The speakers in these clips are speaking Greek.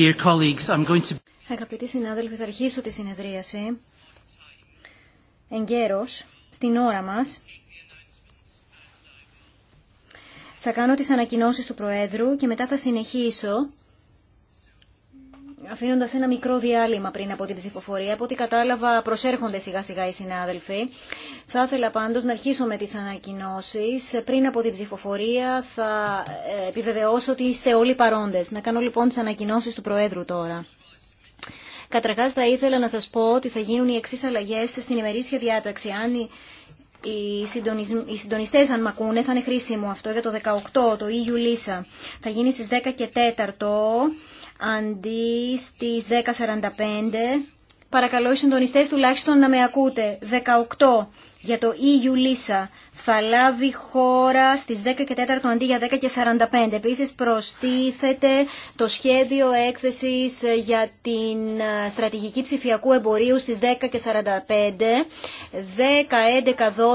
Dear colleagues, I'm going to... Αγαπητοί συνάδελφοι, θα αρχίσω τη συνεδρίαση εγκαίρως, στην ώρα μας. Θα κάνω τις ανακοινώσεις του Προέδρου και μετά θα συνεχίσω Αφήνοντα ένα μικρό διάλειμμα πριν από την ψηφοφορία. Από ό,τι κατάλαβα προσέρχονται σιγά σιγά οι συνάδελφοι. Θα ήθελα πάντω να αρχίσω με τις ανακοινώσεις. Πριν από την ψηφοφορία θα ε, επιβεβαιώσω ότι είστε όλοι παρόντες. Να κάνω λοιπόν τις ανακοινώσει του Προέδρου τώρα. Καταρχά, θα ήθελα να σα πω ότι θα γίνουν οι εξή αλλαγέ στην ημερήσια διάταξη οι συντονιστές αν μ' ακούνε θα είναι χρήσιμο αυτό για το 18, το EU Lisa. Θα γίνει στις 10 και 4 αντί στις 10.45. Παρακαλώ οι συντονιστές τουλάχιστον να με ακούτε. 18 για το EU Lisa θα λάβει χώρα στις 10 και 4 αντί για 10 και 45. Επίσης προστίθεται το σχέδιο έκθεσης για την ε, στρατηγική ψηφιακού εμπορίου στις 10 και 45.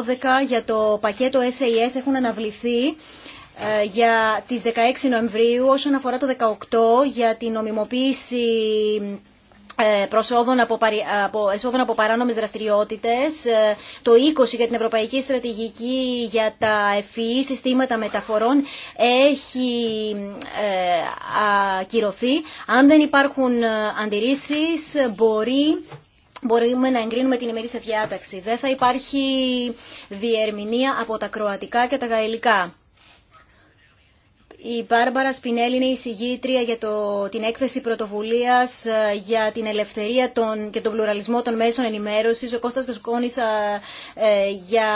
10, 11, 12 για το πακέτο SAS έχουν αναβληθεί ε, για τις 16 Νοεμβρίου όσον αφορά το 18 για την νομιμοποίηση ε, προσόδων από, από, εσόδων από παράνομες δραστηριότητες, ε, το 20 για την Ευρωπαϊκή Στρατηγική για τα ΕΦΗ, e e συστήματα μεταφορών έχει ε, ακυρωθεί. Αν δεν υπάρχουν αντιρρήσεις μπορεί μπορούμε να εγκρίνουμε την ημερήσια διάταξη. Δεν θα υπάρχει διερμηνία από τα κροατικά και τα γαλλικά. Η Μπάρμπαρα Σπινέλη είναι η συγγήτρια για το, την έκθεση πρωτοβουλίας ε, για την ελευθερία των, και τον πλουραλισμό των μέσων ενημέρωσης. Ο Κώστας Δεσκόνης ε, ε, για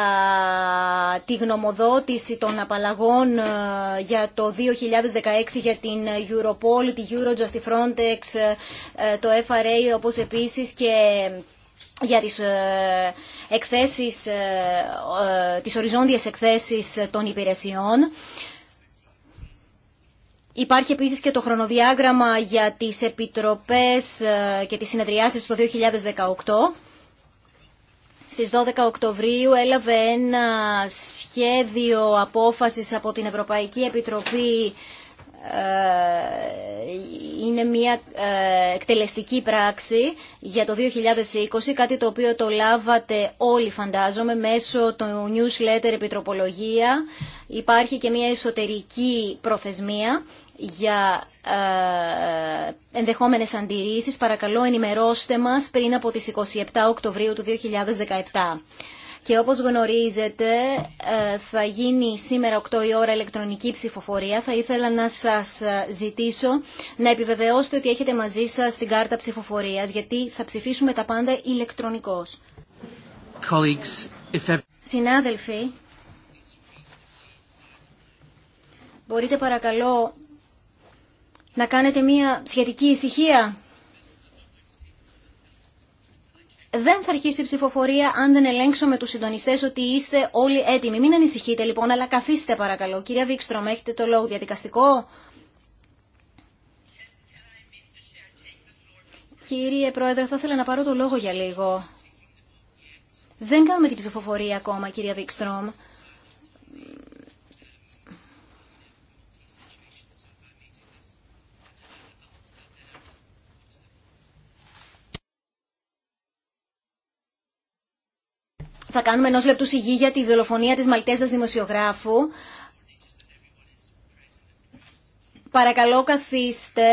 τη γνωμοδότηση των απαλλαγών για το 2016 για την Europol, τη Eurojust, τη Frontex, το FRA όπως επίσης και για τις εκθέσεις, τις οριζόντιες εκθέσεις των υπηρεσιών. Υπάρχει επίσης και το χρονοδιάγραμμα για τις επιτροπές ε, και τις συνεδριάσεις του 2018. Στις 12 Οκτωβρίου έλαβε ένα σχέδιο απόφασης από την Ευρωπαϊκή Επιτροπή ε, είναι μια ε, εκτελεστική πράξη για το 2020, κάτι το οποίο το λάβατε όλοι φαντάζομαι μέσω του newsletter Επιτροπολογία. Υπάρχει και μια εσωτερική προθεσμία για ε, ενδεχόμενες αντιρρήσεις, παρακαλώ ενημερώστε μας πριν από τις 27 Οκτωβρίου του 2017. Και όπως γνωρίζετε ε, θα γίνει σήμερα 8 η ώρα ηλεκτρονική ψηφοφορία. Θα ήθελα να σας ε, ζητήσω να επιβεβαιώσετε ότι έχετε μαζί σας την κάρτα ψηφοφορίας γιατί θα ψηφίσουμε τα πάντα ηλεκτρονικώς. Συνάδελφοι, μπορείτε παρακαλώ να κάνετε μια σχετική ησυχία. Δεν θα αρχίσει η ψηφοφορία αν δεν ελέγξω με τους συντονιστές ότι είστε όλοι έτοιμοι. Μην ανησυχείτε λοιπόν, αλλά καθίστε παρακαλώ. Κυρία Βίξτρομ, έχετε το λόγο διαδικαστικό. Κύριε Πρόεδρε, θα ήθελα να πάρω το λόγο για λίγο. Δεν κάνουμε την ψηφοφορία ακόμα, κυρία Βίξτρομ. Θα κάνουμε ενό λεπτού συγγύη για τη δολοφονία της Μαλτέζας δημοσιογράφου. Παρακαλώ καθίστε.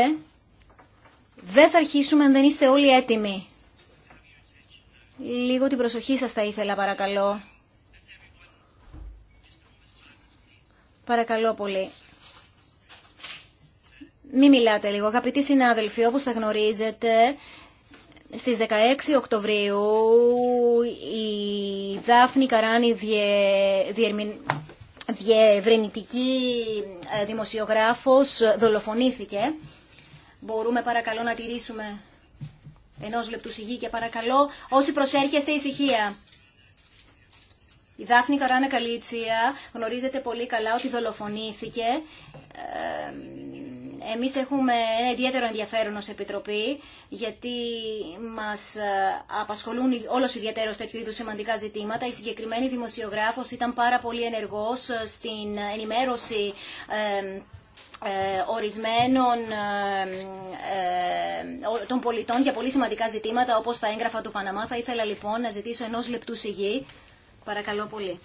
Δεν θα αρχίσουμε αν δεν είστε όλοι έτοιμοι. Λίγο την προσοχή σας θα ήθελα παρακαλώ. Παρακαλώ πολύ. Μην μιλάτε λίγο. Αγαπητοί συνάδελφοι, όπως θα γνωρίζετε, στις 16 Οκτωβρίου η Δάφνη Καράνη διευρυνητική ε, δημοσιογράφος δολοφονήθηκε. Μπορούμε παρακαλώ να τηρήσουμε ενός λεπτού σιγή και παρακαλώ όσοι προσέρχεστε ησυχία. Η Δάφνη Καράνα Καλίτσια γνωρίζετε πολύ καλά ότι δολοφονήθηκε ε, εμείς έχουμε ένα ιδιαίτερο ενδιαφέρον ως Επιτροπή, γιατί μας ε, απασχολούν όλος ιδιαίτερος τέτοιου είδους σημαντικά ζητήματα. Η συγκεκριμένη δημοσιογράφος ήταν πάρα πολύ ενεργός ε, στην ενημέρωση ε, ορισμένων των πολιτών για πολύ σημαντικά ζητήματα, όπως τα έγγραφα του Παναμά. Θα ήθελα λοιπόν να ζητήσω ενός λεπτού σιγή. Παρακαλώ πολύ.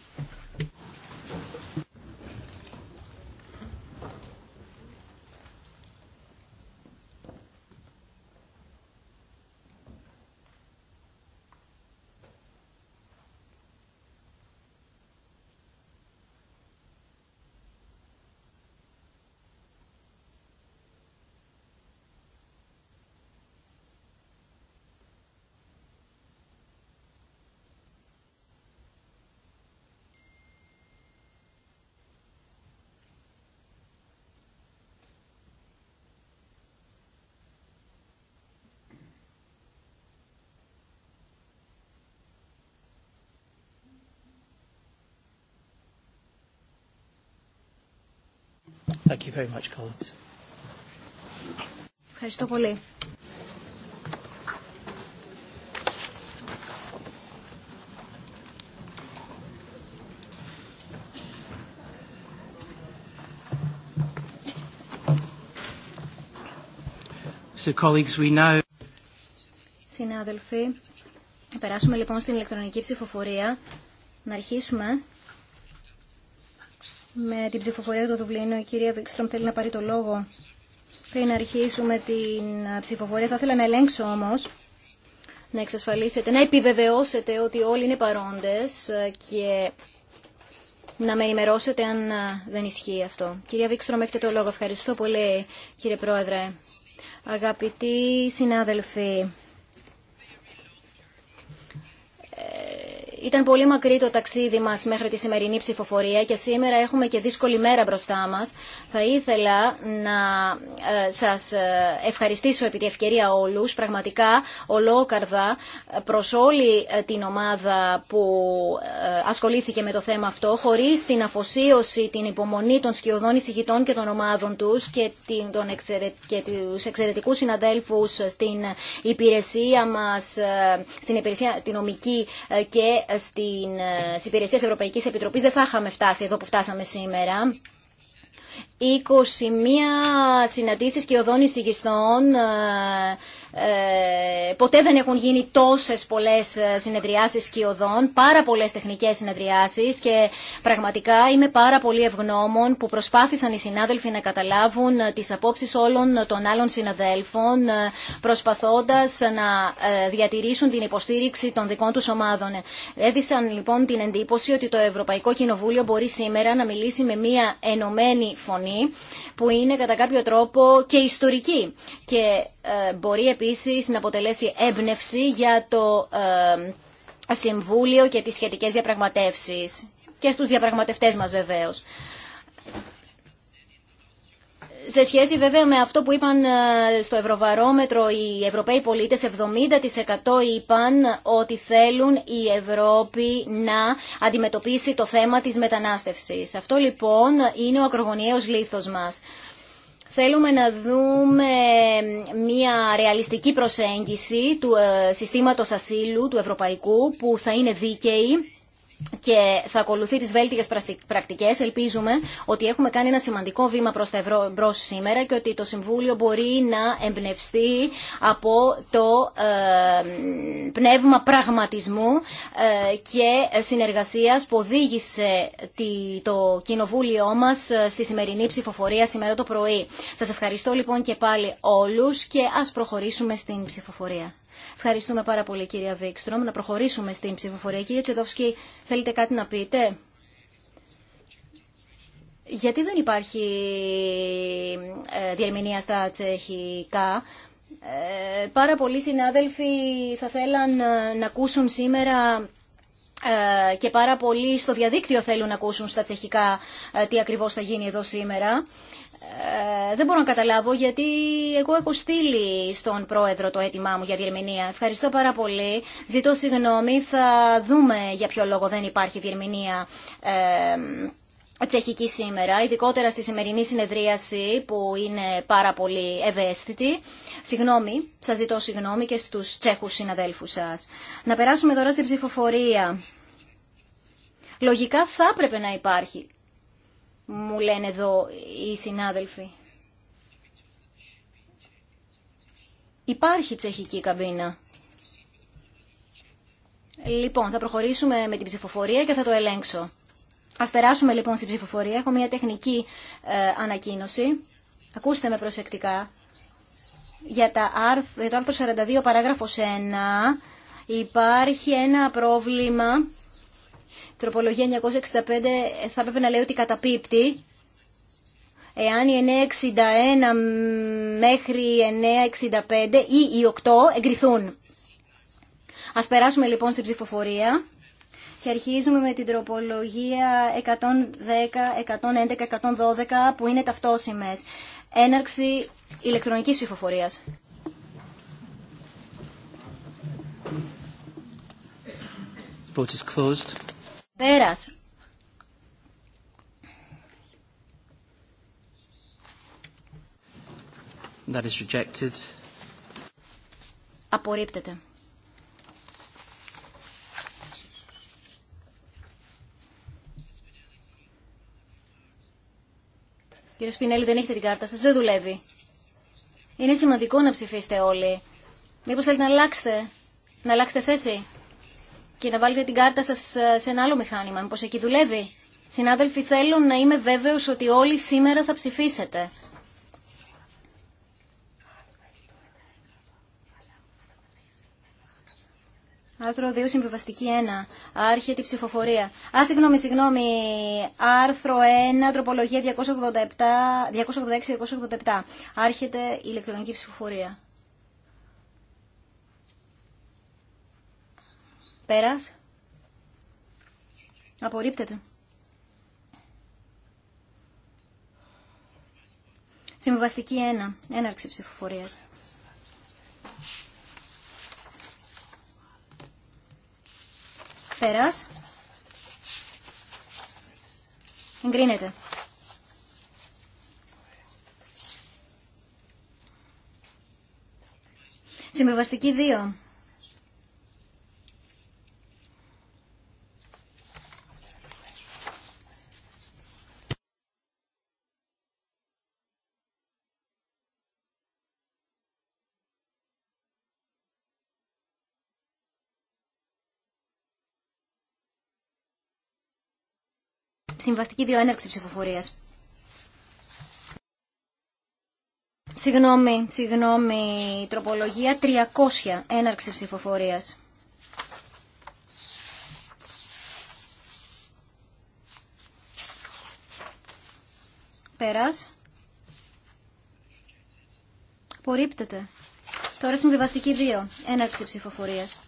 Thank you very much, Collins. Ευχαριστώ πολύ. So, colleagues, we now... Συνάδελφοι, περάσουμε λοιπόν στην ηλεκτρονική ψηφοφορία. Να αρχίσουμε με την ψηφοφορία του Δουβλίνου. Η κυρία Βίξτρομ θέλει να πάρει το λόγο πριν αρχίσουμε την ε, ψηφοφορία. Θα ήθελα να ελέγξω όμως, να εξασφαλίσετε, να επιβεβαιώσετε ότι όλοι είναι παρόντες ε, και να με ενημερώσετε αν ε, δεν ισχύει αυτό. Κυρία Βίξτρομ, έχετε το λόγο. Ευχαριστώ πολύ, κύριε Πρόεδρε. Αγαπητοί συνάδελφοι, Ήταν πολύ μακρύ το ταξίδι μας μέχρι τη σημερινή ψηφοφορία και σήμερα έχουμε και δύσκολη μέρα μπροστά μας. Θα ήθελα να ε, σας ε, ευχαριστήσω επί τη ευκαιρία όλους, πραγματικά ολόκαρδα ε, προς όλη την ομάδα που ασχολήθηκε με το θέμα αυτό, χωρίς την αφοσίωση, την υπομονή των σκιωδών εισηγητών και των ομάδων τους και, την, συναδέλφους στην υπηρεσία μας, στην υπηρεσία την νομική και στην, ε, στις υπηρεσίες Ευρωπαϊκής Επιτροπής δεν θα είχαμε φτάσει εδώ που φτάσαμε σήμερα. 21 συναντήσεις και οδόν εισηγιστών ε, ε, ποτέ δεν έχουν γίνει τόσες πολλές ε, συνεδριάσεις σκιωδών, πάρα πολλές τεχνικές συνεδριάσεις και πραγματικά είμαι πάρα πολύ ευγνώμων που προσπάθησαν οι συνάδελφοι να καταλάβουν ε, τις απόψεις όλων των άλλων συναδέλφων προσπαθώντας να διατηρήσουν την υποστήριξη των δικών τους ομάδων. Έδισαν λοιπόν την εντύπωση ότι το Ευρωπαϊκό Κοινοβούλιο μπορεί σήμερα να μιλήσει με μια ενωμένη φωνή που είναι κατά κάποιο τρόπο και ιστορική και μπορεί επίσης να αποτελέσει έμπνευση για το Συμβούλιο και τις σχετικές διαπραγματεύσεις και στους διαπραγματευτές μας βεβαίως. Σε σχέση βέβαια με αυτό που είπαν ε, στο Ευρωβαρόμετρο οι Ευρωπαίοι πολίτες, 70% είπαν ότι θέλουν η Ευρώπη να αντιμετωπίσει το θέμα της μετανάστευσης. Αυτό λοιπόν είναι ο ακρογωνιαίος λήθος μας θέλουμε να δούμε μια ρεαλιστική προσέγγιση του ε, συστήματος ασύλου, του ευρωπαϊκού, που θα είναι δίκαιη και θα ακολουθεί τις βέλτιγες πρακτικές. Ελπίζουμε ότι έχουμε κάνει ένα σημαντικό βήμα προς τα ευρώ σήμερα και ότι το Συμβούλιο μπορεί να εμπνευστεί από το πνεύμα πραγματισμού ε, και συνεργασίας που οδήγησε το Κοινοβούλιο μας ε, στη σημερινή ψηφοφορία σήμερα το πρωί. Σας ευχαριστώ λοιπόν και πάλι όλους και ας προχωρήσουμε στην ψηφοφορία. Ευχαριστούμε πάρα πολύ κυρία Βίξτρομ. Να προχωρήσουμε στην ψηφοφορία. Κύριε Τσεδόφσκι, θέλετε κάτι να πείτε. Γιατί δεν υπάρχει ε, διερμηνία στα τσεχικά. Ε, πάρα πολλοί συνάδελφοι θα θέλαν ε, να ακούσουν σήμερα και πάρα πολλοί στο διαδίκτυο θέλουν να ακούσουν στα τσεχικά τι ακριβώς θα γίνει εδώ σήμερα. Ε, δεν μπορώ να καταλάβω γιατί εγώ έχω στείλει στον πρόεδρο το αίτημά μου για διερμηνία. Ευχαριστώ πάρα πολύ. Ζητώ συγγνώμη. Θα δούμε για ποιο λόγο δεν υπάρχει διερμηνία. Ε, τσεχική σήμερα, ειδικότερα στη σημερινή συνεδρίαση που είναι πάρα πολύ ευαίσθητη. Συγγνώμη, σας ζητώ συγγνώμη και στους τσέχους συναδέλφους σας. Να περάσουμε τώρα στην ψηφοφορία. Λογικά θα έπρεπε να υπάρχει μου λένε εδώ οι συνάδελφοι. Υπάρχει τσεχική καμπίνα. Λοιπόν, θα προχωρήσουμε με την ψηφοφορία και θα το ελέγξω. Ας περάσουμε λοιπόν στην ψηφοφορία. Έχω μια τεχνική ε, ανακοίνωση. Ακούστε με προσεκτικά. Για, τα άρθ, για το άρθρο 42 παράγραφος 1 υπάρχει ένα πρόβλημα τροπολογία 965 θα έπρεπε να λέει ότι καταπίπτει. Εάν η 961 μέχρι η 965 ή οι 8 εγκριθούν. Ας περάσουμε λοιπόν στην ψηφοφορία και αρχίζουμε με την τροπολογία 110, 111, 112 που είναι ταυτόσιμες. Έναρξη ηλεκτρονικής ψηφοφορίας. closed. Πέρας. That is rejected. Απορρίπτεται. Κύριε Σπινέλη, δεν έχετε την κάρτα σας, δεν δουλεύει. Είναι σημαντικό να ψηφίσετε όλοι. Μήπως θέλετε να αλλάξετε, να αλλάξετε θέση και να βάλετε την κάρτα σας ε, σε ένα άλλο μηχάνημα. Μήπως εκεί δουλεύει. Συνάδελφοι, θέλω να είμαι βέβαιος ότι όλοι σήμερα θα ψηφίσετε. Άρθρο 2, συμβιβαστική 1. Άρχεται η ψηφοφορία. Α, συγγνώμη, συγγνώμη. Άρθρο 1, τροπολογία 286-287. Άρχεται η ηλεκτρονική ψηφοφορία. Πέρας. Απορρίπτεται. Συμβαστική 1. Έναρξη ψηφοφορίας. Πέρας. Εγκρίνεται. Συμβιβαστική 2. Συμβαστική 2 έναρξη ψηφοφορίας. Συγγνώμη, συγγνώμη, τροπολογία 300 έναρξη ψηφοφορία. Πέρας. Απορρίπτεται. Τώρα συμβιβαστική 2. Έναρξη ψηφοφορίας.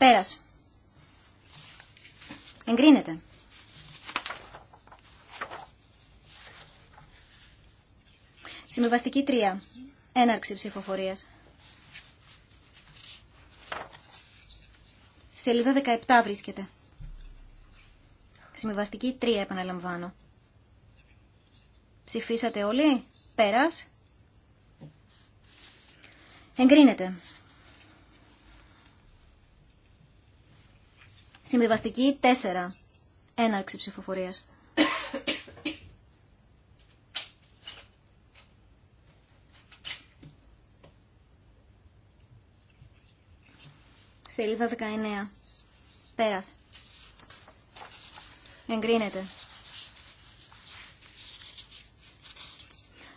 Πέρας. Εγκρίνεται. Συμβιβαστική 3. Έναρξη ψηφοφορίας. σελίδα 17 βρίσκεται. Συμβιβαστική 3 επαναλαμβάνω. Ψηφίσατε όλοι. Πέρας. Εγκρίνεται. Συμβιβαστική 4. Έναρξη ψηφοφορία. Σελίδα 19. Πέρας. Εγκρίνεται.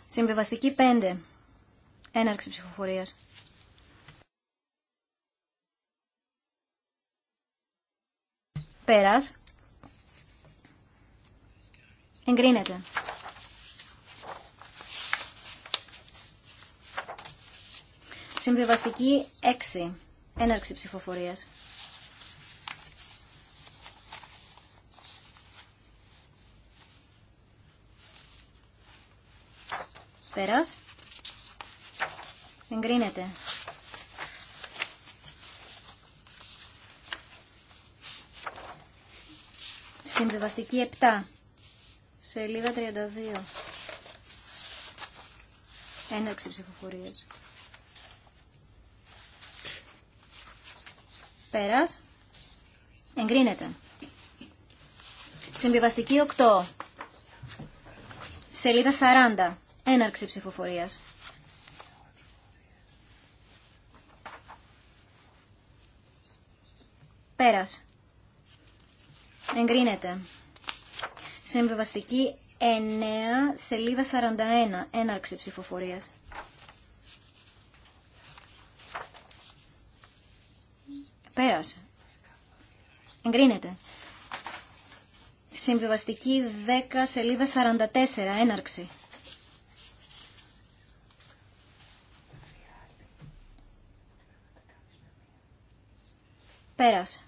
Συμβιβαστική 5. Έναρξη ψηφοφορίας. Πέρας. Εγκρίνεται. Συμβιβαστική 6. Έναρξη ψηφοφορίας. Πέρας. Εγκρίνεται. Συμβιβαστική 7. Σελίδα 32. Έναρξη ψηφοφορίας. Πέρας. Εγκρίνεται. Συμβιβαστική 8. Σελίδα 40. Έναρξη ψηφοφορίας. Πέρας. Εγκρίνεται. Συμβιβαστική 9, σελίδα 41, έναρξη ψηφοφορίας. Πέρασε. Εγκρίνεται. Συμβιβαστική 10, σελίδα 44, έναρξη. Πέρασε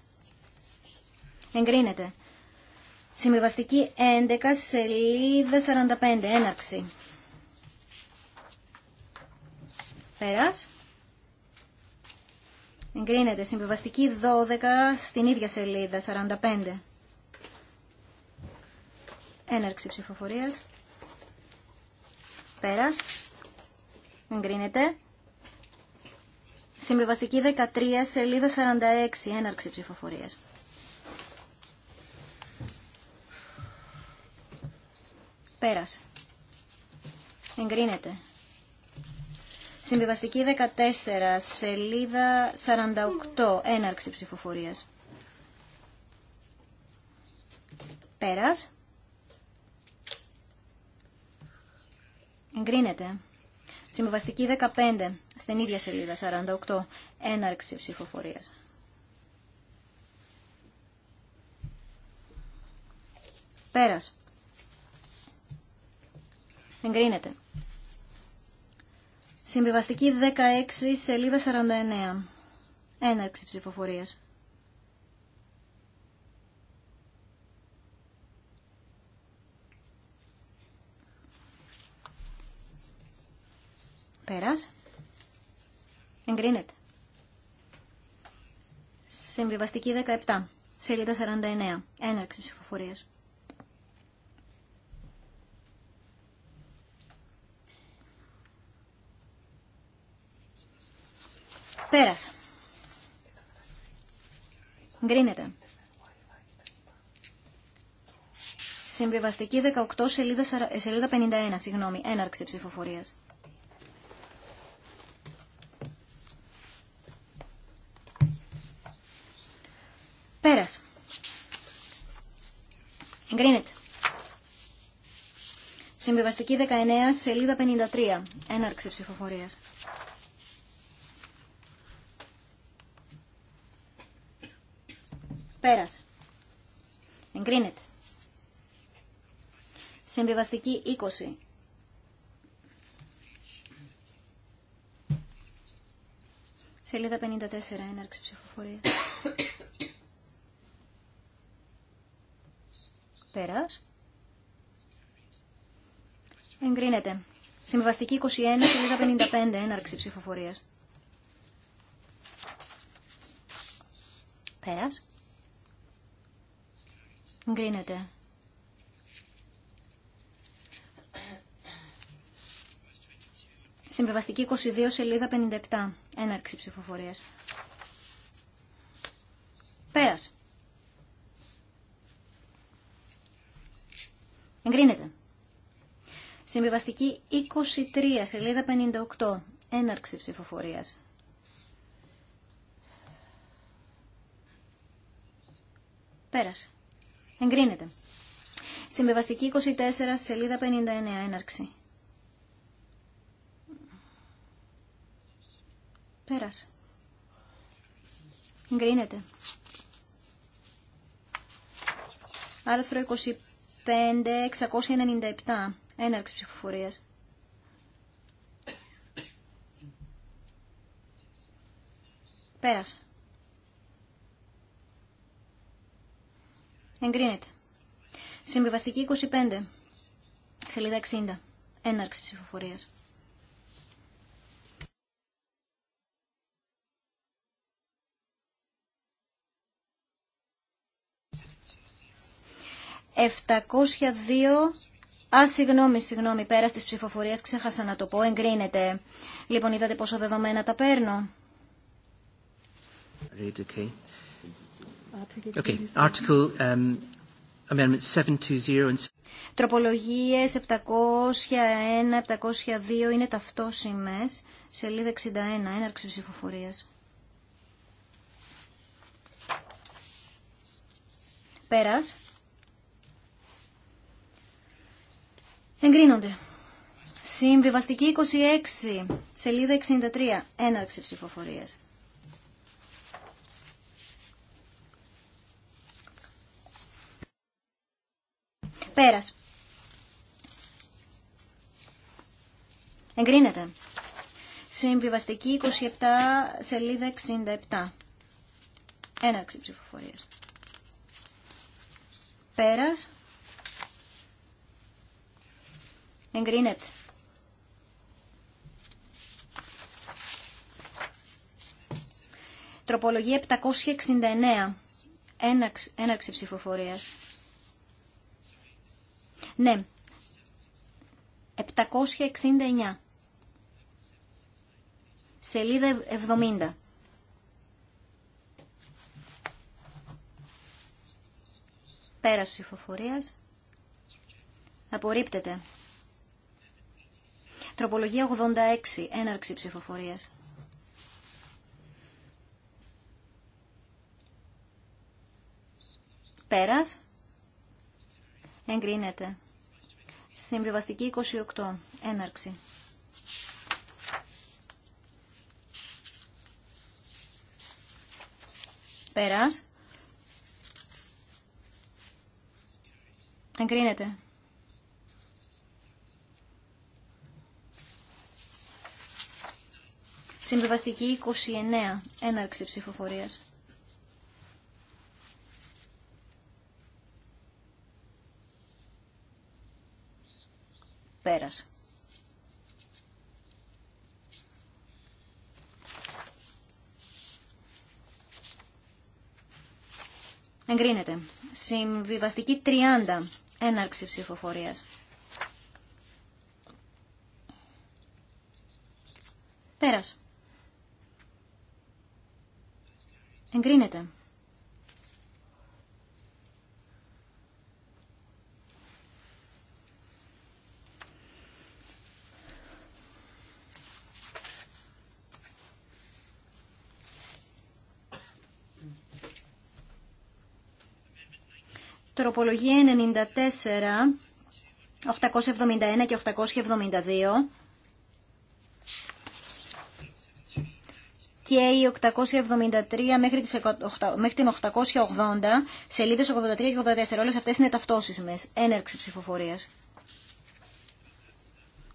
εγκρίνεται. Συμβιβαστική 11, σελίδα 45, έναρξη. Πέρας. Εγκρίνεται. Συμβιβαστική 12, στην ίδια σελίδα 45. Έναρξη ψηφοφορίας. Πέρας. Εγκρίνεται. Συμβιβαστική 13, σελίδα 46, έναρξη ψηφοφορίας. Πέρας. Εγκρίνεται. Συμβιβαστική 14, σελίδα 48, έναρξη ψηφοφορίας. Πέρας. Εγκρίνεται. Συμβιβαστική 15, στην ίδια σελίδα 48, έναρξη ψηφοφορίας. Πέρας. Εγκρίνεται. Συμβιβαστική 16, σελίδα 49. Έναρξη ψηφοφορίας. Πέρας. Εγκρίνεται. Συμβιβαστική 17, σελίδα 49. Έναρξη ψηφοφορίας. Πέρασα. Γκρίνεται. Συμβιβαστική 18 σελίδα, 51, ε, συγγνώμη, έναρξη ψηφοφορίας. Πέρασε. Εγκρίνεται. Συμβιβαστική 19, σελίδα 53, έναρξη ψηφοφορίας. Πέρας. Εγκρίνεται. Συμβιβαστική 20. Σελίδα 54, έναρξη ψηφοφορία. Πέρας. Εγκρίνεται. Συμβιβαστική 21, σελίδα 55, έναρξη ψηφοφορίας. Πέρας. Εγκρίνεται. Συμβιβαστική 22 σελίδα 57. Έναρξη ψηφοφορίας. Πέρας. Εγκρίνεται. Συμβιβαστική 23 σελίδα 58. Έναρξη ψηφοφορίας. Πέρασε. Εγκρίνεται. Συμβεβαστική 24, σελίδα 59, έναρξη. Πέρασε. Εγκρίνεται. Άρθρο 25, 697, έναρξη ψηφοφορίας. Πέρασε. Εγκρίνεται. Συμβιβαστική 25. Σελίδα 60. Έναρξη ψηφοφορίας. «702 Α, συγγνώμη, συγγνώμη, πέρα τη ψηφοφορία ξέχασα να το πω. Εγκρίνεται. Λοιπόν, είδατε πόσο δεδομένα τα παίρνω. Okay. 720 701, 702 είναι ταυτόσημες. Σελίδα 61, έναρξη ψηφοφορία. Πέρα. Εγκρίνονται. Συμβιβαστική 26, σελίδα 63, έναρξη ψηφοφορία. Πέρας. Εγκρίνεται. Συμβιβαστική 27, σελίδα 67. Έναρξη ψηφοφορίας. Πέρας. Εγκρίνεται. Τροπολογία 769. Έναρξη ψηφοφορίας. Ναι. 769. Σελίδα 70. Πέρας ψηφοφορίας. Απορρίπτεται. Τροπολογία 86. Έναρξη ψηφοφορίας. Πέρας. Εγκρίνεται. Συμβιβαστική 28. Έναρξη. Πέρας. Εγκρίνεται. Συμβιβαστική 29. Έναρξη ψηφοφορίας. Πέρας. Εγκρίνεται. Συμβιβαστική 30. Έναρξη ψηφοφορίας. Πέρας. Εγκρίνεται. Τροπολογία 94, 871 και 872 και η 873 μέχρι, τις την 880, σελίδες 83 και 84. Όλες αυτές είναι ταυτόσισμες. Έναρξη ψηφοφορίας.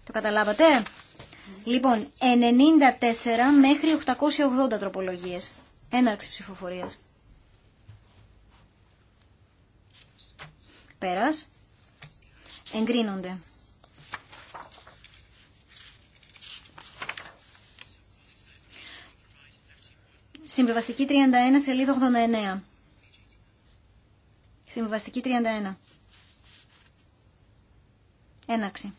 Το καταλάβατε? Mm. Λοιπόν, 94 μέχρι 880 τροπολογίες. Έναρξη ψηφοφορίας. Πέρας. Εγκρίνονται. Συμβιβαστική 31, σελίδα 89. Συμβιβαστική 31. Έναξη.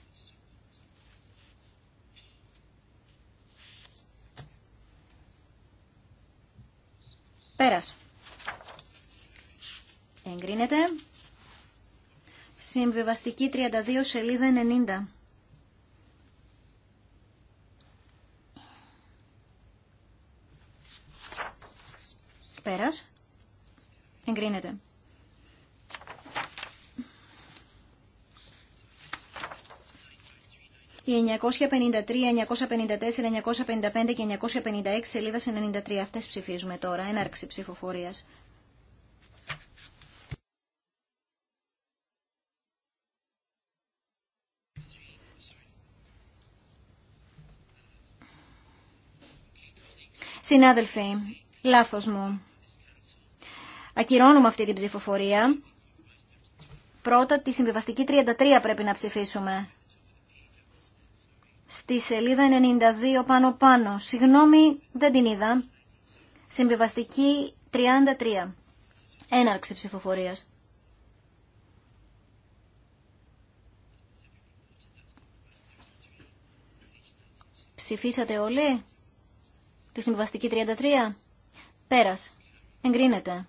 Πέρας. Εγκρίνεται. Συμβιβαστική 32 σελίδα 90. Πέρας. Εγκρίνεται. Η 953, 954, 955 και 956 σελίδα 93 αυτές ψηφίζουμε τώρα. Έναρξη ψηφοφορίας. Συνάδελφοι, λάθος μου. Ακυρώνουμε αυτή την ψηφοφορία. Πρώτα τη συμβιβαστική 33 πρέπει να ψηφίσουμε. Στη σελίδα 92 πάνω πάνω. Συγγνώμη, δεν την είδα. Συμβιβαστική 33. Έναρξη ψηφοφορίας. Ψηφίσατε όλοι. Τη συμβαστική 33. Πέρας. Εγκρίνεται.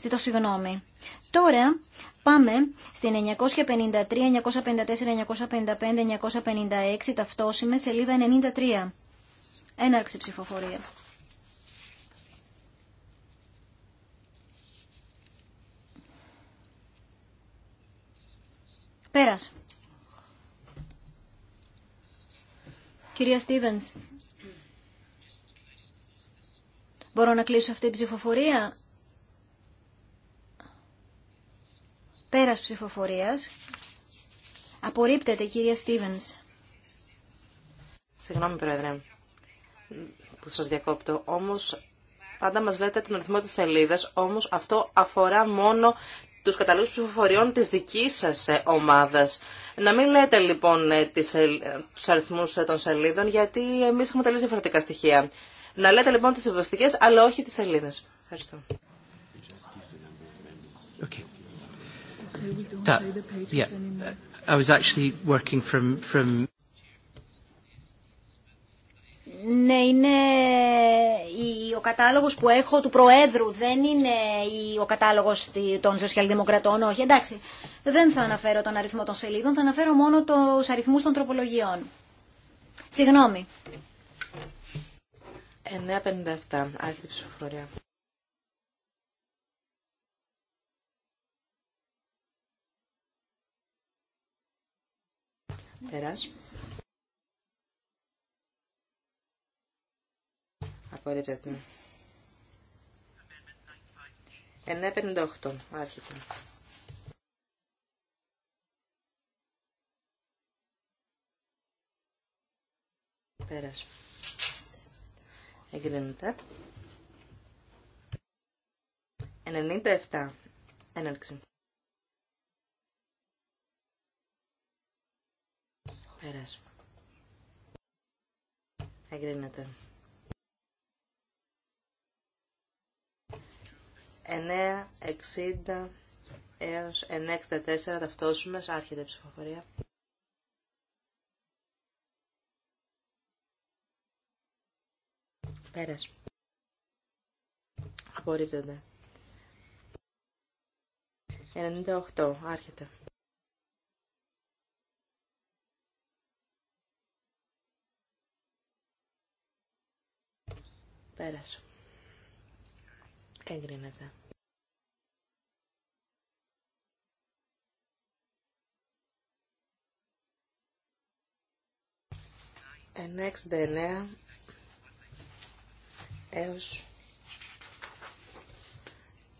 Ζητώ συγγνώμη. Τώρα πάμε στην 953, 954, 955, 956 ταυτόσημε σελίδα 93. Έναρξη ψηφοφορίας. Πέρας. Κυρία Στίβενς, Μπορώ να κλείσω αυτή την ψηφοφορία. Πέρας ψηφοφορίας. Απορρίπτεται, κυρία Στίβενς. Συγγνώμη, Πρόεδρε, που σας διακόπτω. Όμως, πάντα μας λέτε τον αριθμό της σελίδας, όμως αυτό αφορά μόνο τους καταλόγους ψηφοφοριών της δικής σας ε, ομάδας. Να μην λέτε λοιπόν ε, τις, ε, τους αριθμούς των σελίδων, γιατί εμείς έχουμε τελείως διαφορετικά στοιχεία. Να λέτε λοιπόν τις συμβαστικές, αλλά όχι τις σελίδες. Ευχαριστώ. Okay. Ναι, είναι ο κατάλογος που έχω του Προέδρου, δεν είναι ο κατάλογος των Σοσιαλδημοκρατών, όχι, εντάξει. Δεν θα αναφέρω τον αριθμό των σελίδων, θα αναφέρω μόνο τους αριθμούς των τροπολογιών. Συγγνώμη. 9.57. Άρχεται ψηφοφορία. Περάς. Απορρίπτεται. 9.58. Άρχεται. Πέρας. Εγκρίνεται. 97. Έναρξη. Πέρας. Εγκρίνεται. 9.60 έως 9.64 ταυτόσιμες. Άρχεται η ψηφοφορία. Πέρας. Απορρίπτονται. 98. Άρχεται. Πέρας. Εγκρίνεται. Ενέξτε εννέα έως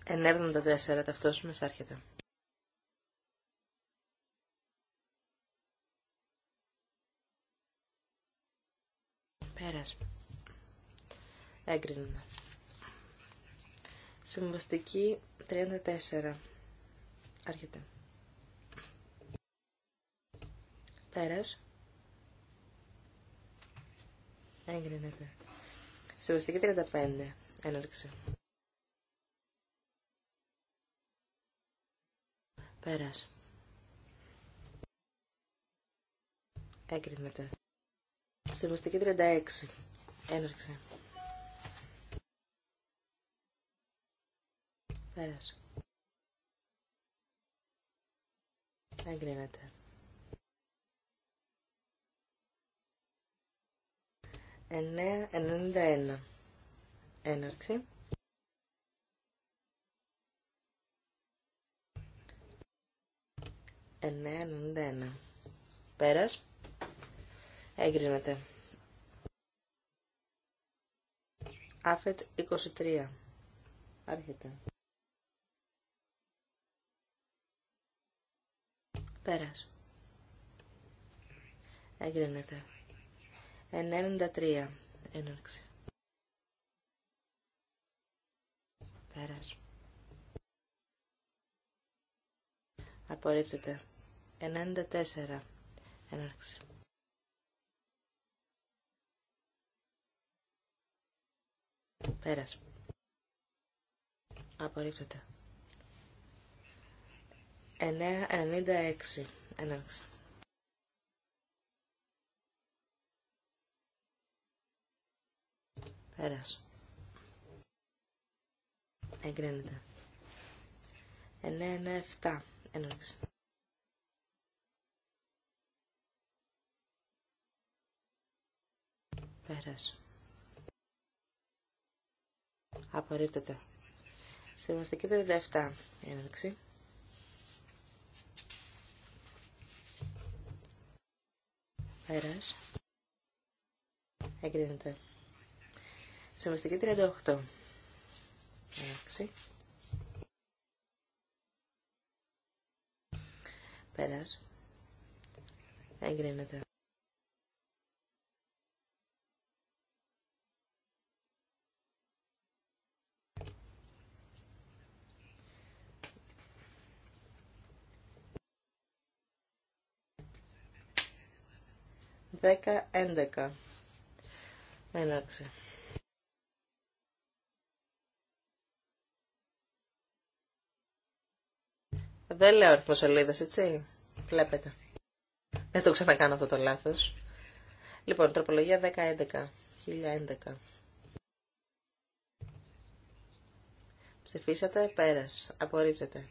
9.74 ταυτόσιμες έρχεται. Πέρας. Έγκρινε. Συμβαστική 34. Άρχεται. Πέρας. Έγκρινεται. Συμβαστική 35. Έναρξη. Πέρας. Έγκρινεται. Συμβαστική 36. Έναρξη. Πέρας. Έγκρινεται. 9.91. Έναρξη. Εννέα, Πέρας. Έγκρινεται. Άφετ 23. Άρχεται. Πέρας. Έγκρινεται. 93. Έναρξη. Πέρας. Απορρίπτεται. 94. Έναρξη. Πέρας. Απορρίπτεται. 9, 96. Έναρξη. Πέρας. Εγκρίνεται. 9, 7. Έναρξη. Πέρας. Απορρίπτεται. Συμβαστική 37. Έναρξη. Πέρας. Εγκρίνεται. Συμβαστική 38. Εντάξει. Πέρας. Εγκρίνεται. Δέκα, έντεκα. Έναρξε. Δεν λέω αριθμό σελίδε, έτσι. Βλέπετε. Δεν το ξανακάνω αυτό το λάθο. Λοιπόν, τροπολογία 10-11. 1011. Ψηφίσατε, πέρας. Απορρίπτεται.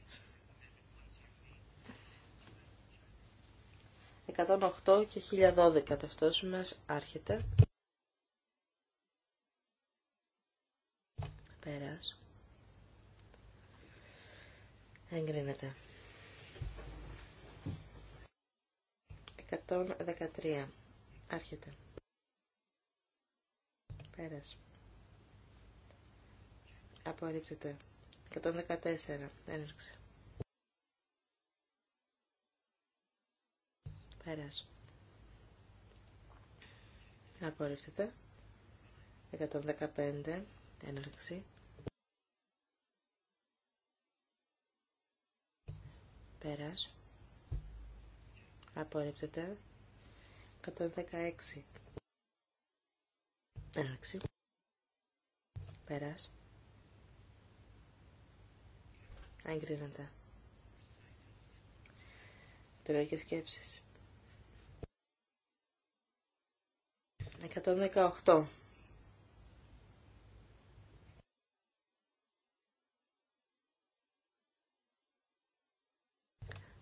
108 και 1012 αυτός μας άρχεται. Πέρας. Εγκρίνεται. 113. Άρχεται. Πέρας. Απορρίπτεται. 114. Έναρξη. Πέρας. Απορρίπτεται. 115. Έναρξη. Πέρας. Απορρίπτεται. 116. Έναξη. Πέρας. Αγκρίνεται. Τελογικές σκέψεις. 118.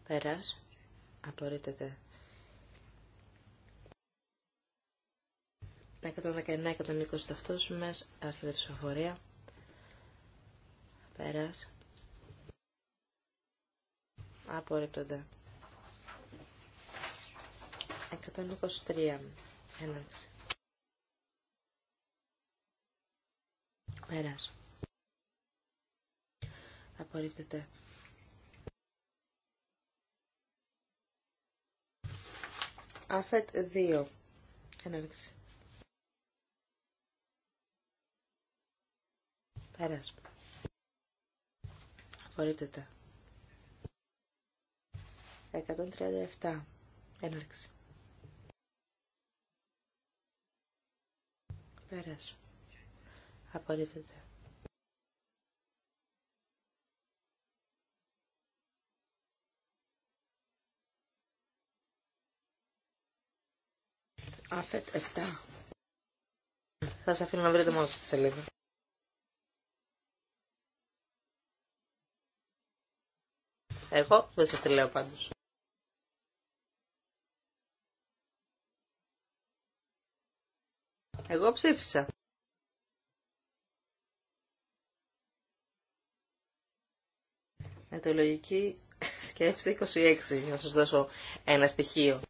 Πέρας. Απορρίπτεται. 119-120 μας άρχιδε ψηφοφορία. Πέρας. Απορρίπτονται. 123. Έναρξη. Πέρας. Απορρίπτεται. ΑΦΕΤ 2. Έναρξη. Πέρας. Απορρίπτεται. 137. Έναρξη. Πέρας. Απορρίπτεται. Αφετ 7. Θα σας αφήνω να βρείτε μόνο στη σελίδα. Εγώ δεν σας τη λέω πάντως. Εγώ ψήφισα. λογική σκέψη 26, να σας δώσω ένα στοιχείο.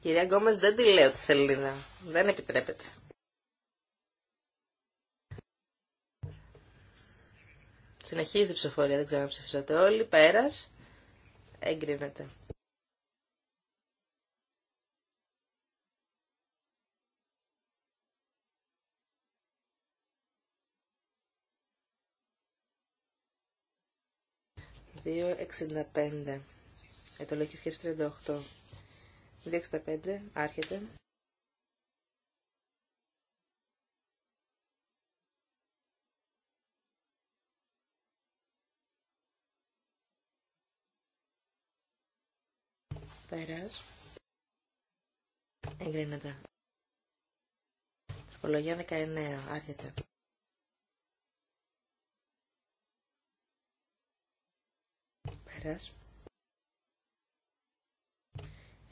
Κυρία Γκόμες, δεν τη λέω τη σελίδα. Δεν επιτρέπεται. Συνεχίζει η ψηφοφορία, δεν ξέρω αν ψηφίσατε όλοι. Πέρας, εγκρίνεται. 265. εξήντα πέντε. Ετολογική σκέψη 38. 265 άρχεται. Πέρας. Εγκρίνεται. Τροπολογία 19 άρχεται. Πέρας.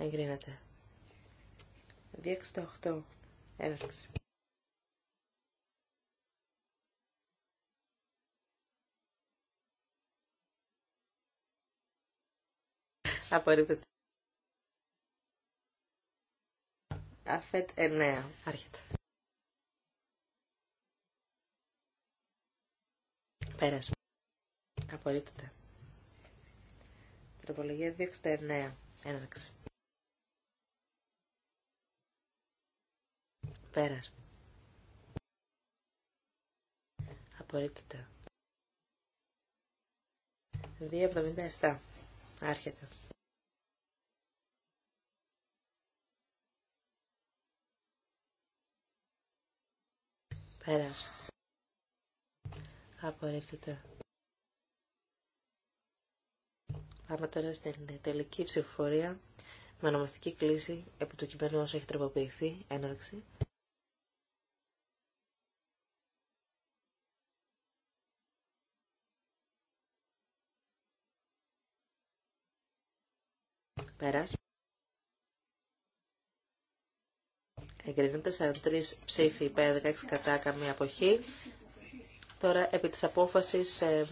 Εγκρίνεται. 268. Έναρξη. Απορρίπτεται. Αφέτ εννέα. Άρχεται. Πέρασε. Απορρίπτεται. Τροπολογία 269. Έναρξη. Πέρας. Απορρίπτεται. 2.77. Άρχεται. Πέρας. Απορρίπτεται. Πάμε τώρα στην τελική ψηφοφορία με ονομαστική κλίση επί του κειμένου όσο έχει τροποποιηθεί, έναρξη. Πέρας. Εγκρίνεται 43 ψήφοι υπέρ 16 κατά καμία αποχή. Τώρα επί της απόφασης ε,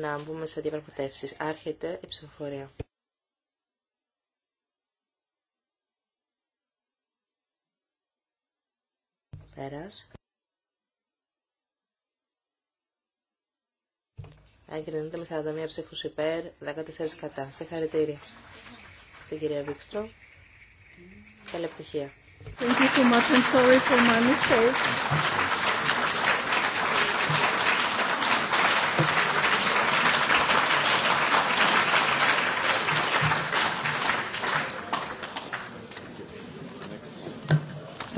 να μπούμε σε διαπραγματεύσεις. Άρχεται η ψηφοφορία. Πέρας. Εγκρίνεται με 41 ψήφους υπέρ, 14 κατά. Σε χαρητήρια στην κυρία Βίξτρο. Καλή επιτυχία. Thank you so much and sorry for my mistake.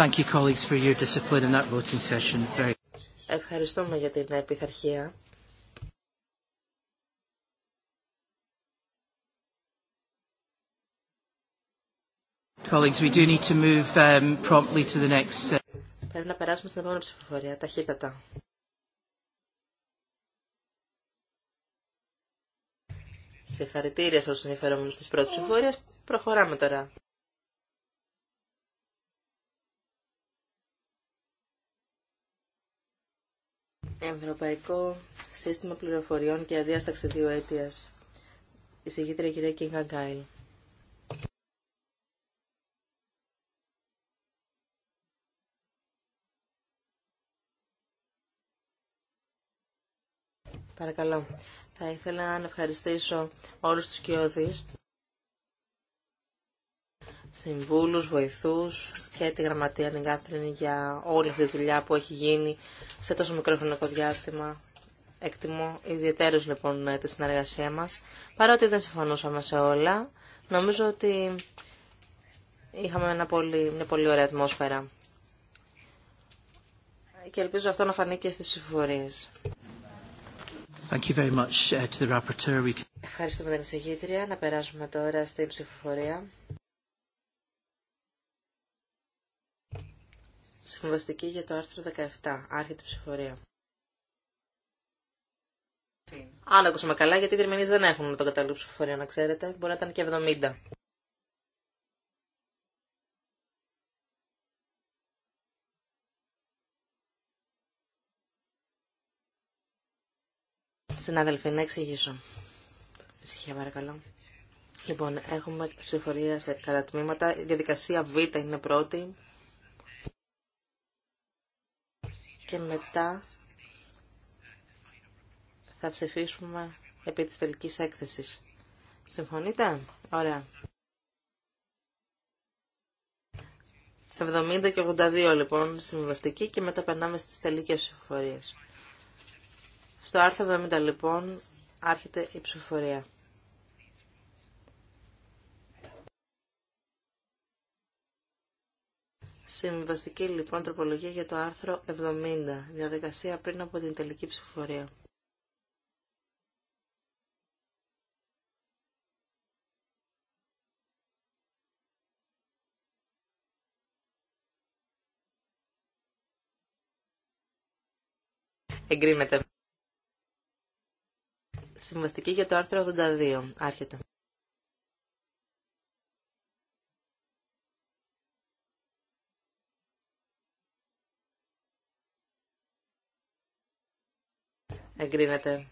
Thank you colleagues for your discipline in that voting session. Very... Ευχαριστούμε για την επιθαρχία. colleagues, we do need to move um, promptly to the next. Uh, Πρέπει να περάσουμε στην επόμενη ψηφοφορία, ταχύτατα. Συγχαρητήρια σε όσους ενδιαφερόμενους της πρώτης ψηφοφορίας. Προχωράμε τώρα. Ευρωπαϊκό Σύστημα Πληροφοριών και Αδείας Ταξιδίου Αίτιας. Εισηγήτρια κυρία Κίνγκα Γκάιλ. Παρακαλώ. Θα ήθελα να ευχαριστήσω όλους τους κοιόδης, συμβούλους, βοηθούς και τη γραμματεία Νιγκάθρινη για όλη αυτή τη δουλειά που έχει γίνει σε τόσο μικρό χρονικό διάστημα. Εκτιμώ ιδιαίτερως λοιπόν τη συνεργασία μας. Παρότι δεν συμφωνούσαμε σε όλα, νομίζω ότι είχαμε ένα πολύ, μια πολύ ωραία ατμόσφαιρα. Και ελπίζω αυτό να φανεί και στις ψηφοφορίες. Thank you very much uh, to Ευχαριστούμε την εισηγήτρια. Να περάσουμε τώρα στην ψηφοφορία. Συμβαστική για το άρθρο 17. Άρχεται η ψηφοφορία. Αν ακούσαμε καλά, γιατί οι Γερμανοί δεν έχουν τον κατάλληλο ψηφοφορία, να ξέρετε. Μπορεί να ήταν και 70. Συνάδελφοι, να εξηγήσω. Ησυχία, παρακαλώ. Λοιπόν, έχουμε ψηφορία σε κατά τμήματα. Η διαδικασία Β είναι πρώτη. Και μετά θα ψηφίσουμε επί της τελικής έκθεσης. Συμφωνείτε? Ωραία. 70 και 82 λοιπόν συμβαστική και μετά περνάμε στις τελικές ψηφοφορίες. Στο άρθρο 70 λοιπόν άρχεται η ψηφοφορία. Συμβαστική λοιπόν τροπολογία για το άρθρο 70. Διαδικασία πριν από την τελική ψηφοφορία. Εγκρίνεται. Συμβαστική για το άρθρο 82. Άρχεται. Εγκρίνεται.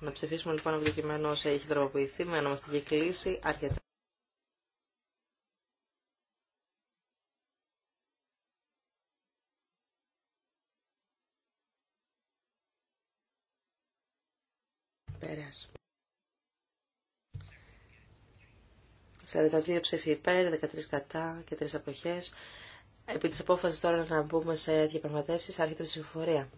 Να ψηφίσουμε λοιπόν από το κειμένο όσο έχει τροποποιηθεί με ονομαστική κλίση. Άρχεται. 42 ψήφοι υπέρ, 13 κατά και 3 αποχές. Επί της απόφασης τώρα να μπούμε σε διαπραγματεύσεις, άρχεται η ψηφοφορία.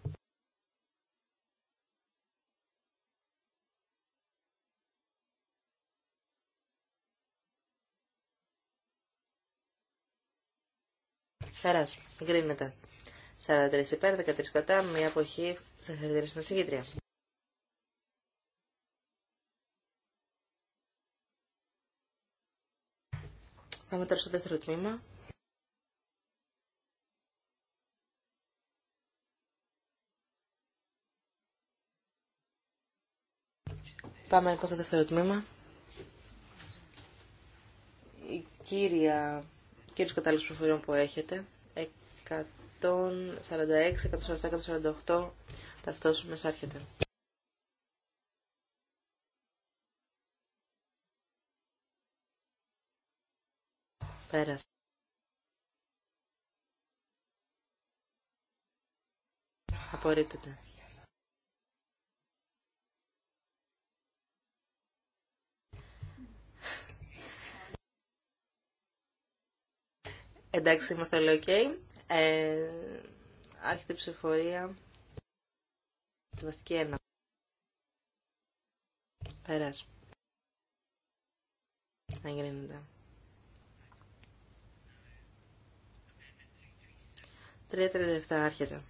Πέρας, εγκρίνεται. 43 υπέρ, 13 κατά, μία αποχή, σε την συγκήτρια. Πάμε τώρα στο δεύτερο τμήμα. Πάμε λοιπόν στο δεύτερο τμήμα. Η κύρια, κύριος κατάλληλος προφοριών που έχετε, 146, 147, 148, ταυτόσιμες έρχεται. Πέρας. Απορρίπτεται. Εντάξει, είμαστε όλοι Okay. Ε, άρχεται η ψηφορία. Συμβαστική 1. Πέρας. γίνεται. 3.37 άρχεται.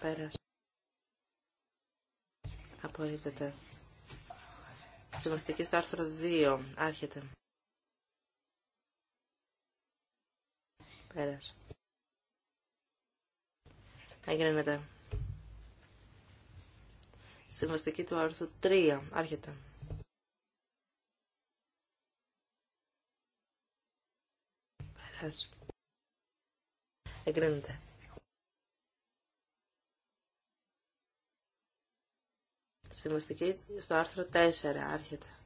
Πέρας. Απορρίπτεται. Σημαντική στο άρθρο 2. Άρχεται. Πέρασε. Αγγλίνεται. Συμβαστική του άρθρου 3. Άρχεται. αποχές. Εγκρίνεται. Συμβαστική στο άρθρο 4 άρχεται.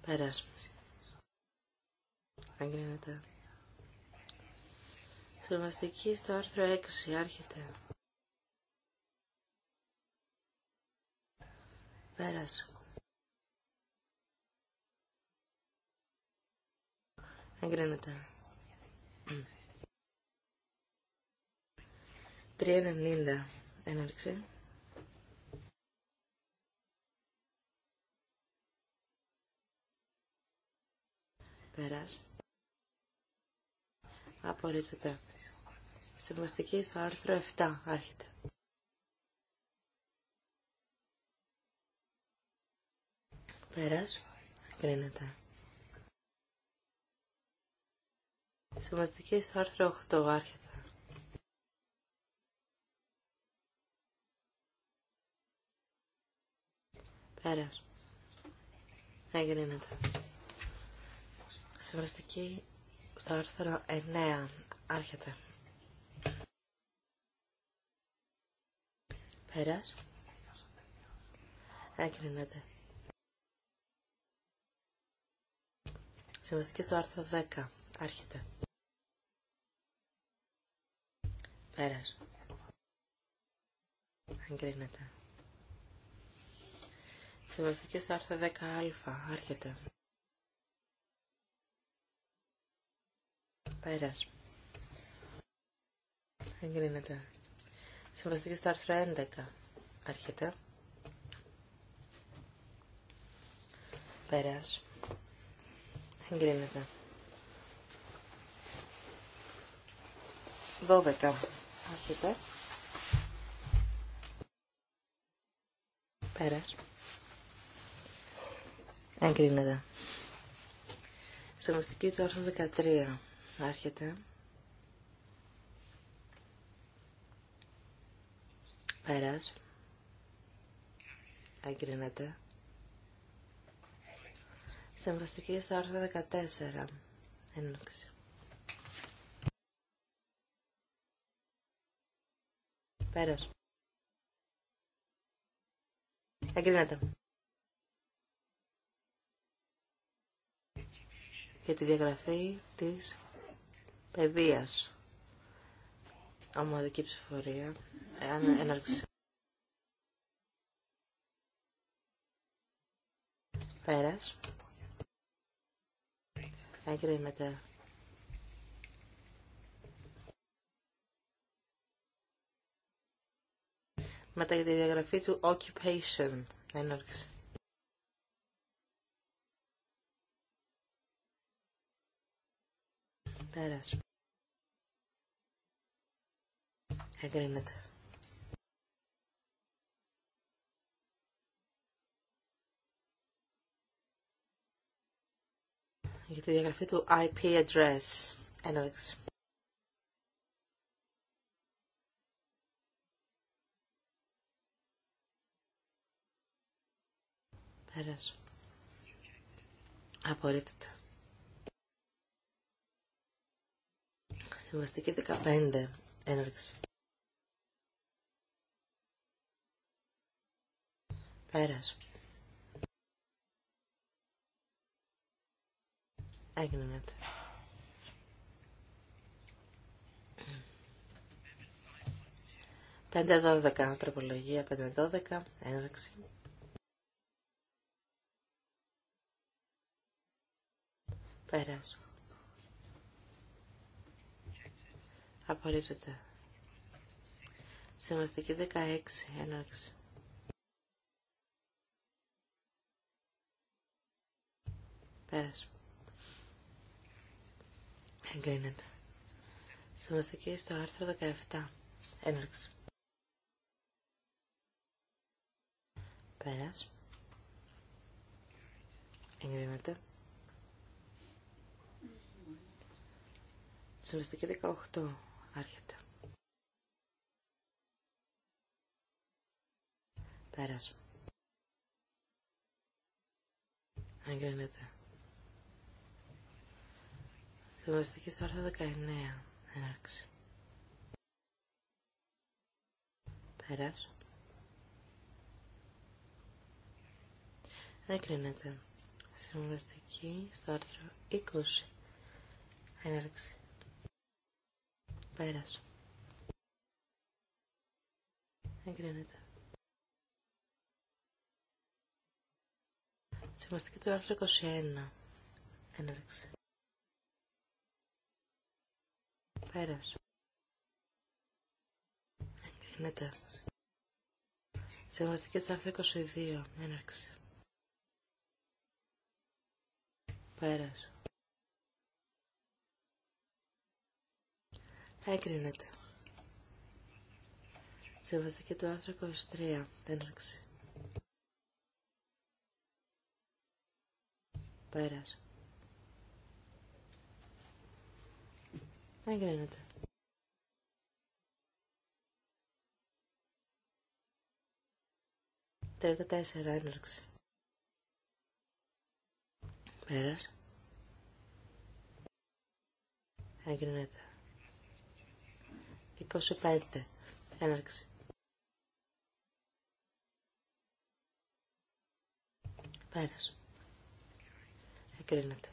Πέρας. Εγκρίνεται. Συμβαστική στο άρθρο 6 άρχεται. Πέρας. Εγκρίνεται. 3.90. Έναρξη. Πέρας. Απορρίπτεται. Συμβαστική στο άρθρο 7. Άρχεται. Πέρας. Εγκρίνεται. Συμβαστική στο άρθρο 8 άρχεται. Πέρας. Εγκρίνεται. Συμβαστική στο άρθρο 9 άρχεται. Πέρας. Εγκρίνεται. Συμβαστική στο άρθρο 10 άρχεται. Πέρας. Εγκρίνεται. Συμβαστική άρθρο 10α. Άρχεται. Πέρας. Εγκρίνεται. Συμβαστική στο άρθρο 11. Άρχεται. Πέρας. Εγκρίνεται. 12. Άρχεται. Πέρας. Εγκρίνεται. Σεβαστική του άρθρου 13. Άρχεται. Πέρα. Εγκρίνεται. Σεμβαστική στο άρθρο 14. Έναρξη. Πέρας. Εγκρίνεται. Για τη διαγραφή της παιδείας. Ομοδική ψηφορία. Εάν έναρξη. Πέρας. Εγκρίνεται. Μετά για τη διαγραφή του occupation, έναρξη. Πέρασμα. Εγκρίνεται. Για τη διαγραφή του IP address, έναρξη. Πέρας. Απορρίπτεται. Συμβαστική 15. Έναρξη. Πέρας. Έγινε Έγινε ναι. Πέντε δώδεκα, τροπολογία, πέντε δώδεκα, έναρξη. Πέρας. Απορρίπτεται. Σεβαστική 16. Έναρξη. Πέρας. Εγκρίνεται. Σεβαστική στο άρθρο 17. Έναρξη. Πέρας. Εγκρίνεται. Συμβαστική 18. Άρχεται. Πέρας. Εγκρίνεται. Συμβαστική στο άρθρο 19. Έναρξη. Πέρας. Εγκρίνεται. Συμβαστική στο άρθρο 20. Έναρξη. Πέρασε. Εγκρίνεται. Σημαστική του άρθρου 21. Έναρξη. Πέρας. Εγκρίνεται. Σεβαστική του άρθρου 22. Έναρξη. Πέρασε. Έγκρινεται. Σεβαστική το άνθρωπο 23. Έναρξη. Πέρας. Εγκρίνεται. Τρίτα τέσσερα έναρξη. Πέρας. Εγκρίνεται. 25. Έναρξη. Πέρας. Εκρίνεται.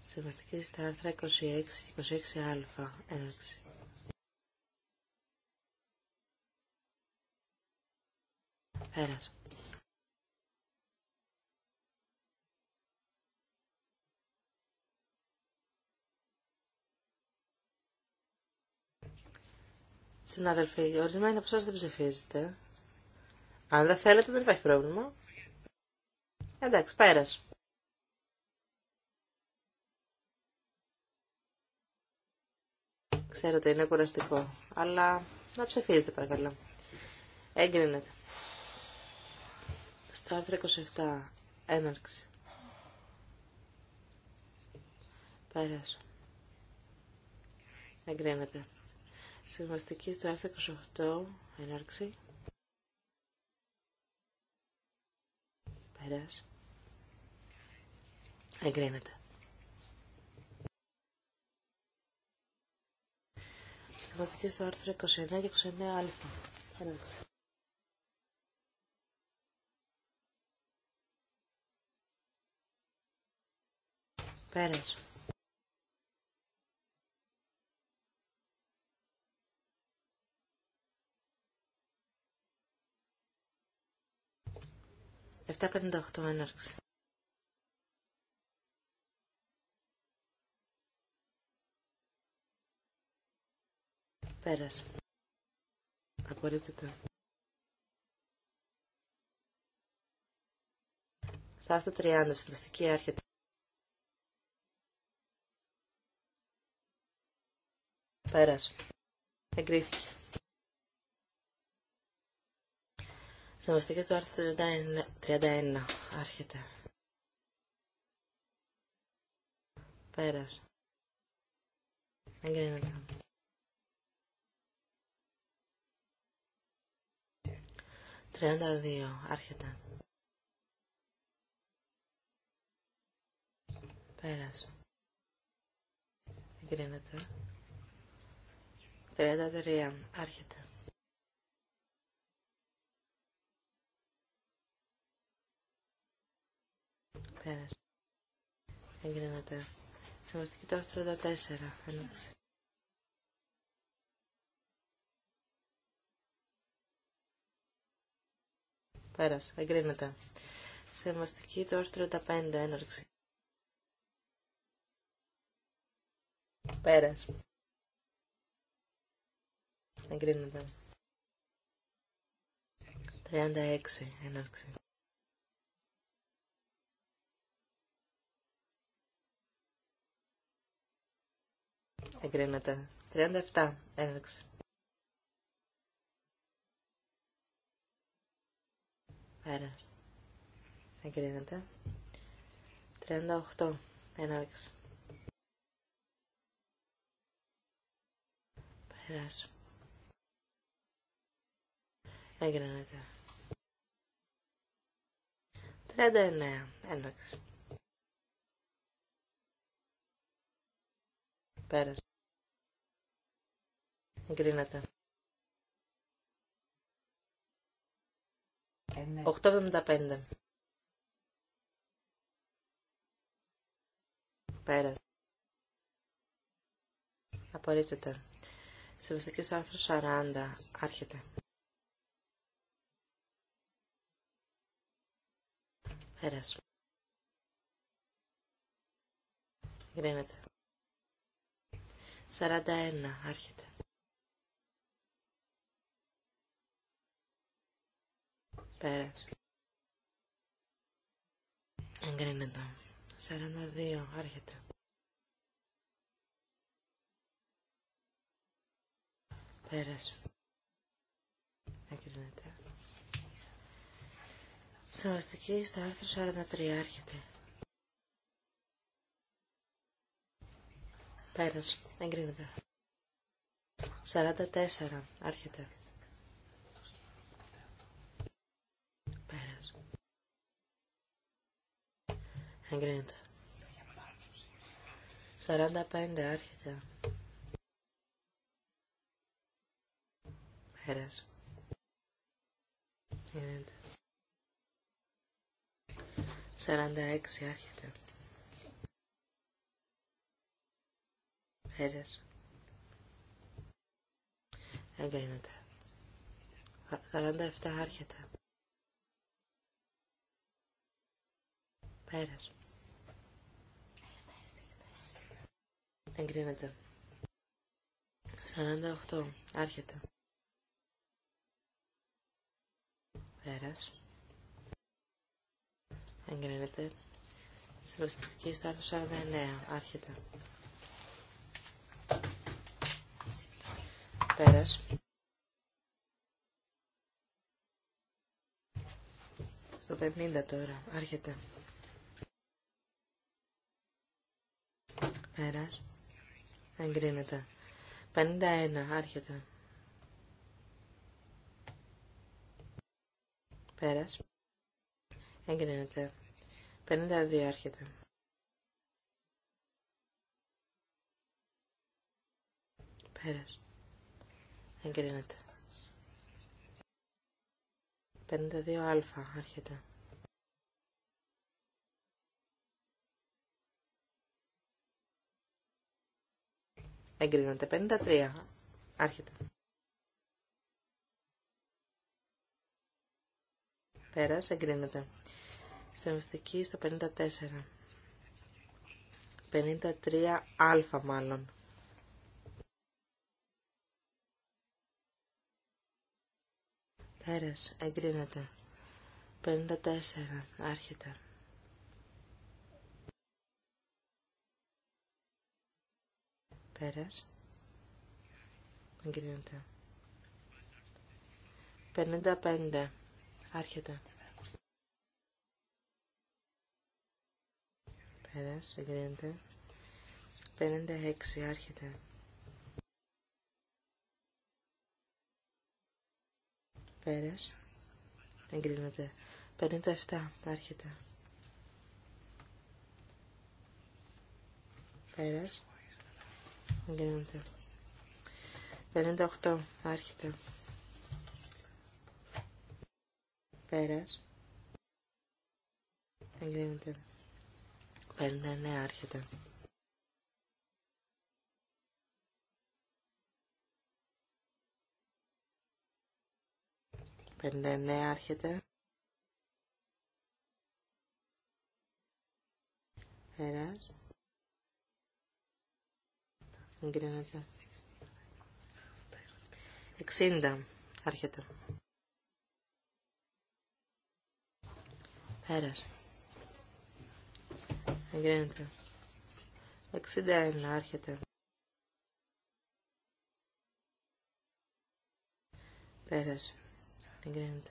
Σεβαστική στα άρθρα 26 και 26α. Έναρξη. Πέρασε. Συνάδελφοι, ορισμένοι από εσάς δεν ψηφίζετε. Αν δεν θέλετε δεν υπάρχει πρόβλημα. Εντάξει, πέρασε. Ξέρω ότι είναι κουραστικό, αλλά να ψηφίζετε παρακαλώ. Έγκρινεται. Στο άρθρο 27. Έναρξη. Πέρασε. Εγκρίνεται. Συμβαστική στο άρθρο 28, έναρξη. Πέρας. Εγκρίνεται. Συμβαστική στο άρθρο 29 και 29α. Έναρξη. Πέρας. 758 έναρξη. Πέρασε. Απορρίπτεται. Στάθο 30, συμβαστική άρχεται. Πέρασε. Εγκρίθηκε. Συμβαστική του άρθρου 31. Άρχεται. Πέρας. Εγκρίνεται. Τριάντα δύο. Άρχεται. Πέρας. Εγκρίνεται. Τριάντα τρία. Άρχεται. Πέρας. Εγκρίνεται. Συμβαστική το 34. Φαίνεται. Πέρας. Εγκρίνεται. Σεβαστική το 35. Έναρξη. Πέρας. Εγκρίνεται. 36. Έναρξη. εγκρίνεται. 37 έναρξη. Πέρα. Εγκρίνεται. 38 έναρξη. Πέρας. Εγκρίνεται. 39 έναρξη. Πέρας. Εγκρίνεται. 8.75. Ε, ναι. Πέρα. Απορρίπτεται. Σεβαστικής άρθρο 40. Άρχεται. Πέρας. Γκρίνεται. 41. Άρχεται. Πέρας. Εγκρίνεται. 42. Άρχεται. Πέρας. Εγκρίνεται. Σεβαστική στο άρθρο 43. Άρχεται. Πέρας. Εγκρίνεται. 44. Άρχεται. Εγκρίνεται. 45 άρχεται. Πέρας. Εγκρίνεται. 46 άρχεται. Πέρας. Εγκρίνεται. 47 άρχεται. Πέρας. εγκρίνεται. 48. Άρχεται. Πέρας. Εγκρίνεται. Συμβαστική στο 49. Άρχεται. Πέρας. Στο 50 τώρα. Άρχεται. Πέρας. Εγκρίνεται. 51. Άρχεται. Πέρας. Εγκρίνεται. 52. Άρχεται. Πέρας. Εγκρίνεται. 52α. Άρχεται. Εγκρίνεται. 53. Άρχεται. Πέρας. Εγκρίνεται. Συμβαστική στο 54. 53α μάλλον. Πέρας. Εγκρίνεται. 54. Άρχεται. Πέρας. 55. Άρχεται. Πέρας. Εγκρίνεται. 56. Άρχεται. Πέρας. Εγκρίνεται. 57. Άρχεται. Πέρας εγκρίνεται. 58 άρχεται. Πέρας. Εγκρίνεται. 59 άρχεται. Πεντανέα άρχεται. Πέρας. Εγκρίνεται. 60. Άρχεται. Πέρας. Εγκρίνεται. 61. Άρχεται. Πέρας. Εγκρίνεται.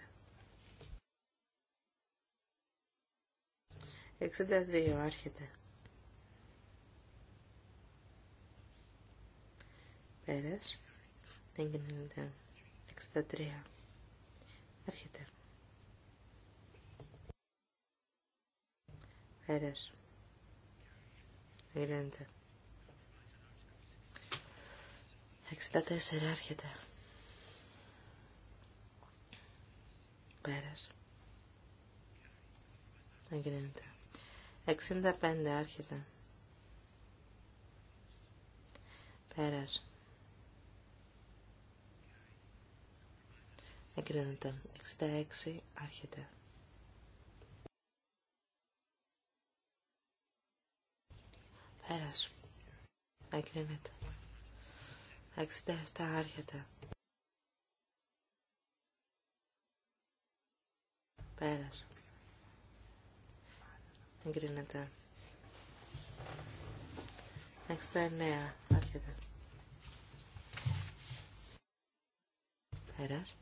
62. Άρχεται. Πέρας. Εγκρίνεται. 63. Έρχεται. Πέρας. Εγκρίνεται. 64. Έρχεται. Πέρας. Εγκρίνεται. 65. έρχεται. Πέρας. Εγκρίνεται. 66. Άρχεται. Πέρας. Εγκρίνεται. 67. Άρχεται. Πέρας. Εγκρίνεται. 69. Άρχεται. Πέρας.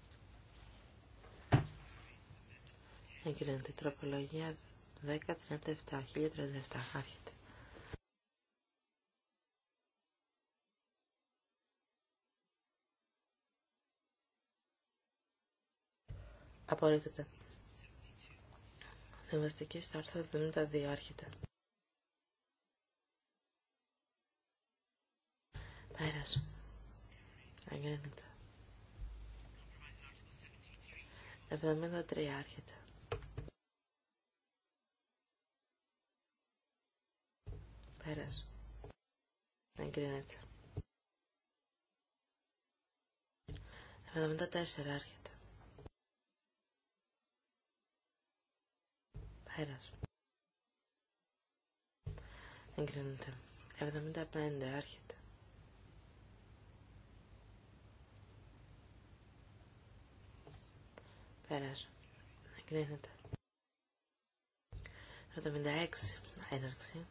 Εγκρίνεται τροπολογία 1037, 1037, άρχεται. Απορρίπτεται. Συμβαστική στο άρθρο 72, άρχεται. Πέρασε. Εγκρίνεται. 73, άρχεται. Πέρας. Εγκρίνεται. τέσσερα. άρχεται. Πέρας. Εγκρίνεται. 75 άρχεται. Πέρας. Εγκρίνεται. 76 έναρξη.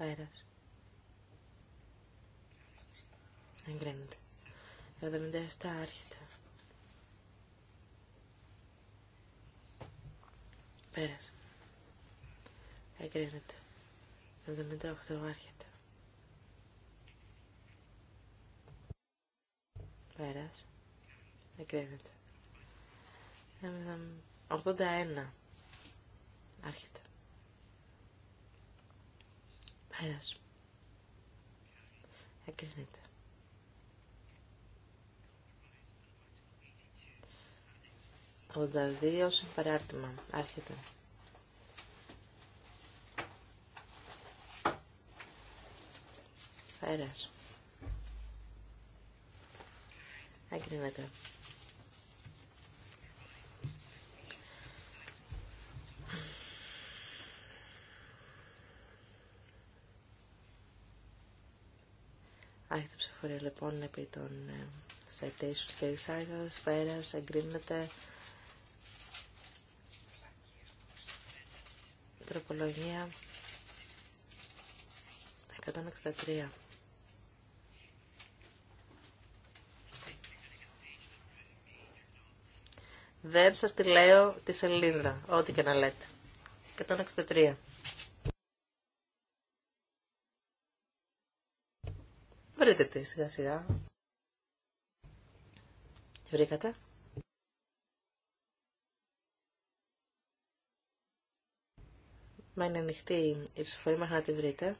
Δεν Εγκρίνεται. 77 άρχεται. Πέρας. Εγκρίνεται. 78 άρχεται. Πέρας. Εγκρίνεται. 81 άρχεται. Πέρας. Εγκρίνεται. Ονταδύο σε παράρτημα. Άρχεται. Πέρας. Εγκρίνεται. Άρχεται ψηφορία λοιπόν επί των ε, citations και recitals. σφαίρα, εγκρίνεται τροπολογία 163. Δεν σας τη λέω τη σελίδα, ό,τι και να λέτε. 163. Βρείτε τη σιγά σιγά. Τη βρήκατε. Μα είναι ανοιχτή η ψηφοφορία μέχρι να τη βρείτε.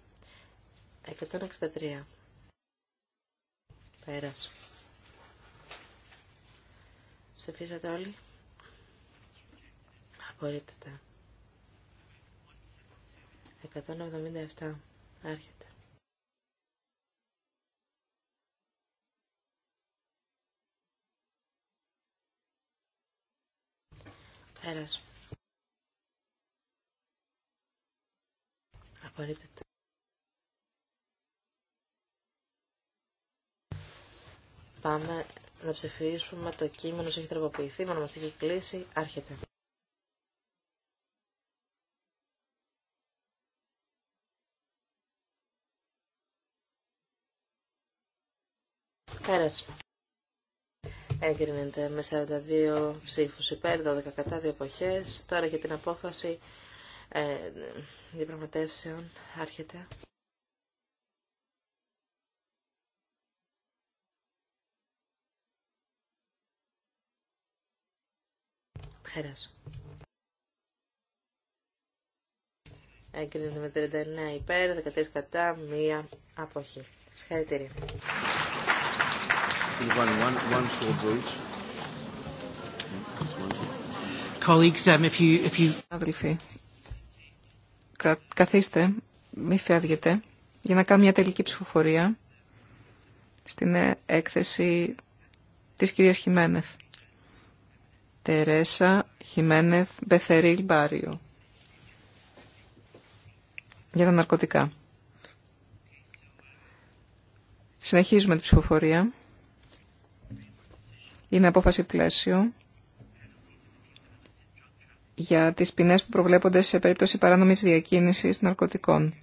163. Πέρας. Ψηφίσατε όλοι. Απορρίπτεται. 177. Άρχεται. Πέρας. Απορρίπτεται. Πάμε να ψηφίσουμε το κείμενο έχει τροποποιηθεί μας έχει κλίση. Άρχεται. Πέρασε. Έγκρινεται με 42 ψήφους υπέρ, 12 κατά, 2 εποχές. Τώρα για την απόφαση ε, διαπραγματεύσεων άρχεται. Πέρας. Έγκρινεται με 39 υπέρ, 13 κατά, μία αποχή. Συγχαρητήρια. Um, Καθήστε, καθίστε, μη φεύγετε, για να κάνω μια τελική ψηφοφορία στην ε, έκθεση της κυρίας Χιμένεθ. Τερέσα Χιμένεθ Μπεθερίλ Μπάριο. Για τα ναρκωτικά. Συνεχίζουμε την ψηφοφορία είναι απόφαση πλαίσιο για τις ποινές που προβλέπονται σε περίπτωση παράνομης διακίνησης ναρκωτικών.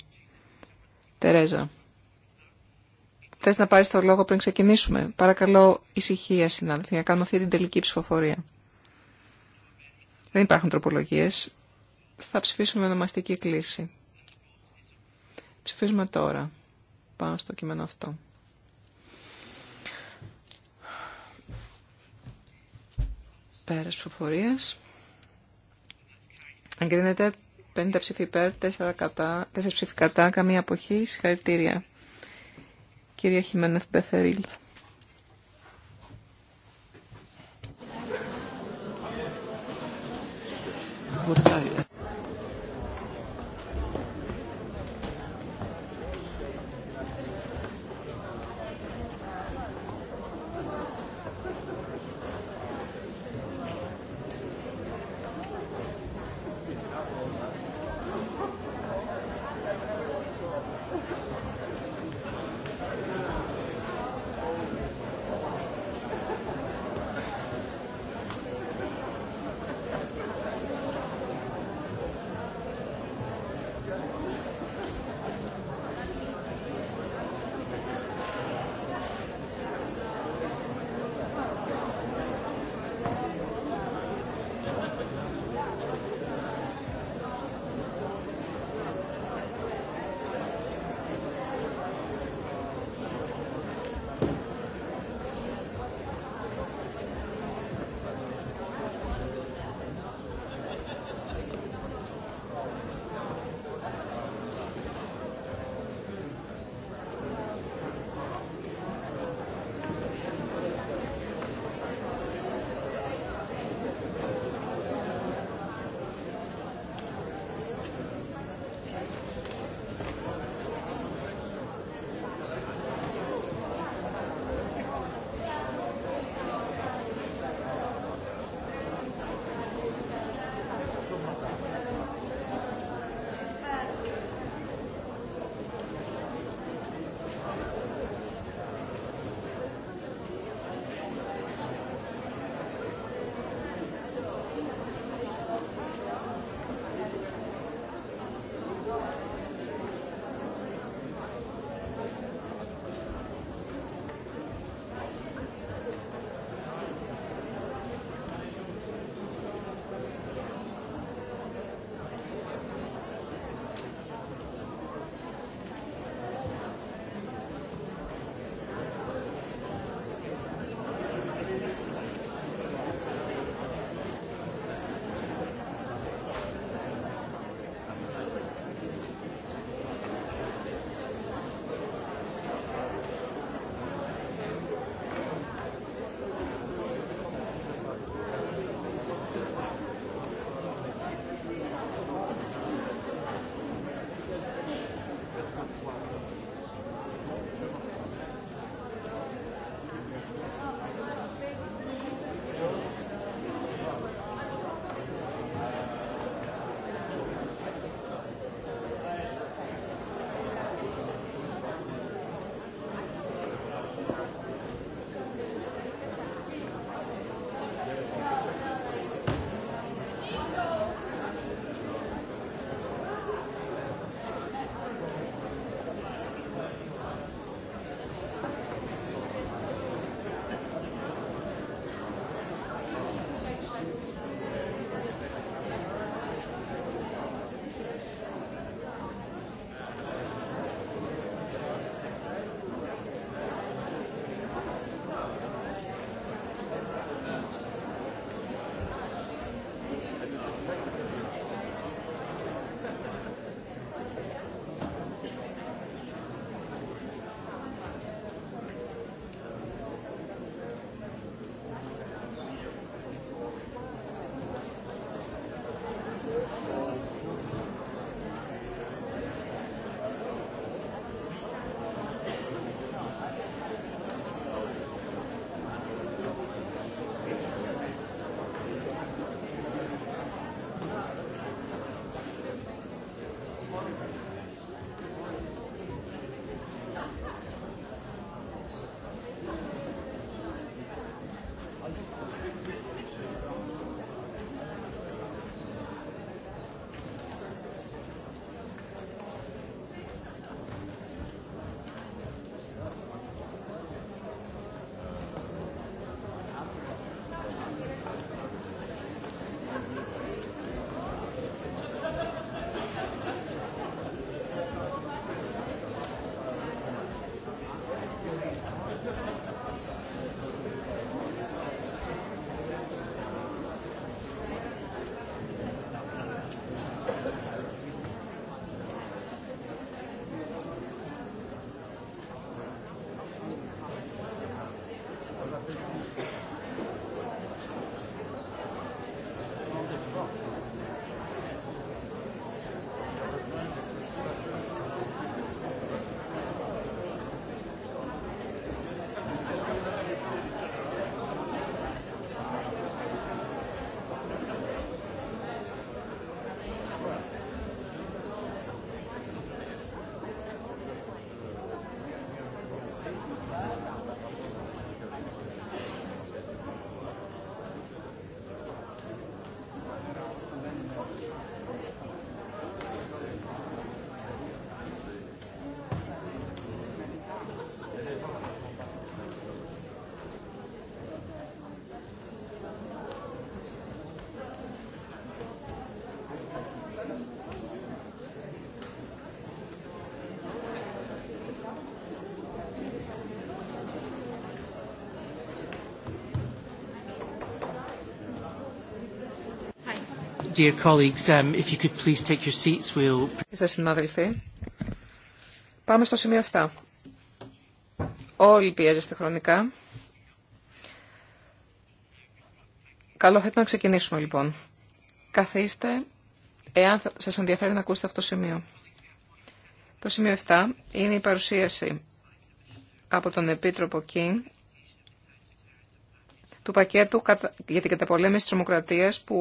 Τερέζα, θες να πάρεις το λόγο πριν ξεκινήσουμε. Παρακαλώ ησυχία συνάδελφοι, να κάνουμε αυτή την τελική ψηφοφορία. Δεν υπάρχουν τροπολογίες. Θα ψηφίσουμε ονομαστική κλίση. Ψηφίζουμε τώρα. Πάμε στο κείμενο αυτό. Πέρας ψηφοφορίας. Εγκρίνεται 50 ψήφοι υπέρ, 4, κατά, 4 ψήφοι κατά, καμία αποχή, συγχαρητήρια. Κυρία Χιμένεθ Μπεθερίλ. Dear colleagues, συνάδελφοι, πάμε στο σημείο 7. Όλοι πιέζεστε χρονικά. Καλό θα να ξεκινήσουμε λοιπόν. Καθίστε, εάν σας ενδιαφέρει να ακούσετε αυτό το σημείο. Το σημείο 7 είναι η παρουσίαση από τον Επίτροπο King του πακέτου για την καταπολέμηση της τρομοκρατίας που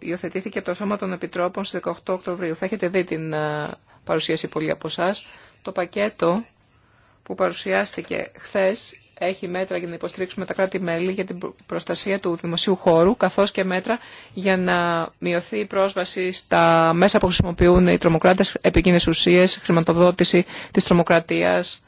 υιοθετήθηκε από το Σώμα των Επιτρόπων στις 18 Οκτωβρίου. Θα έχετε δει την ε, παρουσίαση πολλοί από εσά. Το πακέτο που παρουσιάστηκε χθες έχει μέτρα για να υποστηρίξουμε τα κράτη-μέλη για την προστασία του δημοσίου χώρου, καθώς και μέτρα για να μειωθεί η πρόσβαση στα μέσα που χρησιμοποιούν οι τρομοκράτες, επικίνδυνες ουσίες, χρηματοδότηση της τρομοκρατίας,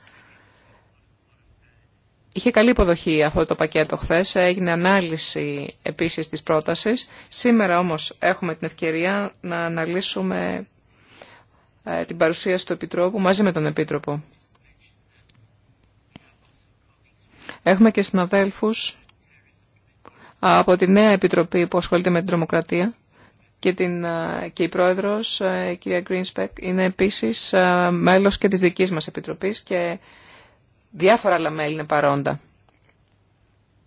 Είχε καλή υποδοχή αυτό το πακέτο χθε, έγινε ανάλυση επίσης τη πρόταση. Σήμερα όμως έχουμε την ευκαιρία να αναλύσουμε ε, την παρουσίαση του Επιτρόπου μαζί με τον Επίτροπο. Έχουμε και συναδέλφου από τη νέα Επιτροπή που ασχολείται με την τρομοκρατία και, την, ε, και η πρόεδρος, ε, η κυρία Γκρίνσπεκ, είναι επίσης μέλος και της δικής μας Επιτροπής και Διάφορα άλλα μέλη είναι παρόντα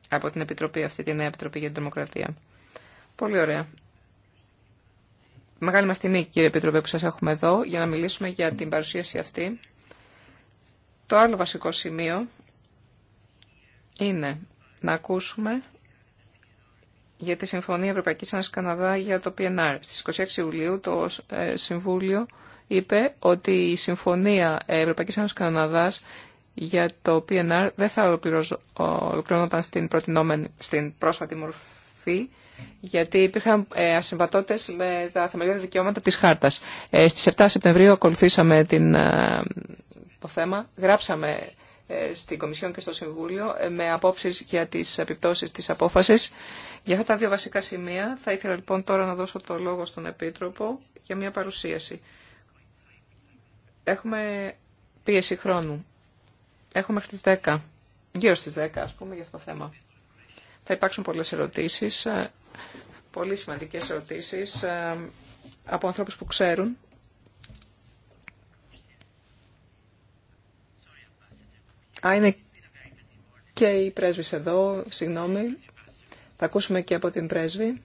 από την Επιτροπή αυτή, τη Νέα Επιτροπή για την Δημοκρατία. Πολύ ωραία. Μεγάλη μας τιμή, κύριε Επιτροπή, που σας έχουμε εδώ για να μιλήσουμε για την παρουσίαση αυτή. Το άλλο βασικό σημείο είναι να ακούσουμε για τη Συμφωνία Ευρωπαϊκής Ένωσης Καναδά για το PNR. Στις 26 Ιουλίου το ε, Συμβούλιο είπε ότι η Συμφωνία Ευρωπαϊκής Ένωσης Καναδάς για το PNR δεν θα ολοκληρώνονταν στην, στην πρόσφατη μορφή, γιατί υπήρχαν ε, ασυμβατότητες με τα θεμελιώδη δικαιώματα της χάρτας. Ε, στις 7 Σεπτεμβρίου ακολουθήσαμε την, ε, το θέμα, γράψαμε ε, στην Κομισιόν και στο Συμβούλιο ε, με απόψεις για τις επιπτώσεις της απόφασης. Για αυτά τα δύο βασικά σημεία θα ήθελα λοιπόν τώρα να δώσω το λόγο στον Επίτροπο για μια παρουσίαση. Έχουμε πίεση χρόνου. Έχουμε μέχρι τις 10, γύρω στις 10 ας πούμε για αυτό το θέμα. Θα υπάρξουν πολλές ερωτήσεις, ε, πολύ σημαντικές ερωτήσεις ε, από ανθρώπους που ξέρουν. Α, είναι και η πρέσβη εδώ, συγγνώμη. Θα ακούσουμε και από την πρέσβη.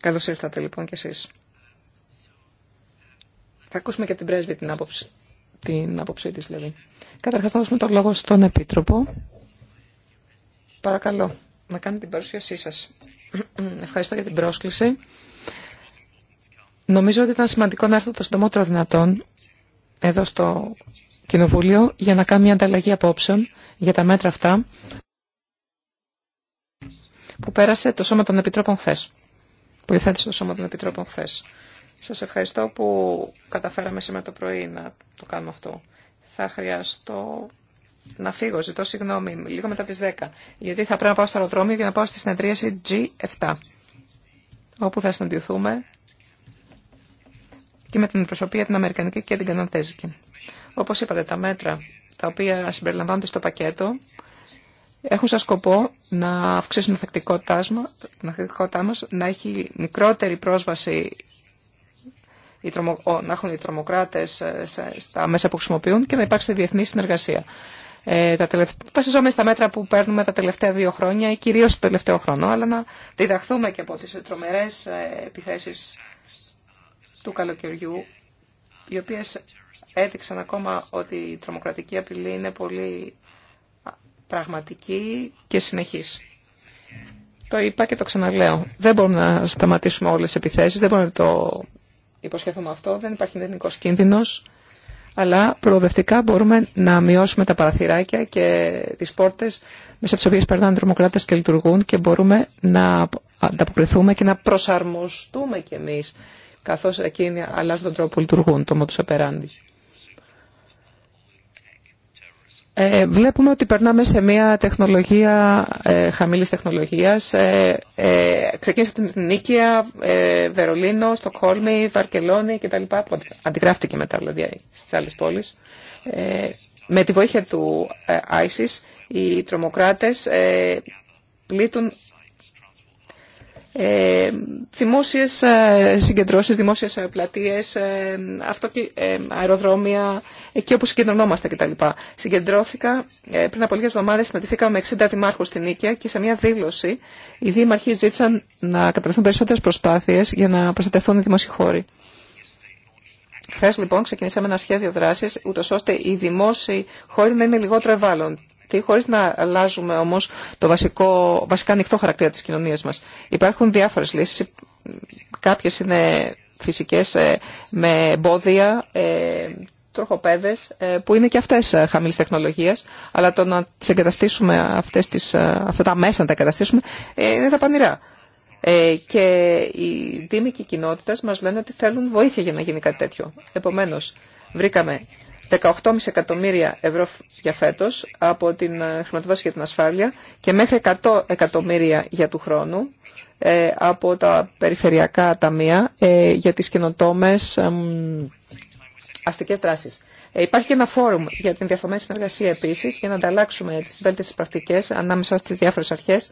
Καλώς ήρθατε λοιπόν κι εσείς. Θα ακούσουμε και από την πρέσβη την άποψη την άποψή της δηλαδή. Καταρχάς θα δώσουμε το λόγο στον Επίτροπο. Παρακαλώ να κάνετε την παρουσίασή σας. Ευχαριστώ για την πρόσκληση. Νομίζω ότι ήταν σημαντικό να έρθω το συντομότερο δυνατόν εδώ στο Κοινοβούλιο για να κάνω μια ανταλλαγή απόψεων για τα μέτρα αυτά που πέρασε το Σώμα των Επιτρόπων χθε. Που υιοθέτησε το Σώμα των Επιτρόπων χθε. Σας ευχαριστώ που καταφέραμε σήμερα το πρωί να το κάνουμε αυτό. Θα χρειαστώ να φύγω, ζητώ συγγνώμη, λίγο μετά τις 10, γιατί θα πρέπει να πάω στο αεροδρόμιο για να πάω στη συνεδρίαση G7, όπου θα συναντηθούμε και με την προσωπία την Αμερικανική και την Καναδέζικη. Όπως είπατε, τα μέτρα τα οποία συμπεριλαμβάνονται στο πακέτο έχουν σαν σκοπό να αυξήσουν την ανθεκτικότητά μας, να έχει μικρότερη πρόσβαση να έχουν οι τρομοκράτες ε, στα μέσα που χρησιμοποιούν και να υπάρξει διεθνή συνεργασία. Ε, στα μέτρα που παίρνουμε τα τελευταία δύο χρόνια, κυρίως το τελευταίο χρόνο, αλλά να διδαχθούμε και από τις τρομερές ε, επιθέσεις του καλοκαιριού, οι οποίες έδειξαν ακόμα ότι η τρομοκρατική απειλή είναι πολύ πραγματική και συνεχής. Το είπα και το ξαναλέω. Δεν μπορούμε να σταματήσουμε όλες τις επιθέσεις, δεν μπορούμε το υποσχεθούμε αυτό, δεν υπάρχει δυναμικός κίνδυνο, αλλά προοδευτικά μπορούμε να μειώσουμε τα παραθυράκια και τις πόρτες μέσα από τις οποίες περνάνε τρομοκράτε και λειτουργούν και μπορούμε να ανταποκριθούμε και να προσαρμοστούμε κι εμείς καθώ εκείνοι αλλάζουν τον τρόπο που λειτουργούν, το ε, βλέπουμε ότι περνάμε σε μια τεχνολογία ε, χαμηλής τεχνολογίας. Ε, ε, ξεκίνησε την Νίκαια, ε, Βερολίνο, Στοκχόλμη, Βαρκελόνη κτλ. Λοιπόν, αντιγράφτηκε μετά δηλαδή στις άλλες πόλεις. Ε, με τη βοήθεια του ISIS ε, οι τρομοκράτες ε, πλήττουν ε, δημόσιες ε, συγκεντρώσεις, δημόσιες ε, πλατείες, αεροδρόμια, εκεί όπου συγκεντρωνόμαστε κτλ. Συγκεντρώθηκα, πριν από λίγες εβδομάδες συναντηθήκαμε με 60 δημάρχους στην Νίκαια και σε μια δήλωση οι δήμαρχοι ζήτησαν να καταρρεθούν περισσότερες προσπάθειες για να προστατευτούν οι δημόσιοι χώροι. Χθε λοιπόν ξεκινήσαμε ένα σχέδιο δράση, ούτω ώστε οι δημόσιοι χώροι να είναι λιγότερο ευάλωτοι. Χωρί χωρίς να αλλάζουμε όμω το βασικό, βασικά ανοιχτό χαρακτήρα τη κοινωνία μα. Υπάρχουν διάφορε λύσει. Κάποιε είναι φυσικέ ε, με εμπόδια, ε, τροχοπέδε, ε, που είναι και αυτέ χαμηλή τεχνολογία, αλλά το να τι εγκαταστήσουμε αυτές τις, αυτά τα μέσα να τα εγκαταστήσουμε είναι τα πανηρά. και οι δήμοι και οι κοινότητες μας λένε ότι θέλουν βοήθεια για να γίνει κάτι τέτοιο. Επομένως, βρήκαμε 18,5 εκατομμύρια ευρώ για φέτος από την ε, χρηματοδότηση για την ασφάλεια και μέχρι 100 εκατομμύρια για του χρόνου ε, από τα περιφερειακά ταμεία ε, για τις καινοτόμες αστικές δράσεις. Υπάρχει και ένα φόρουμ για την διαφορετική συνεργασία επίσης για να ανταλλάξουμε τις βέλτιστες πρακτικές ανάμεσα στις διάφορες αρχές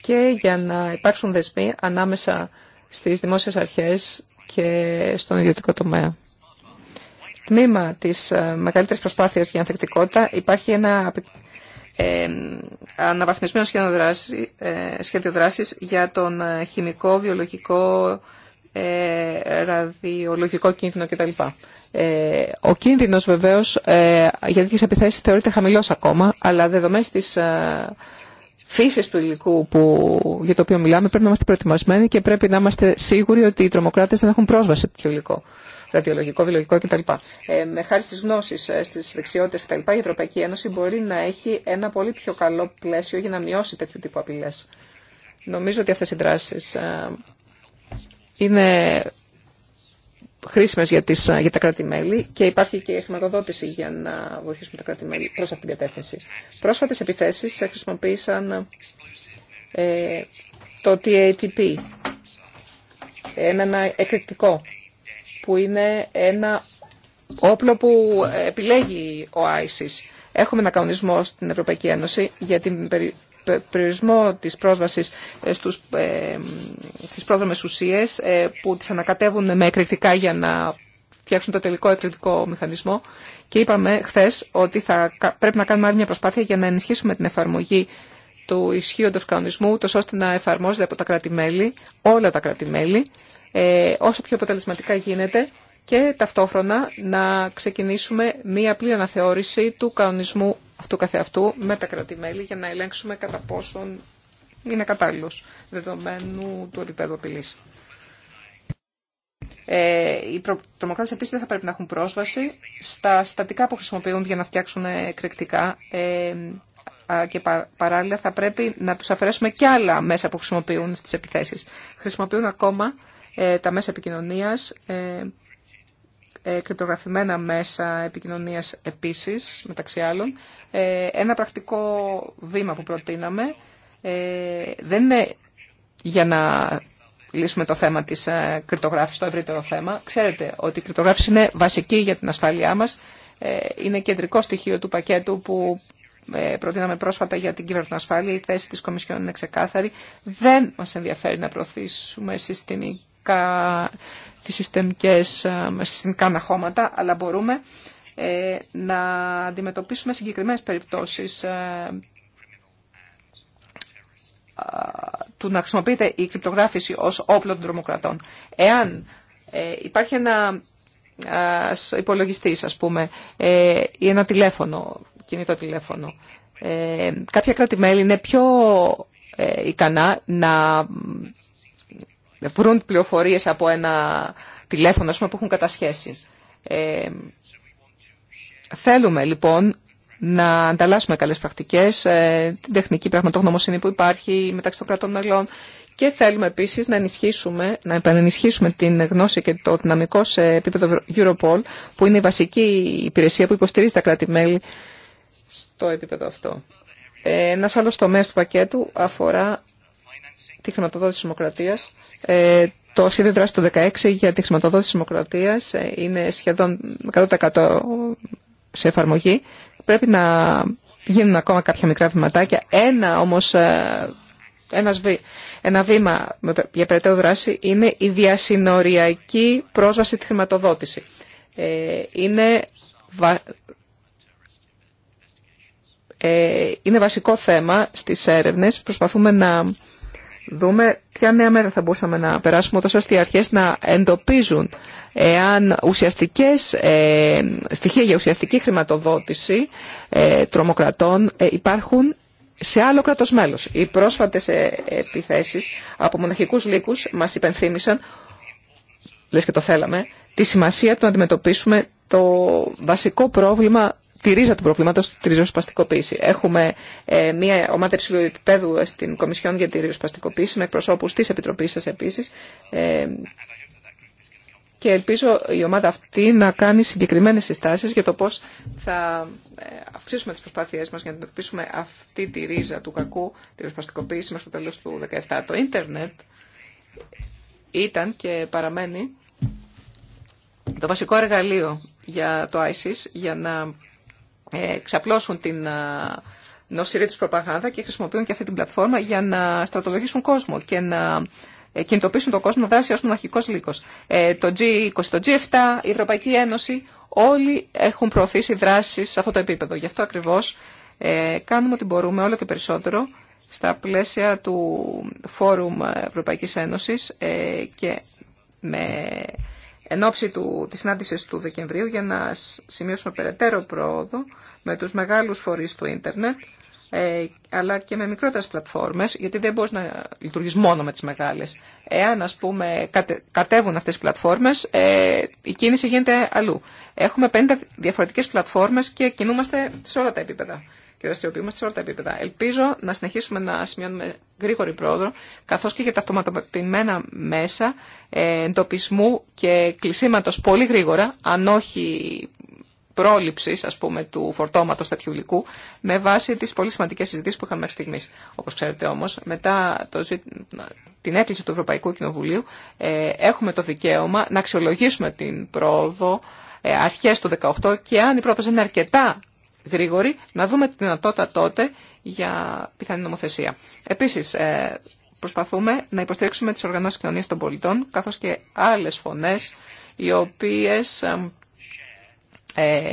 και για να υπάρξουν δεσμοί ανάμεσα στις δημόσιες αρχές και στον ιδιωτικό τομέα τμήμα της ε, μεγαλύτερης προσπάθειας για ανθεκτικότητα υπάρχει ένα ε, αναβαθμισμένο σχέδιο, δράση, ε, σχέδιο δράσης για τον ε, χημικό, βιολογικό, ε, ραδιολογικό κίνδυνο κτλ. Ε, ο κίνδυνος βεβαίως ε, για τις επιθέσεις θεωρείται χαμηλός ακόμα, αλλά δεδομένες της ε, του υλικού που, για το οποίο μιλάμε πρέπει να είμαστε προετοιμασμένοι και πρέπει να είμαστε σίγουροι ότι οι τρομοκράτες δεν έχουν πρόσβαση σε το υλικό ραδιολογικό, βιολογικό κτλ. Ε, με χάρη στι γνώσει, ε, στι δεξιότητε κτλ., η Ευρωπαϊκή Ένωση μπορεί να έχει ένα πολύ πιο καλό πλαίσιο για να μειώσει τέτοιου τύπου απειλέ. Νομίζω ότι αυτέ οι δράσει ε, είναι χρήσιμε για, για τα κράτη-μέλη και υπάρχει και η χρηματοδότηση για να βοηθήσουμε τα κράτη-μέλη προ αυτήν την κατεύθυνση. Πρόσφατε επιθέσει χρησιμοποίησαν ε, το TATP, ένα, ένα εκρηκτικό που είναι ένα όπλο που επιλέγει ο ISIS. Έχουμε ένα κανονισμό στην Ευρωπαϊκή Ένωση για την περιορισμό της πρόσβασης ε, στους, ε, στις πρόδρομες ουσίες ε, που τις ανακατεύουν με εκρηκτικά για να φτιάξουν το τελικό εκρηκτικό μηχανισμό και είπαμε χθες ότι θα, πρέπει να κάνουμε άλλη μια προσπάθεια για να ενισχύσουμε την εφαρμογή του ισχύοντος κανονισμού, τόσο ώστε να εφαρμόζεται από τα κράτη-μέλη, όλα τα κράτη-μέλη, ε, όσο πιο αποτελεσματικά γίνεται και ταυτόχρονα να ξεκινήσουμε μία απλή αναθεώρηση του κανονισμού αυτού καθεαυτού με τα κρατημέλη για να ελέγξουμε κατά πόσον είναι κατάλληλος δεδομένου του επίπεδου απειλή. Ε, οι τρομοκράτε επίση δεν θα πρέπει να έχουν πρόσβαση στα στατικά που χρησιμοποιούν για να φτιάξουν εκρηκτικά ε, και παράλληλα θα πρέπει να του αφαιρέσουμε και άλλα μέσα που χρησιμοποιούν στι επιθέσει. Χρησιμοποιούν ακόμα ε, τα μέσα επικοινωνίας, ε, ε, κρυπτογραφημένα μέσα επικοινωνίας επίσης, μεταξύ άλλων. Ένα πρακτικό βήμα που προτείναμε δεν είναι για να λύσουμε το θέμα της κρυπτογράφησης, το ευρύτερο θέμα. Ξέρετε ότι η κρυπτογράφηση είναι βασική για την ασφάλειά μας. Είναι κεντρικό στοιχείο του πακέτου που προτείναμε πρόσφατα για την ασφάλεια. Η θέση της Κομισιόν είναι ξεκάθαρη. Δεν μας ενδιαφέρει να προωθήσουμε συστημική συστημικά, τις συστημικές, ε, συστημικά αναχώματα, αλλά μπορούμε ε, να αντιμετωπίσουμε συγκεκριμένες περιπτώσεις ε, του να χρησιμοποιείται η κρυπτογράφηση ως όπλο των τρομοκρατών. Εάν υπάρχει ένα υπολογιστής, ας πούμε, ή ένα τηλέφωνο, κινητό τηλέφωνο, κάποια κράτη-μέλη είναι πιο ικανά να βρουν πληροφορίες από ένα τηλέφωνο πούμε, που έχουν κατασχέσει. Ε, θέλουμε λοιπόν να ανταλλάσσουμε καλές πρακτικές, ε, την τεχνική πραγματογνωμοσύνη που υπάρχει μεταξύ των κρατών μελών και θέλουμε επίσης να ενισχύσουμε, να επανενισχύσουμε την γνώση και το δυναμικό σε επίπεδο Europol που είναι η βασική υπηρεσία που υποστηρίζει τα κράτη-μέλη στο επίπεδο αυτό. Ε, ένα άλλο τομέα του πακέτου αφορά τη χρηματοδότηση της δημοκρατίας ε, το σχέδιο δράση του 2016 για τη χρηματοδότηση της δημοκρατίας ε, είναι σχεδόν 100% σε εφαρμογή. Πρέπει να γίνουν ακόμα κάποια μικρά βηματάκια. Ένα όμως, ε, ένα βήμα για περαιτέρω δράση είναι η διασυνοριακή πρόσβαση τη χρηματοδότηση. Είναι, είναι βασικό θέμα στις έρευνες. Προσπαθούμε να δούμε ποια νέα μέρα θα μπορούσαμε να περάσουμε, τόσο ώστε οι αρχές να εντοπίζουν εάν ουσιαστικές, ε, στοιχεία για ουσιαστική χρηματοδότηση ε, τρομοκρατών ε, υπάρχουν σε άλλο κράτος μέλος. Οι πρόσφατες επιθέσεις από μοναχικούς λύκους μας υπενθύμησαν, λες και το θέλαμε, τη σημασία του να αντιμετωπίσουμε το βασικό πρόβλημα τη ρίζα του προβλήματο, τη ριζοσπαστικοποίηση. Έχουμε ε, μια ομάδα υψηλού επίπεδου ε, στην Κομισιόν για τη ριζοσπαστικοποίηση, με εκπροσώπου τη Επιτροπή σα επίση. Ε, και ελπίζω η ομάδα αυτή να κάνει συγκεκριμένες συστάσεις για το πώς θα αυξήσουμε τις προσπάθειές μας για να αντιμετωπίσουμε αυτή τη ρίζα του κακού, τη ριζοσπαστικοποίηση μέχρι το τέλος του 2017. Το ίντερνετ ήταν και παραμένει το βασικό εργαλείο για το ISIS για να ε, ξαπλώσουν την ε, νοσηρή τους προπαγάνδα και χρησιμοποιούν και αυτή την πλατφόρμα για να στρατολογήσουν κόσμο και να ε, κινητοποιήσουν τον κόσμο δράση ως μοναχικός λύκος. το G20, το G7, η Ευρωπαϊκή Ένωση, όλοι έχουν προωθήσει δράσεις σε αυτό το επίπεδο. Γι' αυτό ακριβώς κάνουμε ό,τι μπορούμε όλο και περισσότερο στα πλαίσια του Φόρουμ Ευρωπαϊκής Ένωσης και με εν ώψη του, της συνάντησης του Δεκεμβρίου για να σημειώσουμε περαιτέρω πρόοδο με τους μεγάλους φορείς του ίντερνετ ε, αλλά και με μικρότερες πλατφόρμες, γιατί δεν μπορείς να λειτουργείς μόνο με τις μεγάλες. Εάν, ας πούμε, κατέβουν αυτές οι πλατφόρμες, ε, η κίνηση γίνεται αλλού. Έχουμε 50 διαφορετικές πλατφόρμες και κινούμαστε σε όλα τα επίπεδα και δραστηριοποιούμαστε σε όλα επίπεδα. Ελπίζω να συνεχίσουμε να σημειώνουμε γρήγορη πρόοδο, καθώς και για τα αυτοματοποιημένα μέσα ε, εντοπισμού και κλεισίματος πολύ γρήγορα, αν όχι πρόληψη, α πούμε, του φορτώματο τέτοιου υλικού, με βάση τι πολύ σημαντικέ συζητήσει που είχαμε μέχρι στιγμή. Όπω ξέρετε όμω, μετά το, την έκκληση του Ευρωπαϊκού Κοινοβουλίου, ε, έχουμε το δικαίωμα να αξιολογήσουμε την πρόοδο ε, αρχέ του 2018 και αν η πρόταση είναι αρκετά να δούμε τη δυνατότητα τότε για πιθανή νομοθεσία. Επίσης, ε, προσπαθούμε να υποστηρίξουμε τι οργανώσει κοινωνία των πολιτών, καθώ και άλλε φωνέ, οι οποίε ε, ε,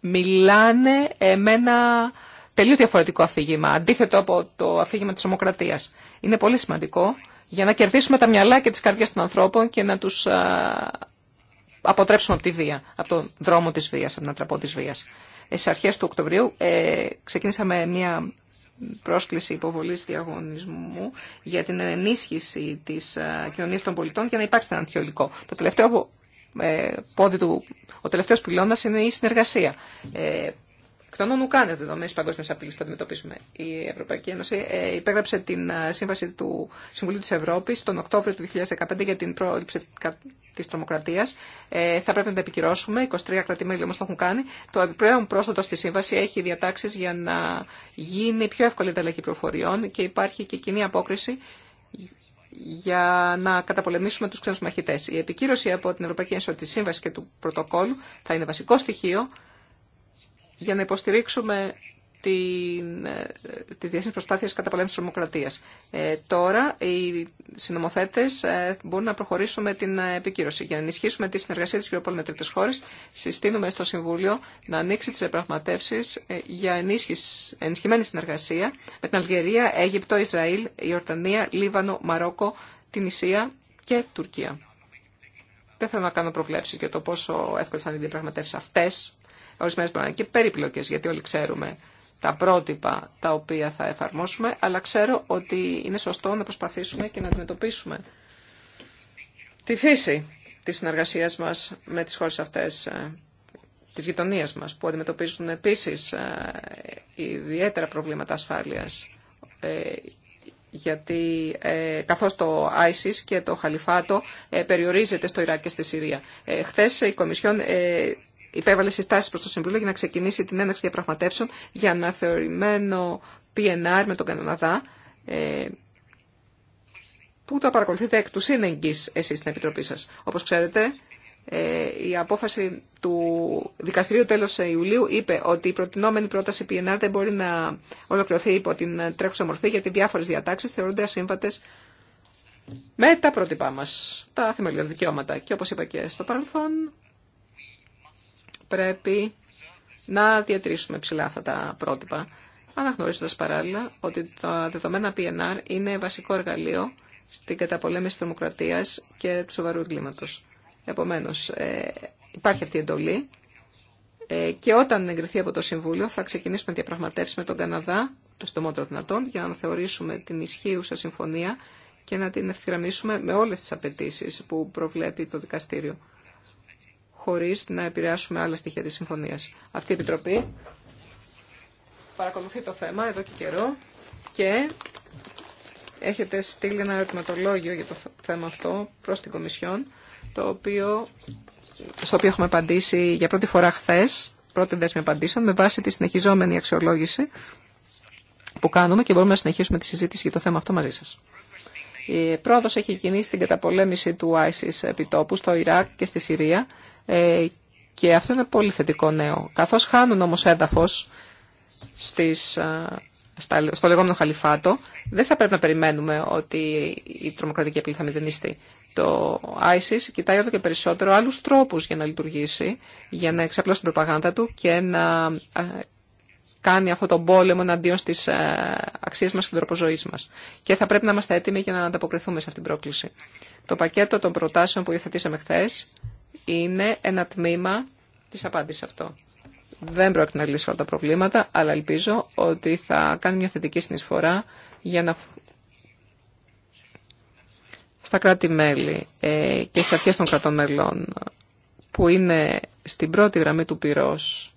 μιλάνε με ένα τελείω διαφορετικό αφήγημα, αντίθετο από το αφήγημα τη Ομοκρατία. Είναι πολύ σημαντικό για να κερδίσουμε τα μυαλά και τι καρδιές των ανθρώπων και να τους αποτρέψουμε από τη βία, από τον δρόμο της βίας, από την ατραπό της βίας. Στι αρχές του Οκτωβρίου ε, ξεκίνησαμε μια πρόσκληση υποβολής διαγωνισμού για την ενίσχυση της ε, κοινωνίας των πολιτών για να υπάρξει ένα αντιολικό. Το τελευταίο ε, πόδι του, ο τελευταίος πυλώνας είναι η συνεργασία. Ε, Εκ των όνων κάνε δεδομένε παγκόσμια απειλή που αντιμετωπίσουμε. Η Ευρωπαϊκή Ένωση ε, υπέγραψε την ε, σύμβαση του Συμβουλίου τη Ευρώπη τον Οκτώβριο του 2015 για την πρόληψη τη τρομοκρατία. Ε, θα πρέπει να τα επικυρώσουμε. 23 κρατημέλη όμω το έχουν κάνει. Το επιπλέον πρόσθετο στη σύμβαση έχει διατάξει για να γίνει πιο εύκολη ανταλλαγή πληροφοριών και υπάρχει και κοινή απόκριση για να καταπολεμήσουμε του ξένου μαχητέ. Η επικύρωση από την Ευρωπαϊκή Ένωση τη Σύμβαση και του Πρωτοκόλου θα είναι βασικό στοιχείο για να υποστηρίξουμε την, ε, τις διεθνείς προσπάθειες καταπολέμησης της τρομοκρατίας. Ε, τώρα οι συνομοθέτες ε, μπορούν να προχωρήσουν με την ε, επικύρωση. Για να ενισχύσουμε τη συνεργασία της Europol με τρίτες χώρες, συστήνουμε στο Συμβούλιο να ανοίξει τις επραγματεύσεις ε, για ενίσχυση, ενισχυμένη συνεργασία με την Αλγερία, Αίγυπτο, Ισραήλ, Ιορτανία, Λίβανο, Μαρόκο, την Ισία και Τουρκία. Δεν θέλω να κάνω προβλέψεις για το πόσο εύκολα θα είναι οι διαπραγματεύσεις αυτές ορισμένε μπορεί να είναι και περίπλοκε, γιατί όλοι ξέρουμε τα πρότυπα τα οποία θα εφαρμόσουμε, αλλά ξέρω ότι είναι σωστό να προσπαθήσουμε και να αντιμετωπίσουμε τη φύση της συνεργασίας μας με τις χώρες αυτές ε, της γειτονίας μας, που αντιμετωπίζουν επίσης ε, ιδιαίτερα προβλήματα ασφάλειας, ε, γιατί καθώς το ISIS και το Χαλιφάτο περιορίζεται στο Ιράκ και στη Συρία. Χθες η Κομισιόν υπέβαλε συστάσει προ το Συμβούλιο για να ξεκινήσει την έναξη διαπραγματεύσεων για αναθεωρημένο PNR με τον Καναδά, ε, που το παρακολουθείτε εκ του σύνεγγυ εσεί στην Επιτροπή σα. Όπω ξέρετε, ε, η απόφαση του δικαστηρίου τέλο Ιουλίου είπε ότι η προτινόμενη πρόταση PNR δεν μπορεί να ολοκληρωθεί υπό την τρέχουσα μορφή γιατί διάφορε διατάξει θεωρούνται ασύμβατε με τα πρότυπά μας, τα θεμελιώδη δικαιώματα. Και όπως είπα και στο παρελθόν, πρέπει να διατηρήσουμε ψηλά αυτά τα πρότυπα, αναγνωρίζοντα παράλληλα ότι τα δεδομένα PNR είναι βασικό εργαλείο στην καταπολέμηση τη δημοκρατίας και του σοβαρού εγκλήματο. Επομένω, ε, υπάρχει αυτή η εντολή ε, και όταν εγκριθεί από το Συμβούλιο θα ξεκινήσουμε διαπραγματεύσει με τον Καναδά, το στομότερο δυνατόν, για να θεωρήσουμε την ισχύουσα συμφωνία και να την ευθυγραμμίσουμε με όλε τι απαιτήσει που προβλέπει το δικαστήριο χωρίς να επηρεάσουμε άλλα στοιχεία της συμφωνίας. Αυτή η Επιτροπή παρακολουθεί το θέμα εδώ και καιρό και έχετε στείλει ένα ερωτηματολόγιο για το θέμα αυτό προς την Κομισιόν, το οποίο, στο οποίο έχουμε απαντήσει για πρώτη φορά χθε, πρώτη δέσμη απαντήσεων, με βάση τη συνεχιζόμενη αξιολόγηση που κάνουμε και μπορούμε να συνεχίσουμε τη συζήτηση για το θέμα αυτό μαζί σας. Η πρόοδος έχει κινήσει την καταπολέμηση του ISIS επιτόπου στο Ιράκ και στη Συρία ε, και αυτό είναι πολύ θετικό νέο. Καθώς χάνουν όμως έδαφος στις, στο λεγόμενο χαλιφάτο, δεν θα πρέπει να περιμένουμε ότι η τρομοκρατική απειλή θα μηδενιστεί. Το ISIS κοιτάει όλο και περισσότερο άλλους τρόπους για να λειτουργήσει, για να εξαπλώσει την προπαγάνδα του και να κάνει αυτό τον πόλεμο εναντίον στις αξίες μας και τον τρόπο ζωή μα. Και θα πρέπει να είμαστε έτοιμοι για να ανταποκριθούμε σε αυτήν την πρόκληση. Το πακέτο των προτάσεων που υιοθετήσαμε χθε είναι ένα τμήμα της απάντησης αυτό. Δεν πρόκειται να λύσει όλα τα προβλήματα, αλλά ελπίζω ότι θα κάνει μια θετική συνεισφορά για να στα κράτη-μέλη ε, και στις αρχές των κρατών μελών που είναι στην πρώτη γραμμή του πυρός.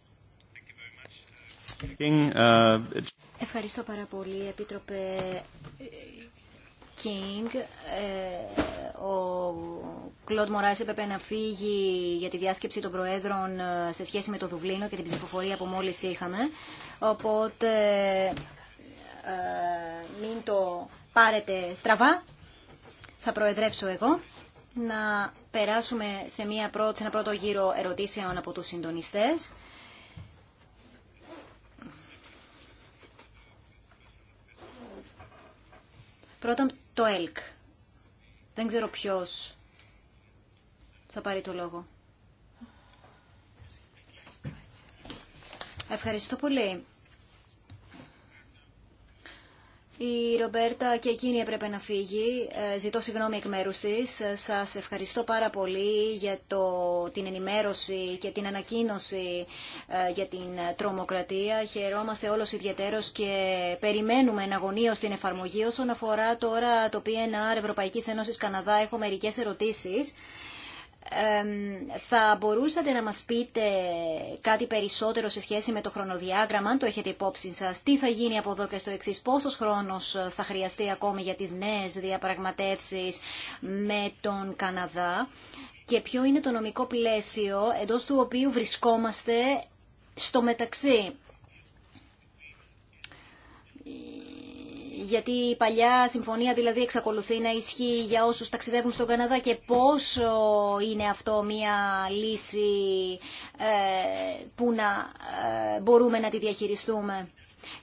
Ευχαριστώ πάρα πολύ, Επίτροπε King. Ε, ο Κλοντ Μωρά έπρεπε να φύγει για τη διάσκεψη των Προέδρων ε, σε σχέση με το Δουβλίνο και την ψηφοφορία που μόλις είχαμε. Οπότε ε, μην το πάρετε στραβά. Θα προεδρεύσω εγώ. Να περάσουμε σε, μια σε ένα πρώτο γύρο ερωτήσεων από τους συντονιστές. Πρώτα το ΕΛΚ. Δεν ξέρω ποιος θα πάρει το λόγο. Ευχαριστώ πολύ. Η Ρομπέρτα και εκείνη έπρεπε να φύγει. Ε, ζητώ συγγνώμη εκ μέρους της. Ε, σας ευχαριστώ πάρα πολύ για το, την ενημέρωση και την ανακοίνωση ε, για την τρομοκρατία. Χαιρόμαστε όλος ιδιαίτερος και περιμένουμε εναγωνίως την εφαρμογή. Όσον αφορά τώρα το PNR Ευρωπαϊκής Ένωσης Καναδά, έχω μερικές ερωτήσεις θα μπορούσατε να μας πείτε κάτι περισσότερο σε σχέση με το χρονοδιάγραμμα, αν το έχετε υπόψη σας, τι θα γίνει από εδώ και στο εξής, πόσος χρόνος ε, θα χρειαστεί ακόμη για τις νέες διαπραγματεύσεις με τον Καναδά και ποιο είναι το νομικό πλαίσιο εντός του οποίου βρισκόμαστε στο μεταξύ. γιατί η παλιά συμφωνία δηλαδή εξακολουθεί να ισχύει για όσους ταξιδεύουν στον Καναδά και πόσο είναι αυτό μια λύση ε, που να ε, μπορούμε να τη διαχειριστούμε.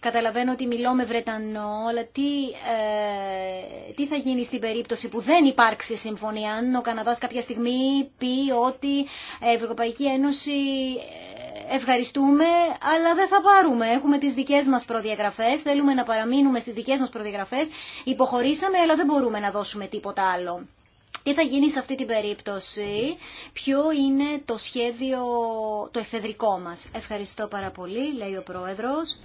Καταλαβαίνω ότι μιλώ με Βρετανό, αλλά τι, ε, τι θα γίνει στην περίπτωση που δεν υπάρξει συμφωνία, αν ο Καναδάς κάποια στιγμή πει ότι η Ευρωπαϊκή Ένωση ευχαριστούμε, αλλά δεν θα πάρουμε. Έχουμε τις δικές μας προδιαγραφές, θέλουμε να παραμείνουμε στις δικές μας προδιαγραφές. Υποχωρήσαμε, αλλά δεν μπορούμε να δώσουμε τίποτα άλλο. Τι θα γίνει σε αυτή την περίπτωση, ποιο είναι το σχέδιο, το εφεδρικό μας. Ευχαριστώ πάρα πολύ, λέει ο Πρόεδρος.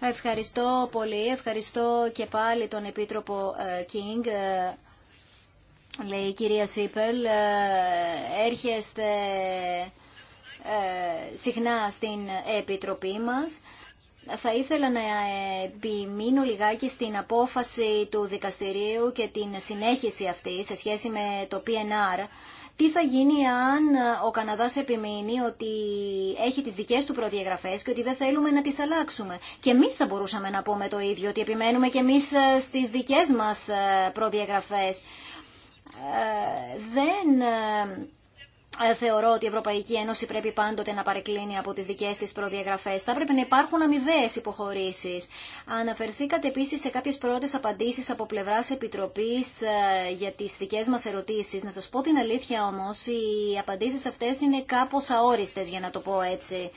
Ευχαριστώ πολύ, ευχαριστώ και πάλι τον Επίτροπο ε, Κίνγκ. Ε, λέει η κυρία Σίπελ, ε, έρχεστε ε, συχνά στην Επιτροπή μας. Θα ήθελα να επιμείνω λιγάκι στην απόφαση του δικαστηρίου και την συνέχιση αυτή σε σχέση με το PNR. Τι θα γίνει αν ο Καναδάς επιμείνει ότι έχει τις δικές του προδιαγραφές και ότι δεν θέλουμε να τις αλλάξουμε. Και εμείς θα μπορούσαμε να πούμε το ίδιο, ότι επιμένουμε και εμείς ε, στις δικές μας προδιαγραφές. Ε, δεν ε, ε, θεωρώ ότι η Ευρωπαϊκή Ένωση πρέπει πάντοτε να παρεκκλίνει από τις δικές της προδιαγραφές. Θα πρέπει να υπάρχουν αμοιβαίες υποχωρήσεις. Αναφερθήκατε επίσης σε κάποιες πρώτες απαντήσεις από πλευράς Επιτροπής για τις δικές μας ερωτήσεις. Να σας πω την αλήθεια όμως, οι απαντήσεις αυτές είναι κάπως αόριστες για να το πω έτσι.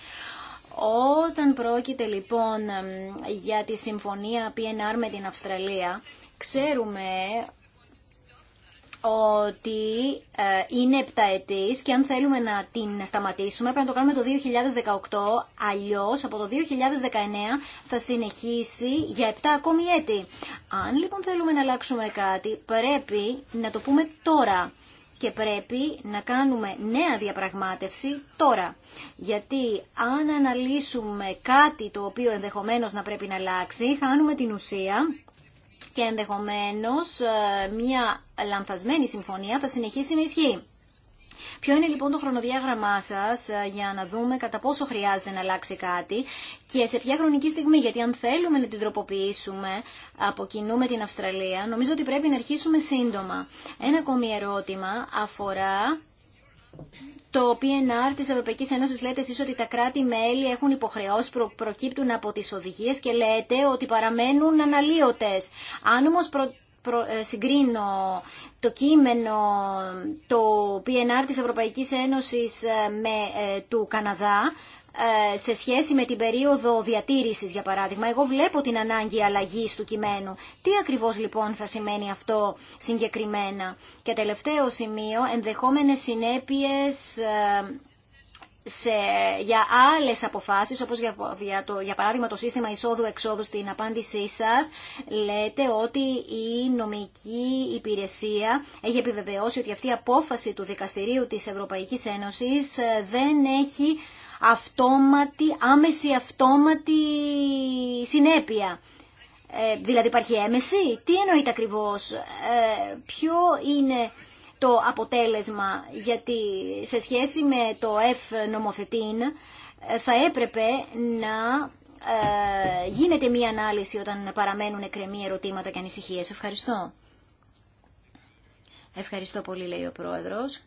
Όταν πρόκειται λοιπόν για τη συμφωνία PNR με την Αυστραλία, ξέρουμε ότι ε, είναι επταετής και αν θέλουμε να την σταματήσουμε πρέπει να το κάνουμε το 2018, αλλιώς από το 2019 θα συνεχίσει για 7 ακόμη έτη. Αν λοιπόν θέλουμε να αλλάξουμε κάτι πρέπει να το πούμε τώρα και πρέπει να κάνουμε νέα διαπραγμάτευση τώρα. Γιατί αν αναλύσουμε κάτι το οποίο ενδεχομένως να πρέπει να αλλάξει, χάνουμε την ουσία και ενδεχομένως ε, μια λανθασμένη συμφωνία θα συνεχίσει να ισχύει. Ποιο είναι λοιπόν το χρονοδιάγραμμά σα ε, για να δούμε κατά πόσο χρειάζεται να αλλάξει κάτι και σε ποια χρονική στιγμή. Γιατί αν θέλουμε να την τροποποιήσουμε από κοινού με την Αυστραλία, νομίζω ότι πρέπει να αρχίσουμε σύντομα. Ένα ακόμη ερώτημα αφορά το PNR της Ευρωπαϊκής Ένωσης λέτε εσείς ότι τα κράτη-μέλη έχουν υποχρεώσει προκύπτουν από τις οδηγίες και λέτε ότι παραμένουν αναλύωτε. Αν προ, ε, συγκρίνω το κείμενο το PNR της Ευρωπαϊκής Ένωσης ε, με ε, του Καναδά σε σχέση με την περίοδο διατήρησης, για παράδειγμα. Εγώ βλέπω την ανάγκη αλλαγής του κειμένου. Τι ακριβώς λοιπόν θα σημαίνει αυτό συγκεκριμένα. Και τελευταίο σημείο, ενδεχόμενες συνέπειες σε, για άλλες αποφάσεις, όπως για, το, για παράδειγμα το σύστημα εισόδου-εξόδου στην απάντησή σας, λέτε ότι η νομική υπηρεσία έχει επιβεβαιώσει ότι αυτή η απόφαση του Δικαστηρίου της Ευρωπαϊκής Ένωσης ε, δεν έχει αυτόματη, άμεση αυτόματη συνέπεια. Ε, δηλαδή υπάρχει έμεση. Τι εννοείται ακριβώς. Ε, ποιο είναι το αποτέλεσμα, γιατί σε σχέση με το F νομοθετήν ε, θα έπρεπε να ε, γίνεται μία ανάλυση όταν παραμένουν εκκρεμή ερωτήματα και ανησυχίες. Ευχαριστώ. Ευχαριστώ πολύ, λέει ο Πρόεδρος.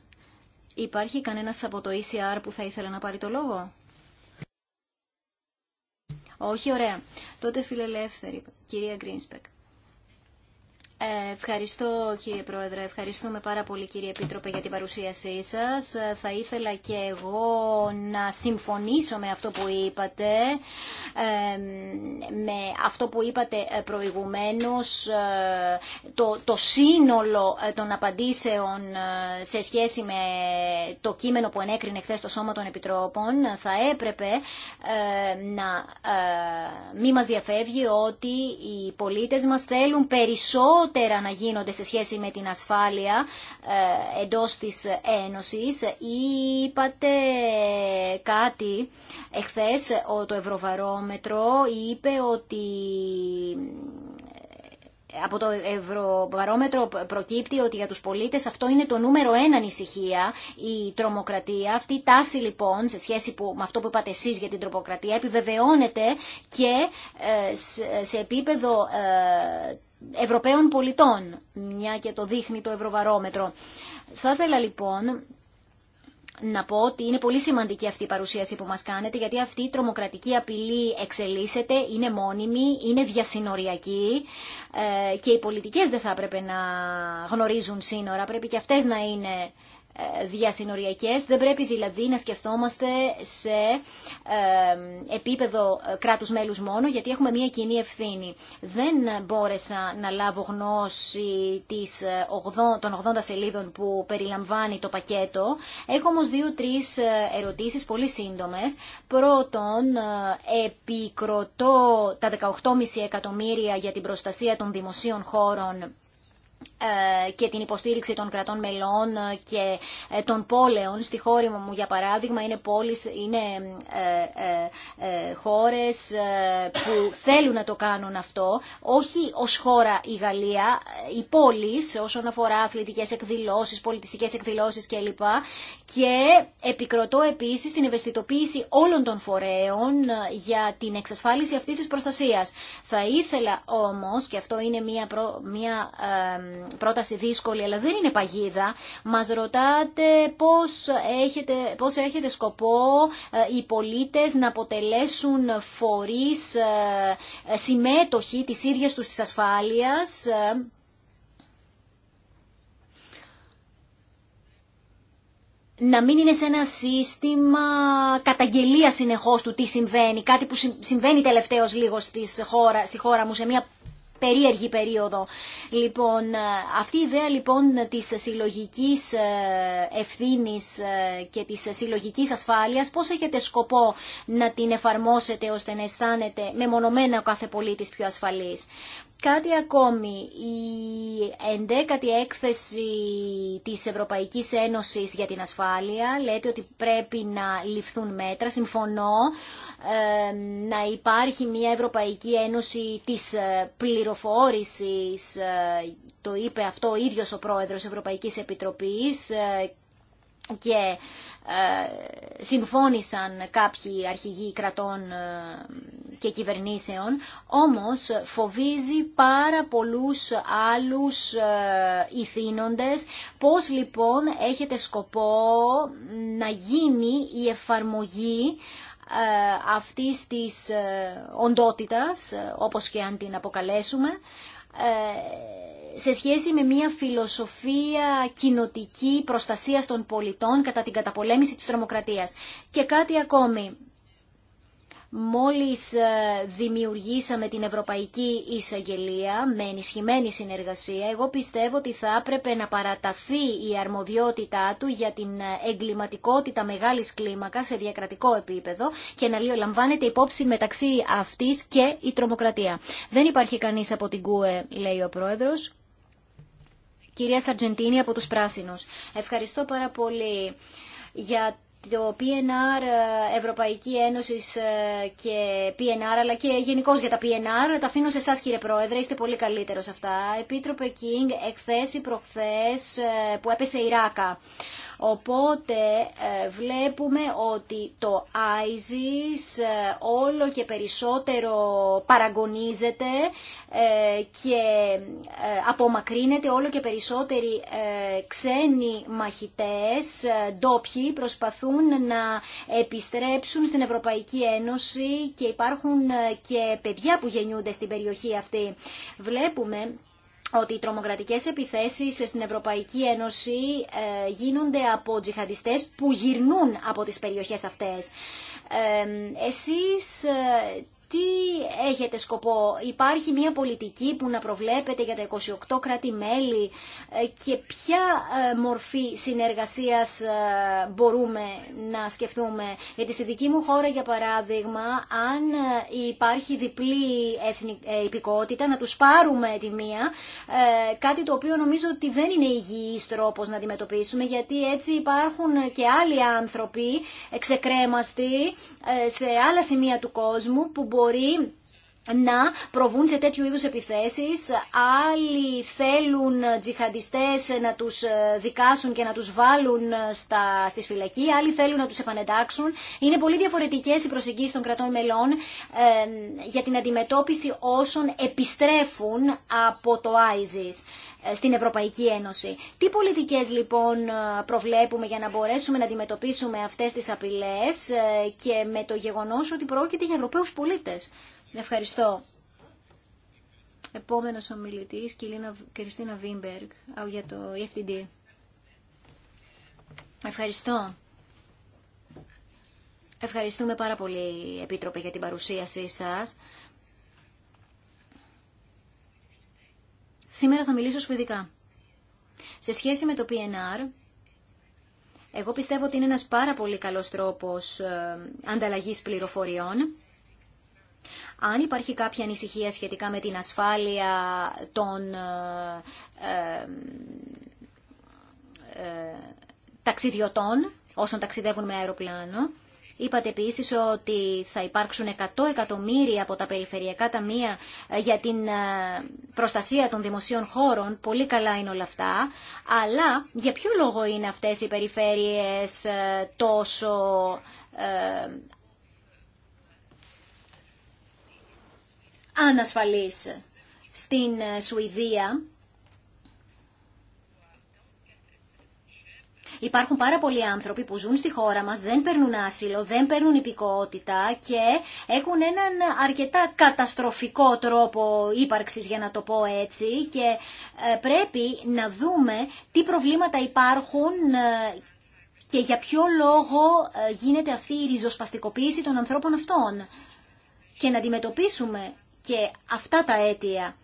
Υπάρχει κανένας από το ECR που θα ήθελε να πάρει το λόγο. Όχι, ωραία. Τότε φιλελεύθερη, κυρία Γκρίνσπεκ. Ευχαριστώ κύριε Πρόεδρε, ευχαριστούμε πάρα πολύ κύριε Επίτροπε για την παρουσίασή σας. Θα ήθελα και εγώ να συμφωνήσω με αυτό που είπατε, με αυτό που είπατε ε, προηγουμένως, ε, το, το σύνολο ε, των απαντήσεων σε σχέση με το κείμενο που ενέκρινε χθε το Σώμα των Επιτρόπων, θα έπρεπε να μην μας διαφεύγει ότι οι πολίτες μας θέλουν περισσότερο να γίνονται σε σχέση με την ασφάλεια ε, εντός της Ένωσης. Είπατε κάτι εχθές, το Ευρωβαρόμετρο είπε ότι ε, από το Ευρωβαρόμετρο προκύπτει ότι για τους πολίτες αυτό είναι το νούμερο ένα ανησυχία, η τρομοκρατία. Αυτή η τάση λοιπόν, σε σχέση με αυτό που είπατε εσείς για την τρομοκρατία, επιβεβαιώνεται και ε, σε επίπεδο Ευρωπαίων πολιτών, μια και το δείχνει το Ευρωβαρόμετρο. Θα ήθελα λοιπόν να πω ότι είναι πολύ σημαντική αυτή η παρουσίαση που μας κάνετε, γιατί αυτή η τρομοκρατική απειλή εξελίσσεται, είναι μόνιμη, είναι διασυνοριακή ε, και οι πολιτικές δεν θα έπρεπε να γνωρίζουν σύνορα, πρέπει και αυτές να είναι ε, διασυνοριακές. Δεν πρέπει δηλαδή να σκεφτόμαστε σε ε, επίπεδο ε, κράτους μέλους μόνο, γιατί έχουμε μια κοινή ευθύνη. Δεν μπόρεσα να λάβω γνώση της των 80 σελίδων που περιλαμβάνει το πακέτο. Έχω όμως δύο-τρεις ερωτήσεις πολύ σύντομες. Πρώτον, επικροτώ τα 18,5 εκατομμύρια για την προστασία των δημοσίων χώρων ε, και την υποστήριξη των κρατών μελών και ε, των πόλεων. Στη χώρα μου, για παράδειγμα, είναι πόλεις, είναι ε, χώρες που θέλουν να το κάνουν αυτό. Όχι ως χώρα η Γαλλία, οι πόλεις όσον αφορά αθλητικές εκδηλώσεις, πολιτιστικές εκδηλώσεις κλπ. Και επικροτώ επίσης την ευαισθητοποίηση όλων των φορέων για την εξασφάλιση αυτής της προστασίας. Θα ήθελα όμως, και αυτό είναι μια, προ... μια πρόταση δύσκολη, αλλά δεν είναι παγίδα. Μας ρωτάτε πώς έχετε, πώς έχετε σκοπό ε, οι πολίτες να αποτελέσουν φορείς ε, ε, συμμέτοχοι της ίδιας τους της ασφάλειας. να μην είναι σε ένα σύστημα καταγγελία συνεχώς του τι συμβαίνει, κάτι που συμβαίνει τελευταίως λίγο χώρα, στη χώρα μου, σε μια περίεργη περίοδο. Λοιπόν, ε, αυτή η ιδέα λοιπόν της συλλογικής ε, ευθύνης ε, και της συλλογικής ασφάλειας, πώς έχετε σκοπό να την εφαρμόσετε ώστε να αισθάνεται μεμονωμένα ο κάθε πολίτης πιο ασφαλής. Κάτι ακόμη, η 11 έκθεση της Ευρωπαϊκής Ένωσης για την ασφάλεια λέτε ότι πρέπει να ληφθούν μέτρα. Συμφωνώ να υπάρχει μια Ευρωπαϊκή Ένωση της ε, πληροφόρησης, ε, το είπε αυτό ο ίδιος ο πρόεδρος Ευρωπαϊκής Επιτροπής ε, και ε, συμφώνησαν κάποιοι αρχηγοί κρατών ε, και κυβερνήσεων, όμως φοβίζει πάρα πολλούς άλλους ε, ηθήνοντες. Πώς λοιπόν έχετε σκοπό να γίνει η εφαρμογή αυτής της οντότητας, όπως και αν την αποκαλέσουμε, σε σχέση με μια φιλοσοφία κοινοτική προστασία των πολιτών κατά την καταπολέμηση της τρομοκρατίας. Και κάτι ακόμη. Μόλις ε, δημιουργήσαμε την Ευρωπαϊκή Εισαγγελία με ενισχυμένη συνεργασία, εγώ πιστεύω ότι θα έπρεπε να παραταθεί η αρμοδιότητά του για την ε, εγκληματικότητα μεγάλης κλίμακας σε διακρατικό επίπεδο και να λαμβάνεται υπόψη μεταξύ αυτής και η τρομοκρατία. Δεν υπάρχει κανείς από την ΚΟΕ, λέει ο Πρόεδρος. Κυρία Σαρτζεντίνη από τους Πράσινους. Ευχαριστώ πάρα πολύ για το PNR, ε, Ευρωπαϊκή Ένωση ε, και PNR, αλλά και γενικώ για τα PNR. Τα αφήνω σε εσά, κύριε Πρόεδρε, είστε πολύ καλύτερο σε αυτά. Επίτροπε King, εκθέσει προχθέ ε, που έπεσε η Ράκα. Οπότε ε, βλέπουμε ότι το ISIS ε, όλο και περισσότερο παραγωνίζεται ε, και απομακρύνεται όλο και περισσότεροι ξένοι μαχητές, ντόπιοι, προσπαθούν να επιστρέψουν στην Ευρωπαϊκή Ένωση και υπάρχουν και παιδιά που γεννιούνται στην περιοχή αυτή. Βλέπουμε ότι οι τρομοκρατικές επιθέσεις στην Ευρωπαϊκή Ένωση ε, γίνονται από τζιχαντιστές που γυρνούν από τις περιοχές αυτές. Ε, εσείς ε, τι έχετε σκοπό. Υπάρχει μια πολιτική που να προβλέπετε για τα 28 κράτη-μέλη ε, και ποια ε, μορφή συνεργασίας ε, μπορούμε να σκεφτούμε. Γιατί στη δική μου χώρα, για παράδειγμα, αν υπάρχει διπλή υπηκότητα, να τους πάρουμε τη μία, κάτι το οποίο νομίζω ότι δεν είναι υγιής τρόπος να αντιμετωπίσουμε, γιατί έτσι υπάρχουν και άλλοι άνθρωποι ξεκρέμαστοι σε άλλα σημεία του κόσμου που μπορούν μπορεί να προβούν σε τέτοιου είδους επιθέσεις. Άλλοι θέλουν τζιχαντιστές να τους ε, δικάσουν και να τους βάλουν ε, στα, στις φυλακή. Άλλοι θέλουν να τους επανεντάξουν. Είναι πολύ διαφορετικές οι προσεγγίσεις των κρατών μελών ε, για την αντιμετώπιση όσων επιστρέφουν από το ISIS στην Ευρωπαϊκή Ένωση. Τι πολιτικές λοιπόν προβλέπουμε για να μπορέσουμε να αντιμετωπίσουμε αυτές τις απειλές και με το γεγονός ότι πρόκειται για Ευρωπαίους πολίτες. Ευχαριστώ. Επόμενος ομιλητής, Κριστίνα Βίμπεργκ, για το EFTD. Ευχαριστώ. Ευχαριστούμε πάρα πολύ, Επίτροπε, για την παρουσίασή σας. Σήμερα θα μιλήσω σουηδικά. Σε σχέση με το PNR, εγώ πιστεύω ότι είναι ένας πάρα πολύ καλός τρόπος ε, ανταλλαγής πληροφοριών αν υπάρχει κάποια ανησυχία σχετικά με την ασφάλεια των ε, ε, ε, ταξιδιωτών, όσων ταξιδεύουν με αεροπλάνο, Είπατε επίση ότι θα υπάρξουν 100 εκατομμύρια από τα περιφερειακά ταμεία για την προστασία των δημοσίων χώρων. Πολύ καλά είναι όλα αυτά. Αλλά για ποιο λόγο είναι αυτές οι περιφέρειες τόσο ανασφαλής στην ε, Σουηδία. Υπάρχουν πάρα πολλοί άνθρωποι που ζουν στη χώρα μας, δεν παίρνουν άσυλο, δεν παίρνουν υπηκότητα και έχουν έναν αρκετά καταστροφικό τρόπο ύπαρξης, για να το πω έτσι, και ε, πρέπει να δούμε τι προβλήματα υπάρχουν ε, και για ποιο λόγο γίνεται αυτή η ριζοσπαστικοποίηση των ανθρώπων αυτών. Και να αντιμετωπίσουμε και αυτά τα αίτια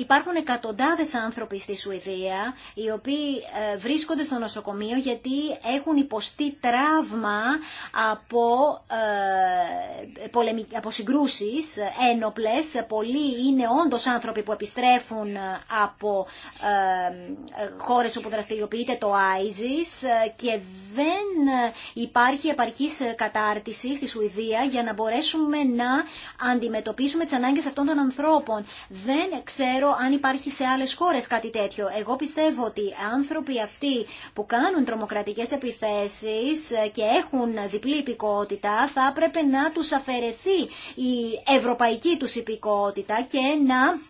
Υπάρχουν εκατοντάδες άνθρωποι στη Σουηδία οι οποίοι ε, βρίσκονται στο νοσοκομείο γιατί έχουν υποστεί τραύμα από, ε, από συγκρούσεις ε, ένοπλες. Πολλοί είναι όντως άνθρωποι που επιστρέφουν από χώρες όπου δραστηριοποιείται το ISIS και δεν υπάρχει επαρκής κατάρτιση στη Σουηδία για να μπορέσουμε να αντιμετωπίσουμε τις ανάγκες αυτών των ανθρώπων. Δεν ξέρω αν υπάρχει σε άλλες χώρες κάτι τέτοιο. Εγώ πιστεύω ότι άνθρωποι αυτοί που κάνουν τρομοκρατικές επιθέσεις ε, και έχουν διπλή υπηκότητα θα έπρεπε να τους αφαιρεθεί η ευρωπαϊκή τους υπηκότητα και να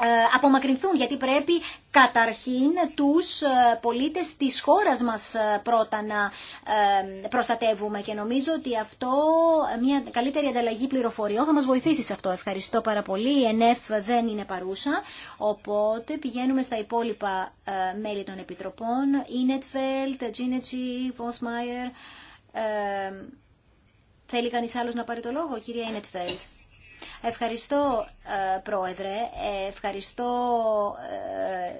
ε, απομακρυνθούν γιατί πρέπει καταρχήν τους ε, πολίτες της χώρας μας ε, πρώτα να προστατεύουμε και νομίζω ότι αυτό μια καλύτερη ανταλλαγή πληροφοριών θα μας βοηθήσει σε αυτό. Ευχαριστώ πάρα πολύ. Η ΕΝΕΦ δεν είναι παρούσα οπότε πηγαίνουμε στα υπόλοιπα μέλη των επιτροπών. Ινετφέλτ, Τζίνετζι, Βοσμάιερ. Θέλει κανείς άλλος να πάρει το λόγο, κυρία Ινετφέλτ. Ευχαριστώ ε, Πρόεδρε, ευχαριστώ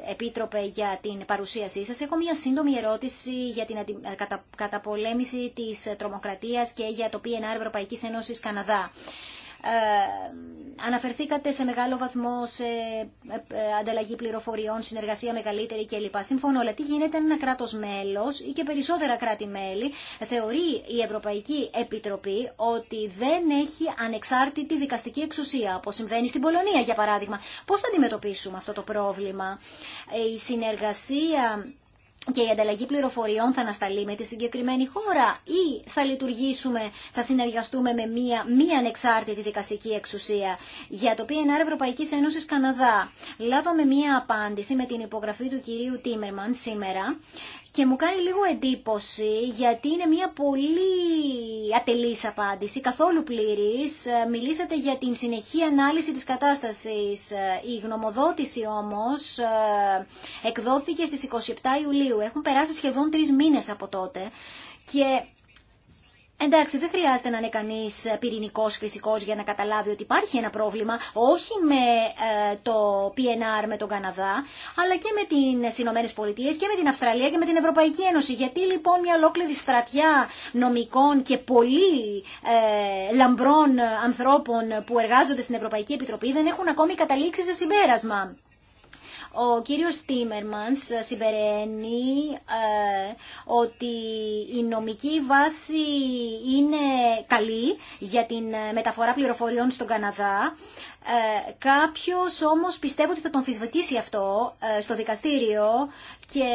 ε, Επίτροπε για την παρουσίασή σας. Έχω μια σύντομη ερώτηση για την ε, καταπολέμηση της τρομοκρατίας και για το PNR Ευρωπαϊκής Ένωσης Καναδά. Ε, αναφερθήκατε σε μεγάλο βαθμό σε ε, ε, ανταλλαγή πληροφοριών, συνεργασία μεγαλύτερη κλπ. Συμφωνώ, αλλά τι γίνεται αν ένα κράτο μέλο ή και περισσότερα κράτη-μέλη θεωρεί η Ευρωπαϊκή Επιτροπή ότι δεν έχει ανεξάρτητη δικαστική εξουσία, όπω συμβαίνει στην Πολωνία για παράδειγμα. Πώ θα αντιμετωπίσουμε αυτό το πρόβλημα, η συνεργασία και η ανταλλαγή πληροφοριών θα ανασταλεί με τη συγκεκριμένη χώρα ή θα λειτουργήσουμε, θα συνεργαστούμε με μία μη ανεξάρτητη δικαστική εξουσία. Για το PNR Ευρωπαϊκή Ένωση Καναδά λάβαμε μία απάντηση με την υπογραφή του κυρίου Τίμερμαν σήμερα και μου κάνει λίγο εντύπωση γιατί είναι μια πολύ ατελής απάντηση, καθόλου πλήρης. Ε, μιλήσατε για την συνεχή ανάλυση της κατάστασης. Ε, η γνωμοδότηση όμως ε, εκδόθηκε στις 27 Ιουλίου. Έχουν περάσει σχεδόν τρεις μήνες από τότε και Εντάξει, δεν χρειάζεται να είναι κανεί πυρηνικό φυσικό για να καταλάβει ότι υπάρχει ένα πρόβλημα, όχι με ε, το PNR με τον Καναδά, αλλά και με τι Ηνωμένε Πολιτείε και με την Αυστραλία και με την Ευρωπαϊκή Ένωση. Γιατί λοιπόν μια ολόκληρη στρατιά νομικών και πολύ ε, λαμπρών ανθρώπων που εργάζονται στην Ευρωπαϊκή Επιτροπή δεν έχουν ακόμη καταλήξει σε συμπέρασμα. Ο κύριος Τίμερμανς συμπεραίνει ε, ότι η νομική βάση είναι καλή για την ε, μεταφορά πληροφοριών στον Καναδά ε, κάποιος όμως πιστεύω ότι θα τον φυσβετήσει αυτό ε, στο δικαστήριο και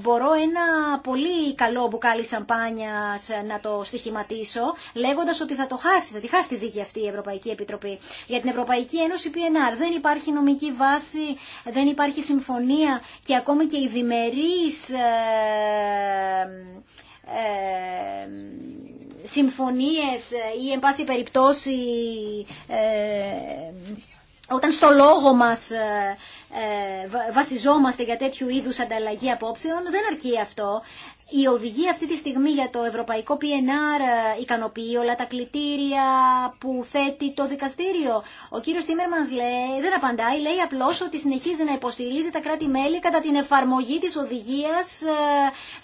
μπορώ ένα πολύ καλό μπουκάλι σαμπάνιας ε, να το στοιχηματίσω λέγοντας ότι θα το χάσει, θα τη χάσει τη δίκη αυτή η Ευρωπαϊκή Επιτροπή. Για την Ευρωπαϊκή Ένωση PNR δεν υπάρχει νομική βάση, δεν υπάρχει συμφωνία και ακόμη και οι Ε, ε, συμφωνίες ε, ή εν πάση περιπτώσει ε, όταν στο λόγο μας ε, βασιζόμαστε για τέτοιου είδους ανταλλαγή απόψεων, δεν αρκεί αυτό. Η οδηγία αυτή τη στιγμή για το ευρωπαϊκό PNR ε, ικανοποιεί όλα τα κλητήρια που θέτει το δικαστήριο. Ο κύριος Τίμερμανς λέει, δεν απαντάει, λέει απλώς ότι συνεχίζει να υποστηρίζει τα κράτη-μέλη κατά την εφαρμογή της οδηγίας ε,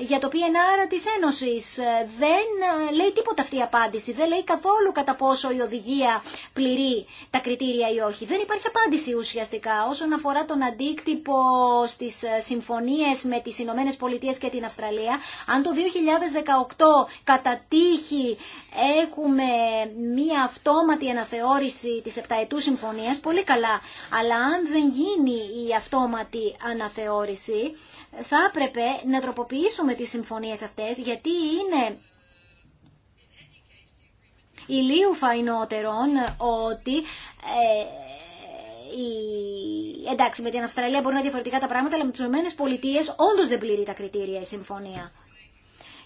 για το PNR της Ένωσης. Ε, δεν λέει τίποτα αυτή η απάντηση, δεν λέει καθόλου κατά πόσο η οδηγία πληρεί τα κριτήρια ή όχι. Δεν υπάρχει απάντηση ουσιαστικά όσον αφορά τον αντίκτυπο στις συμφωνίες με τις Ηνωμένε Πολιτείες και την Αυστραλία. Αν το 2018 κατά τύχη έχουμε μία αυτόματη αναθεώρηση της επταετούς συμφωνίας, πολύ καλά. Αλλά αν δεν γίνει η αυτόματη αναθεώρηση, θα έπρεπε να τροποποιήσουμε τις συμφωνίες αυτές, γιατί είναι ηλίου φαϊνότερον ότι... Ε, η... Εντάξει, με την Αυστραλία μπορεί να διαφορετικά τα πράγματα, αλλά με τι ΗΠΑ όντω δεν πλήρει τα κριτήρια η συμφωνία.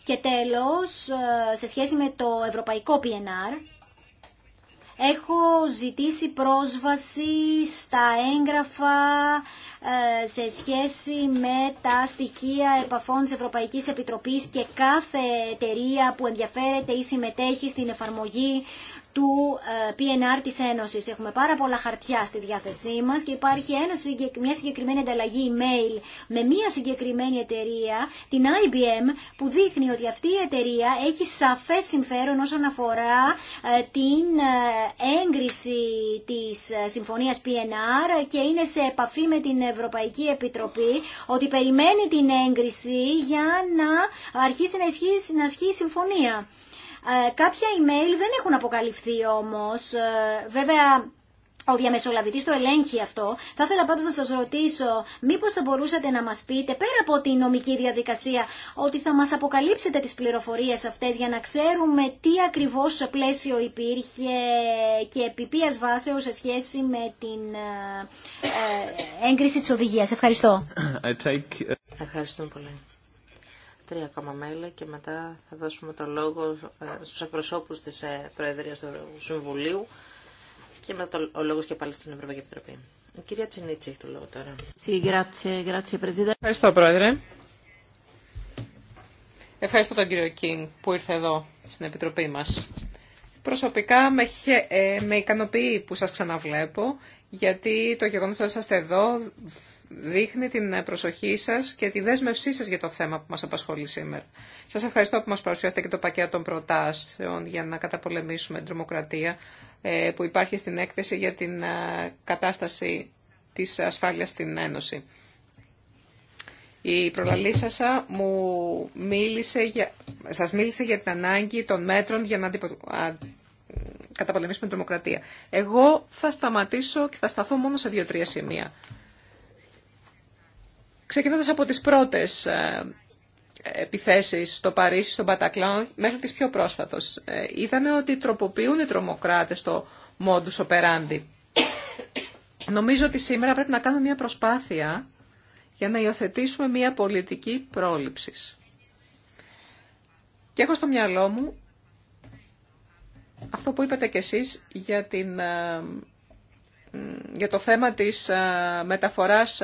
Και τέλος, ε, σε σχέση με το ευρωπαϊκό PNR, έχω ζητήσει πρόσβαση στα έγγραφα ε, σε σχέση με τα στοιχεία επαφών της Ευρωπαϊκής Επιτροπής και κάθε εταιρεία που ενδιαφέρεται ή συμμετέχει στην εφαρμογή του ε, PNR της Ένωσης. Έχουμε πάρα πολλά χαρτιά στη διάθεσή μας και υπάρχει ένα, μια συγκεκριμένη ανταλλαγή email με μια συγκεκριμένη εταιρεία, την IBM, που δείχνει ότι αυτή η εταιρεία έχει σαφές συμφέρον όσον αφορά ε, την ε, έγκριση της συμφωνίας PNR και είναι σε επαφή με την Ευρωπαϊκή Επιτροπή ότι περιμένει την έγκριση για να αρχίσει να να ισχύει η συμφωνία. Ε, κάποια email δεν έχουν αποκαλυφθεί όμως. Ε, βέβαια ο διαμεσολαβητής το ελέγχει αυτό. Θα ήθελα πάντως να σας ρωτήσω, μήπως θα μπορούσατε να μας πείτε, πέρα από τη νομική διαδικασία, ότι θα μας αποκαλύψετε τις πληροφορίες αυτές για να ξέρουμε τι ακριβώς πλαίσιο υπήρχε και επιπίας βάσεως σε σχέση με την ε, έγκριση της οδηγίας. Ευχαριστώ. Uh, Ευχαριστώ πολύ τρία ακόμα μέλη και μετά θα δώσουμε το λόγο ε, στους εκπροσώπους της ε, Προεδρίας του Συμβουλίου και μετά ο λόγος και πάλι στην Ευρωπαϊκή Επιτροπή. Η κυρία Τσινίτση έχει το λόγο τώρα. Ευχαριστώ, Πρόεδρε. Ευχαριστώ τον κύριο Κιν που ήρθε εδώ στην Επιτροπή μας. Προσωπικά με, ε, με ικανοποιεί που σας ξαναβλέπω, γιατί το γεγονός ότι είσαστε εδώ δείχνει την προσοχή σας και τη δέσμευσή σας για το θέμα που μας απασχολεί σήμερα. Σας ευχαριστώ που μας παρουσιάσετε και το πακέτο των προτάσεων για να καταπολεμήσουμε την τρομοκρατία ε, που υπάρχει στην έκθεση για την ε, κατάσταση της ασφάλειας στην Ένωση. Η προλαλή μου μίλησε για, σας μίλησε για την ανάγκη των μέτρων για να καταπολεμήσουμε την τρομοκρατία. Εγώ θα σταματήσω και θα σταθώ μόνο σε δύο-τρία σημεία ξεκινώντας από τις πρώτες ε, επιθέσεις στο Παρίσι, στον Πατακλάν, μέχρι τις πιο πρόσφατος. Ε, είδαμε ότι τροποποιούν οι τρομοκράτες το modus operandi. Νομίζω ότι σήμερα πρέπει να κάνουμε μια προσπάθεια για να υιοθετήσουμε μια πολιτική πρόληψης. Και έχω στο μυαλό μου αυτό που είπατε κι εσείς για, την, ε, για το θέμα της μεταφοράς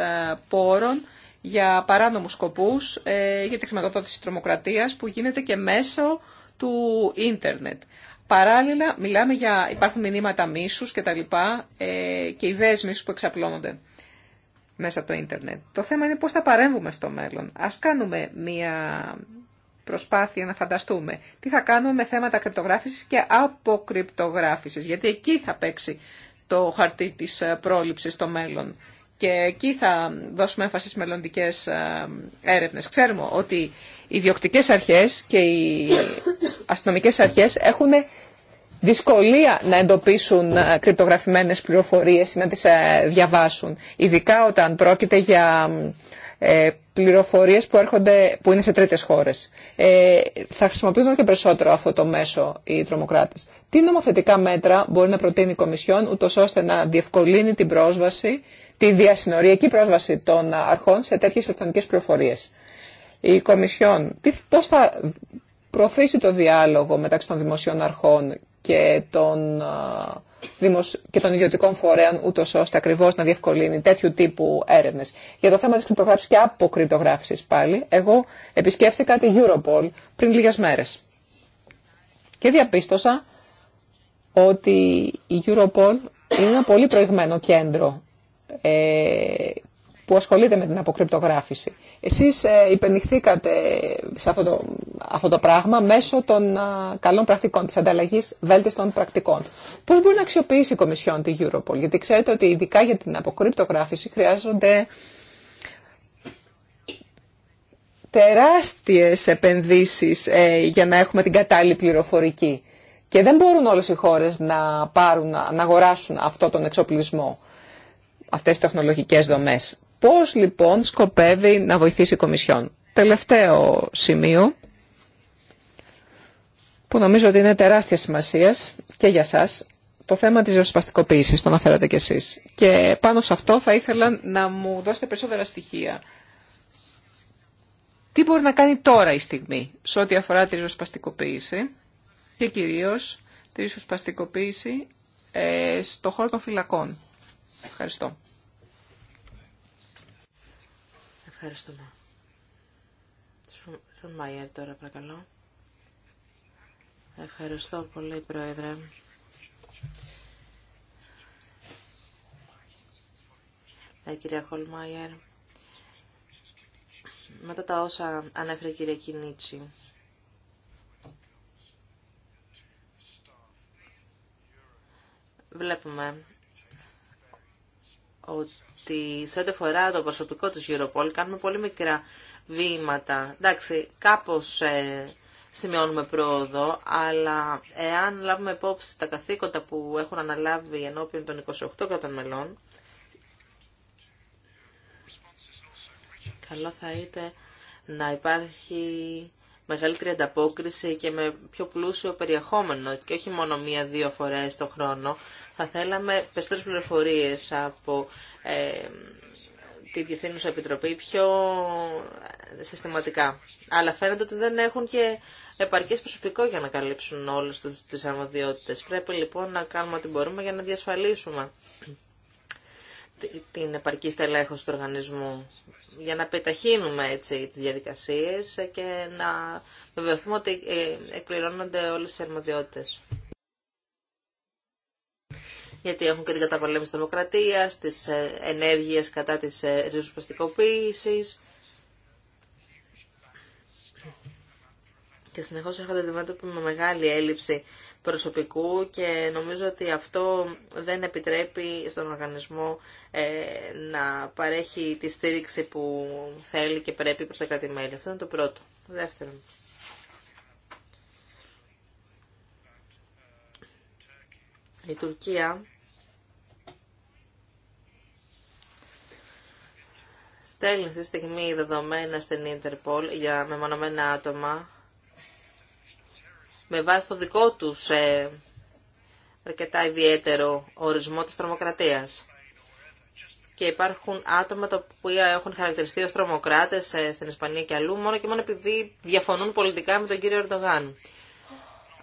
πόρων για παράνομους σκοπούς, ε, για τη χρηματοδότηση τρομοκρατίας που γίνεται και μέσω του ίντερνετ. Παράλληλα, μιλάμε για υπάρχουν μηνύματα μίσους και τα λοιπά ε, και ιδέες μίσους που εξαπλώνονται μέσα από το ίντερνετ. Το θέμα είναι πώς θα παρέμβουμε στο μέλλον. Ας κάνουμε μια προσπάθεια να φανταστούμε τι θα κάνουμε με θέματα κρυπτογράφησης και αποκρυπτογράφησης, γιατί εκεί θα παίξει το χαρτί της ε, πρόληψης στο μέλλον και εκεί θα δώσουμε έμφαση στις μελλοντικέ ε, έρευνες. Ξέρουμε ότι οι διοκτικές αρχές και οι αστυνομικές αρχές έχουν δυσκολία να εντοπίσουν ε, κρυπτογραφημένες πληροφορίες ή να τις ε, διαβάσουν. Ειδικά όταν πρόκειται για Πληροφορίε που, έρχονται, που είναι σε τρίτες χώρες. Ε, θα χρησιμοποιούν και περισσότερο αυτό το μέσο οι τρομοκράτε. Τι νομοθετικά μέτρα μπορεί να προτείνει η Κομισιόν, ούτω ώστε να διευκολύνει την πρόσβαση, τη διασυνοριακή πρόσβαση των αρχών σε τέτοιες ηλεκτρονικέ πληροφορίες. Η Κομισιόν πώς θα προωθήσει το διάλογο μεταξύ των δημοσίων αρχών και των, και των ιδιωτικών φορέων, ούτω ώστε ακριβώ να διευκολύνει τέτοιου τύπου έρευνε. Για το θέμα τη κρυπτογράφηση και αποκρυπτογράφηση πάλι, εγώ επισκέφθηκα την Europol πριν λίγε μέρε. Και διαπίστωσα ότι η Europol είναι ένα πολύ προηγμένο κέντρο ε, που ασχολείται με την αποκρυπτογράφηση. Εσείς ε, υπενηχθήκατε σε αυτό το αυτό το πράγμα μέσω των καλών πρακτικών, της ανταλλαγής βέλτιστων πρακτικών. Πώς μπορεί να αξιοποιήσει η Κομισιόν τη Europol, γιατί ξέρετε ότι ειδικά για την αποκρυπτογράφηση χρειάζονται τεράστιες επενδύσεις ε, για να έχουμε την κατάλληλη πληροφορική. Και δεν μπορούν όλες οι χώρες να, πάρουν, να αγοράσουν αυτό τον εξοπλισμό, αυτές τις τεχνολογικές δομές. Πώς λοιπόν σκοπεύει να βοηθήσει η Κομισιόν. Τελευταίο σημείο που νομίζω ότι είναι τεράστια σημασία και για σας, το θέμα της ρεσπαστικοποίησης, το αναφέρατε κι εσείς. Και πάνω σε αυτό θα ήθελα να μου δώσετε περισσότερα στοιχεία. Τι μπορεί να κάνει τώρα η στιγμή σε ό,τι αφορά τη ριζοσπαστικοποίηση και κυρίως τη ριζοσπαστικοποίηση ε, στο χώρο των φυλακών. Ευχαριστώ. Ευχαριστούμε. Σον Μάιερ τώρα παρακαλώ. Ευχαριστώ πολύ, Πρόεδρε. Ε, κυρία Χολμάιερ, μετά τα όσα ανέφερε η κυρία Κινίτσι, βλέπουμε ότι σε ό,τι φορά το προσωπικό της Europol κάνουμε πολύ μικρά βήματα. Εντάξει, κάπως ε, σημειώνουμε πρόοδο, αλλά εάν λάβουμε υπόψη τα καθήκοντα που έχουν αναλάβει ενώπιον των 28 κρατών μελών, καλό θα ήταν να υπάρχει μεγαλύτερη ανταπόκριση και με πιο πλούσιο περιεχόμενο και όχι μόνο μία-δύο φορές το χρόνο. Θα θέλαμε περισσότερες πληροφορίες από ε, τη Διευθύνουσα Επιτροπή πιο συστηματικά. Αλλά φαίνεται ότι δεν έχουν και επαρκές προσωπικό για να καλύψουν όλες τις αρμοδιότητες. Πρέπει λοιπόν να κάνουμε ό,τι μπορούμε για να διασφαλίσουμε την επαρκή στελέχωση του οργανισμού για να πεταχύνουμε έτσι τις διαδικασίες και να βεβαιωθούμε ότι ε, εκπληρώνονται όλες τις αρμοδιότητες γιατί έχουν και την καταπολέμηση της δημοκρατίας, τις ε, ενέργειες κατά της ε, ριζοσπαστικοποίησης. Και συνεχώς έρχονται αντιμέτωποι με μεγάλη έλλειψη προσωπικού και νομίζω ότι αυτό δεν επιτρέπει στον οργανισμό ε, να παρέχει τη στήριξη που θέλει και πρέπει προς τα κρατη Αυτό είναι το πρώτο. δεύτερο. Η Τουρκία στέλνει αυτή τη στιγμή δεδομένα στην Interpol για μεμονωμένα άτομα με βάση το δικό τους ε, αρκετά ιδιαίτερο ορισμό της τρομοκρατίας. Και υπάρχουν άτομα τα οποία έχουν χαρακτηριστεί ως τρομοκράτες ε, στην Ισπανία και αλλού μόνο και μόνο επειδή διαφωνούν πολιτικά με τον κύριο Ερντογάν.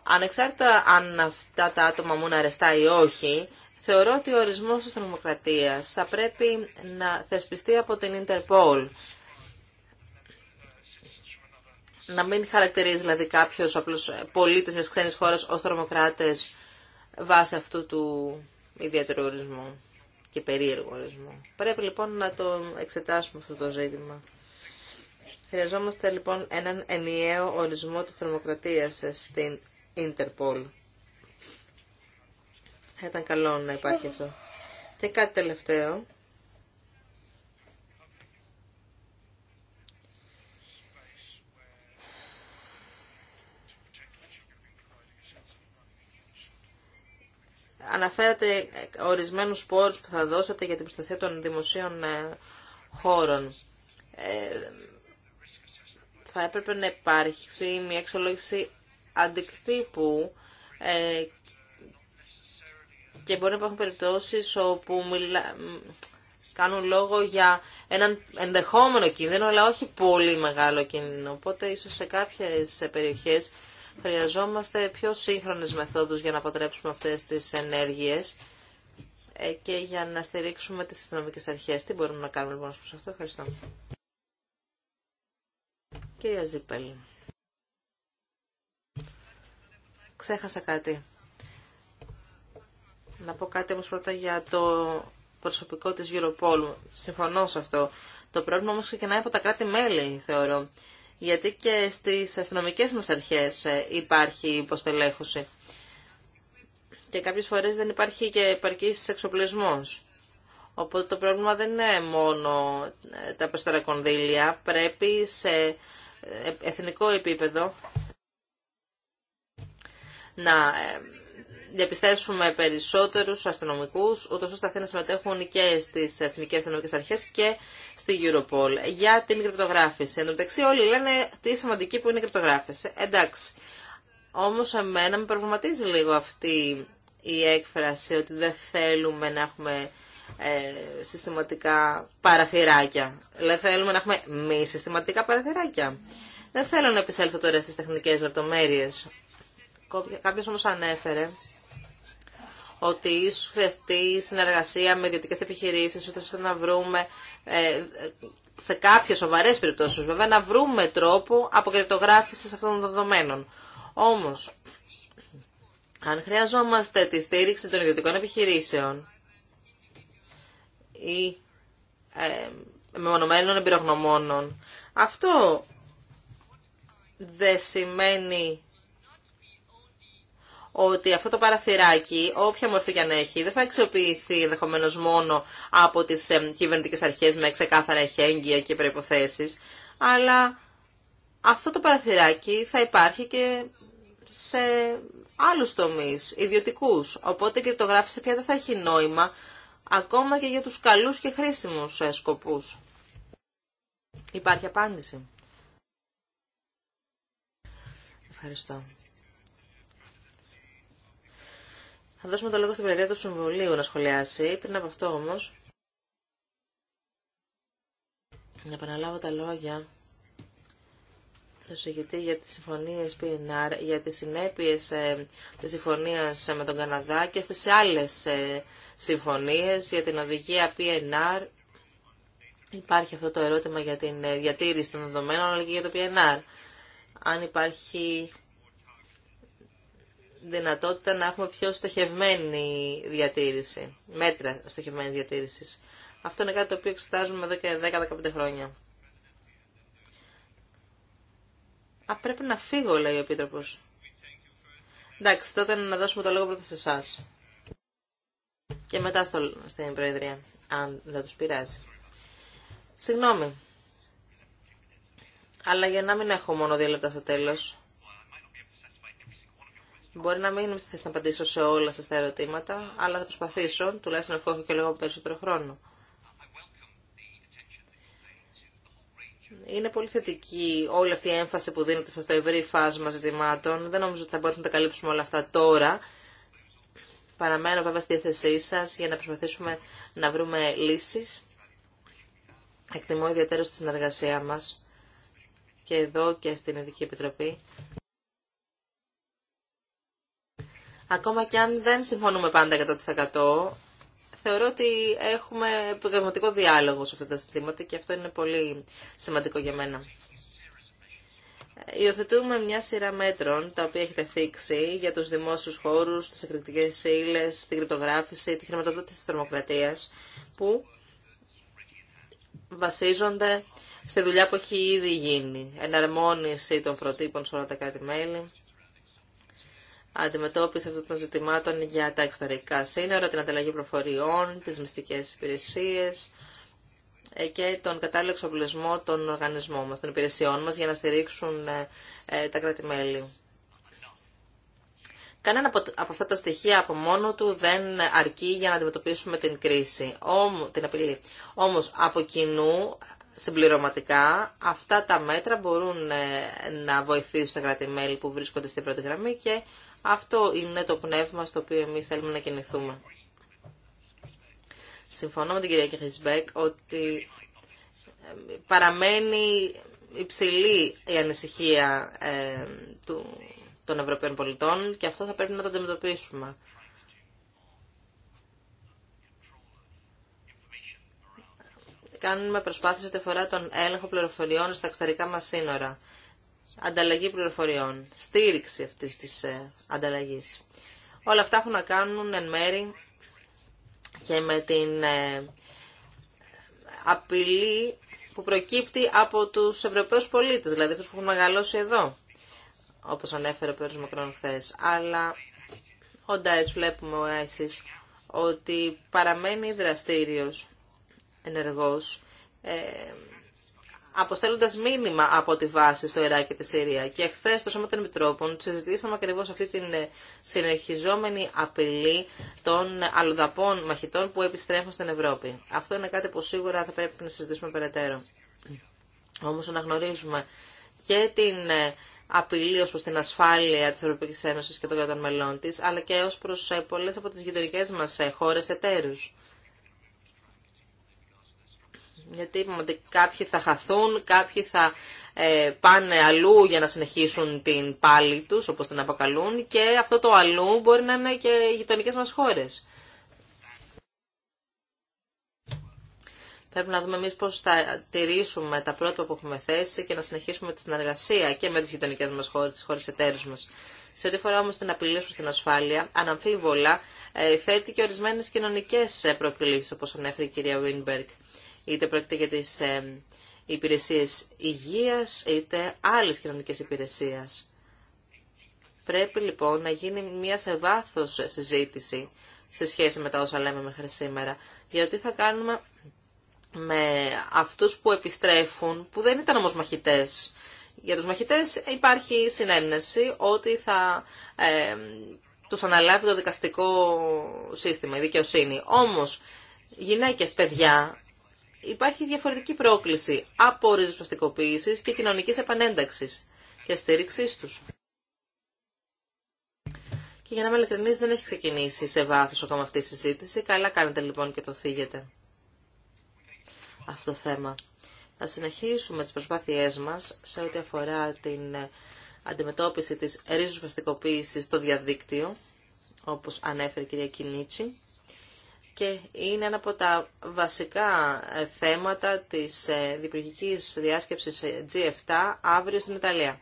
Ανεξάρτητα αν αυτά τα άτομα μου αρεστά ή όχι, Θεωρώ ότι ο ορισμός της τρομοκρατίας θα πρέπει να θεσπιστεί από την Interpol. Να μην χαρακτηρίζει δηλαδή κάποιο απλό πολίτης μιας ξένης χώρας ω τρομοκράτης βάσει αυτού του ιδιαίτερου ορισμού και περίεργου ορισμού. Πρέπει λοιπόν να το εξετάσουμε αυτό το ζήτημα. Χρειαζόμαστε λοιπόν έναν ενιαίο ορισμό της τρομοκρατίας στην Interpol ήταν καλό να υπάρχει αυτό. Και κάτι τελευταίο. Αναφέρατε ορισμένους πόρους που θα δώσατε για την προστασία των δημοσίων ε, χώρων. Ε, θα έπρεπε να υπάρχει μια εξολόγηση αντικτύπου ε, και μπορεί να υπάρχουν περιπτώσει όπου μιλά... κάνουν λόγο για έναν ενδεχόμενο κίνδυνο, αλλά όχι πολύ μεγάλο κίνδυνο. Οπότε ίσως σε κάποιες περιοχές χρειαζόμαστε πιο σύγχρονες μεθόδους για να αποτρέψουμε αυτές τις ενέργειες ε, και για να στηρίξουμε τις αστυνομικές αρχές. Τι μπορούμε να κάνουμε λοιπόν σε αυτό. Ευχαριστώ. Κυρία Ζήπελ. Ξέχασα κάτι. Να πω κάτι όμως πρώτα για το προσωπικό της Europol. Συμφωνώ σε αυτό. Το πρόβλημα όμως ξεκινάει από τα κράτη-μέλη, θεωρώ. Γιατί και στις αστυνομικές μας αρχές ε, υπάρχει υποστελέχωση. Και κάποιες φορές δεν υπάρχει και επαρκής εξοπλισμός. Οπότε το πρόβλημα δεν είναι μόνο ε, τα περισσότερα κονδύλια. Πρέπει σε ε, εθνικό επίπεδο να διαπιστεύσουμε περισσότερους αστυνομικού, ούτω ώστε αυτοί να συμμετέχουν και στι εθνικέ αστυνομικέ αρχέ και στη Europol. Για την κρυπτογράφηση. Εν τω μεταξύ όλοι λένε τι σημαντική που είναι η κρυπτογράφηση. Εντάξει. όμω εμένα με προβληματίζει λίγο αυτή η έκφραση ότι δεν θέλουμε να έχουμε ε, συστηματικά παραθυράκια. Δεν θέλουμε να έχουμε μη συστηματικά παραθυράκια. Δεν θέλω να επισέλθω τώρα στι τεχνικέ λεπτομέρειε. Κάποιο όμω ανέφερε ότι ίσως χρειαστεί συνεργασία με ιδιωτικέ επιχειρήσεις, ώστε να βρούμε ε, σε κάποιες σοβαρές περιπτώσεις βέβαια να βρούμε τρόπο αποκρυπτογράφησης αυτών των δεδομένων. Όμως, αν χρειαζόμαστε τη στήριξη των ιδιωτικών επιχειρήσεων ή ε, μεμονωμένων εμπειρογνωμόνων, αυτό δεν σημαίνει ότι αυτό το παραθυράκι, όποια μορφή και αν έχει, δεν θα αξιοποιηθεί ενδεχομένω μόνο από τι κυβερνητικέ αρχέ με ξεκάθαρα εχέγγυα και προποθέσει, αλλά αυτό το παραθυράκι θα υπάρχει και σε άλλου τομεί, ιδιωτικού. Οπότε η κρυπτογράφηση πια δεν θα έχει νόημα ακόμα και για τους καλούς και χρήσιμους ε, σκοπούς. Υπάρχει απάντηση. Ευχαριστώ. Θα δώσουμε το λόγο στην Προεδρία του Συμβουλίου να σχολιάσει. Πριν από αυτό όμως, να επαναλάβω τα λόγια του συγκεκριτή για τις συμφωνίες PNR, για τις συνέπειες ε, της συμφωνίας ε, με τον Καναδά και στις άλλες ε, συμφωνίες για την οδηγία PNR. Υπάρχει αυτό το ερώτημα για την ε, διατήρηση των δεδομένων, αλλά και για το PNR. Αν υπάρχει δυνατότητα να έχουμε πιο στοχευμένη διατήρηση, μέτρα στοχευμένη διατήρησης. Αυτό είναι κάτι το οποίο εξετάζουμε εδώ και 10-15 χρόνια. Α, πρέπει να φύγω, λέει ο επίτροπο. Εντάξει, τότε να δώσουμε το λόγο πρώτα σε εσά. Και μετά στο, στην Προεδρία, αν δεν του πειράζει. Συγγνώμη. Αλλά για να μην έχω μόνο δύο λεπτά στο τέλος, Μπορεί να μην είμαι στη θέση να απαντήσω σε όλα σα τα ερωτήματα, αλλά θα προσπαθήσω, τουλάχιστον αφού έχω και λίγο περισσότερο χρόνο. Είναι πολύ θετική όλη αυτή η έμφαση που δίνεται σε αυτό το ευρύ φάσμα ζητημάτων. Δεν νομίζω ότι θα μπορούμε να τα καλύψουμε όλα αυτά τώρα. Παραμένω βέβαια στη διάθεσή σα για να προσπαθήσουμε να βρούμε λύσει. Εκτιμώ ιδιαίτερα τη συνεργασία μα και εδώ και στην Ειδική Επιτροπή. Ακόμα και αν δεν συμφωνούμε πάντα 100%, θεωρώ ότι έχουμε επαγγελματικό διάλογο σε αυτά τα ζητήματα και αυτό είναι πολύ σημαντικό για μένα. Υιοθετούμε μια σειρά μέτρων τα οποία έχετε θίξει για τους δημόσιους χώρους, τις εκρηκτικές ύλε, την κρυπτογράφηση, τη χρηματοδότηση της τρομοκρατίας που βασίζονται στη δουλειά που έχει ήδη γίνει. Εναρμόνιση των προτύπων σε όλα τα κράτη-μέλη, αντιμετώπιση αυτών των ζητημάτων για τα εξωτερικά σύνορα, την ανταλλαγή προφοριών, τις μυστικές υπηρεσίες ε, και τον κατάλληλο εξοπλισμό των οργανισμών μας, των υπηρεσιών μας για να στηρίξουν ε, ε, τα κράτη-μέλη. Κανένα από αυτά τα στοιχεία από μόνο του δεν αρκεί για να αντιμετωπίσουμε την κρίση, την απειλή. Όμως από κοινού συμπληρωματικά αυτά τα μέτρα μπορούν να βοηθήσουν τα κράτη-μέλη που βρίσκονται στην πρώτη γραμμή και αυτό είναι το πνεύμα στο οποίο εμείς θέλουμε να κινηθούμε. Συμφωνώ με την κυρία Κιχρισμπέκ ότι ε, παραμένει υψηλή η ανησυχία ε, του, των Ευρωπαίων πολιτών και αυτό θα πρέπει να το αντιμετωπίσουμε. Κάνουμε προσπάθειες ότι αφορά τον έλεγχο πληροφοριών στα εξωτερικά μας σύνορα ανταλλαγή πληροφοριών, στήριξη αυτής της ε, ανταλλαγής. Όλα αυτά έχουν να κάνουν εν μέρη και με την ε, απειλή που προκύπτει από τους Ευρωπαίους πολίτες, δηλαδή τους που έχουν μεγαλώσει εδώ, όπως ανέφερε ο Πέρος Μακρόν χθες. Αλλά ο Ντάις βλέπουμε ο ότι παραμένει δραστήριος, ενεργός, ε, αποστέλλοντα μήνυμα από τη βάση στο Ιράκ και τη Συρία. Και χθε στο Σώμα των Επιτρόπων συζητήσαμε ακριβώ αυτή την ε, συνεχιζόμενη απειλή των αλλοδαπών μαχητών που επιστρέφουν στην Ευρώπη. Αυτό είναι κάτι που σίγουρα θα πρέπει να συζητήσουμε περαιτέρω. Όμω αναγνωρίζουμε και την ε, απειλή ω προ την ασφάλεια τη Ευρωπαϊκή Ένωση και των κρατών μελών τη, αλλά και ω προ ε, πολλέ από τι γειτονικέ μα χώρε εταίρου. Γιατί είπαμε ότι κάποιοι θα χαθούν, κάποιοι θα ε, πάνε αλλού για να συνεχίσουν την πάλη τους, όπως την αποκαλούν, και αυτό το αλλού μπορεί να είναι και οι γειτονικές μας χώρες. Πρέπει να δούμε εμεί πώ θα τηρήσουμε τα πρότυπα που έχουμε θέσει και να συνεχίσουμε τη συνεργασία και με τι γειτονικέ μα χώρε, τι χώρε εταίρου μα. Σε ό,τι φορά όμω την απειλή προ την ασφάλεια, αναμφίβολα ε, θέτει και ορισμένε κοινωνικέ ε, προκλήσει, όπω ανέφερε η κυρία Βίνμπεργκ είτε πρόκειται για τις ε, υπηρεσίες υγείας, είτε άλλες κοινωνικές υπηρεσίες. Πρέπει λοιπόν να γίνει μια σε βάθος συζήτηση σε σχέση με τα όσα λέμε μέχρι σήμερα, γιατί θα κάνουμε με αυτούς που επιστρέφουν, που δεν ήταν όμως μαχητές. Για τους μαχητές υπάρχει συνένεση ότι θα ε, τους αναλάβει το δικαστικό σύστημα, η δικαιοσύνη. Όμως, γυναίκες, παιδιά, υπάρχει διαφορετική πρόκληση από ριζοσπαστικοποίησης και κοινωνικής επανένταξης και στηρίξή τους. Και για να είμαι δεν έχει ξεκινήσει σε βάθος ακόμα αυτή η συζήτηση. Καλά κάνετε λοιπόν και το φύγετε. αυτό το θέμα. Να συνεχίσουμε τις προσπάθειές μας σε ό,τι αφορά την αντιμετώπιση της ρίζοσπαστικοποίησης στο διαδίκτυο, όπως ανέφερε η κυρία Κινίτσι και είναι ένα από τα βασικά ε, θέματα της ε, διπλογικής διάσκεψης ε, G7 αύριο στην Ιταλία.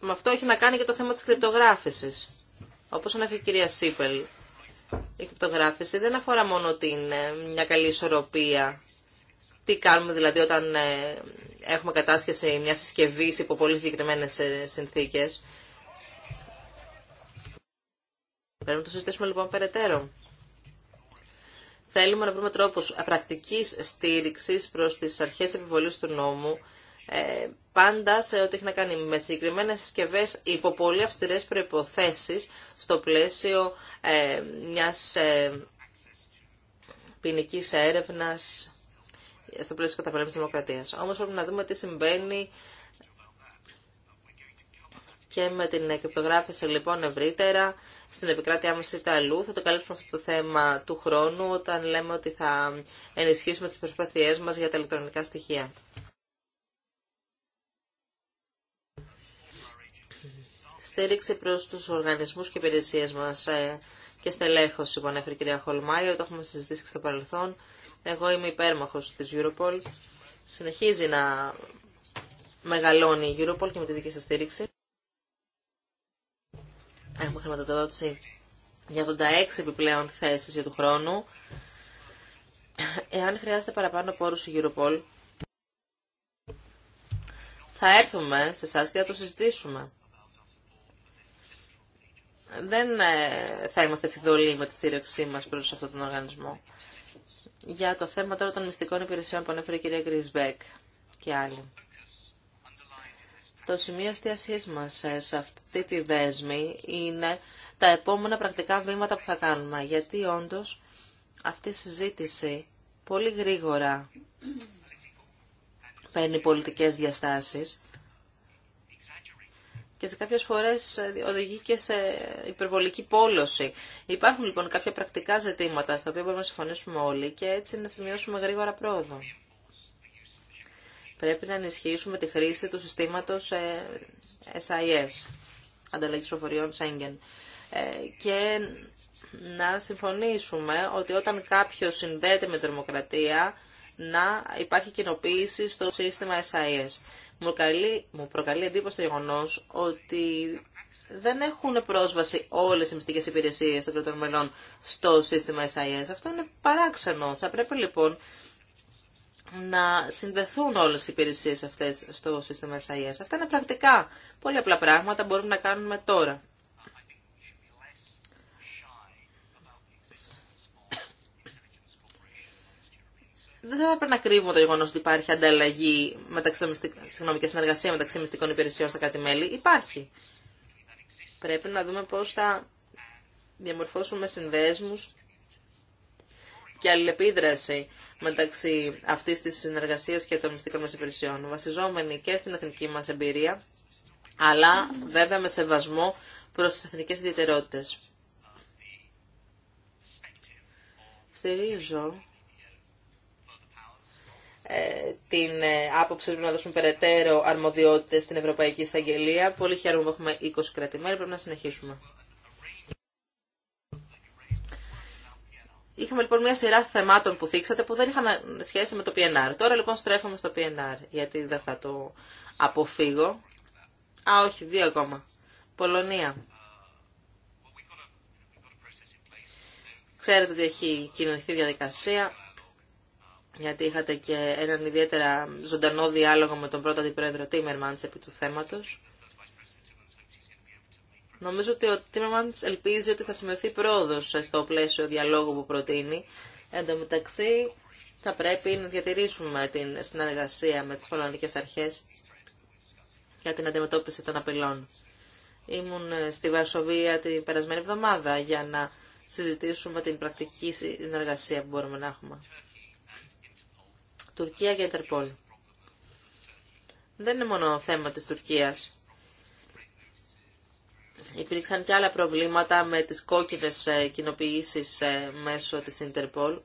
Με αυτό έχει να κάνει και το θέμα της κρυπτογράφησης. Όπως αναφέρει η κυρία Σίπελ, η κρυπτογράφηση δεν αφορά μόνο την, μια καλή ισορροπία. Τι κάνουμε δηλαδή όταν έχουμε κατάσχεση μια συσκευή υπό πολύ συγκεκριμένε συνθήκες. Πρέπει να το συζητήσουμε λοιπόν περαιτέρω. Θέλουμε να βρούμε τρόπους πρακτικής στήριξης προς τις αρχές επιβολής του νόμου, ε, πάντα σε ό,τι έχει να κάνει με συγκεκριμένε συσκευέ υπό πολύ αυστηρέ προποθέσει στο πλαίσιο ε, μια ε, ποινική έρευνα στο πλαίσιο καταπολέμηση δημοκρατία. Όμω πρέπει να δούμε τι συμβαίνει και με την κρυπτογράφηση λοιπόν ευρύτερα στην επικράτειά μας αλλού. Θα το καλύψουμε αυτό το θέμα του χρόνου όταν λέμε ότι θα ενισχύσουμε τις προσπαθειές μας για τα ηλεκτρονικά στοιχεία. Στήριξη προς τους οργανισμούς και υπηρεσίες μας ε, και στελέχωση που ανέφερε η κυρία Χολμάιερ, το έχουμε συζητήσει και στο παρελθόν. Εγώ είμαι υπέρμαχος της Europol. Συνεχίζει να μεγαλώνει η Europol και με τη δική σας στήριξη. Έχουμε χρηματοδότηση για 86 επιπλέον θέσεις για του χρόνου. Εάν χρειάζεται παραπάνω πόρους η Europol, θα έρθουμε σε εσά και θα το συζητήσουμε. Δεν ε, θα είμαστε φιδωλοί με τη στήριξή μας προς αυτόν τον οργανισμό. Για το θέμα τώρα των μυστικών υπηρεσιών που ανέφερε η κυρία Γκρισμπέκ και άλλοι. Το σημείο εστίασή μα ε, σε αυτή τη δέσμη είναι τα επόμενα πρακτικά βήματα που θα κάνουμε. Γιατί όντω αυτή η συζήτηση πολύ γρήγορα παίρνει πολιτικές διαστάσεις και σε κάποιες φορές ε, οδηγεί και σε υπερβολική πόλωση. Υπάρχουν λοιπόν κάποια πρακτικά ζητήματα στα οποία μπορούμε να συμφωνήσουμε όλοι και έτσι να σημειώσουμε γρήγορα πρόοδο. Πρέπει να ενισχύσουμε τη χρήση του συστήματος ε, SIS, ανταλλαγή προφοριών Schengen. Ε, και να συμφωνήσουμε ότι όταν κάποιος συνδέεται με τρομοκρατία, να υπάρχει κοινοποίηση στο σύστημα SIS. Μου προκαλεί, μου προκαλεί εντύπωση το γεγονό ότι δεν έχουν πρόσβαση όλε οι μυστικέ υπηρεσίε των κρατών μελών στο σύστημα SIS. Αυτό είναι παράξενο. Θα πρέπει λοιπόν να συνδεθούν όλες οι υπηρεσίες αυτές στο σύστημα SIS. Αυτά είναι πρακτικά. Πολύ απλά πράγματα μπορούμε να κάνουμε τώρα. Δεν θα έπρεπε να κρύβουμε το γεγονό ότι υπάρχει ανταλλαγή μεταξύ, συγγνώμη, και συνεργασία μεταξύ μυστικών υπηρεσιών στα κράτη-μέλη. Υπάρχει. Πρέπει να δούμε πώ θα διαμορφώσουμε συνδέσμου και αλληλεπίδραση μεταξύ αυτή τη συνεργασία και των μυστικών μας υπηρεσιών, βασιζόμενοι και στην εθνική μας εμπειρία, αλλά βέβαια με σεβασμό προς τι εθνικέ ιδιαιτερότητε. Στηρίζω ε, την ε, άποψη που να δώσουμε περαιτέρω αρμοδιότητες στην Ευρωπαϊκή Εισαγγελία. Πολύ χαίρομαι που έχουμε 20 κρατημέρια, πρέπει να συνεχίσουμε. Είχαμε λοιπόν μια σειρά θεμάτων που θίξατε που δεν είχαν σχέση με το PNR. Τώρα λοιπόν στρέφομαι στο PNR, γιατί δεν θα το αποφύγω. Α, όχι, δύο ακόμα. Πολωνία. Ξέρετε ότι έχει κοινωνική διαδικασία, γιατί είχατε και έναν ιδιαίτερα ζωντανό διάλογο με τον πρώτο αντιπρόεδρο Τίμερμαντς επί του θέματος. Νομίζω ότι ο Τίμερμαντς ελπίζει ότι θα σημειωθεί πρόοδος στο πλαίσιο διαλόγου που προτείνει. Εν τω μεταξύ θα πρέπει να διατηρήσουμε την συνεργασία με τις πολωνικές αρχές για την αντιμετώπιση των απειλών. Ήμουν στη Βαρσοβία την περασμένη εβδομάδα για να συζητήσουμε την πρακτική συνεργασία που μπορούμε να έχουμε. Τουρκία και Ιντερπόλ. Δεν είναι μόνο θέμα της Τουρκίας Υπήρξαν και άλλα προβλήματα με τις κόκκινες ε, κοινοποιήσεις ε, μέσω της Interpol.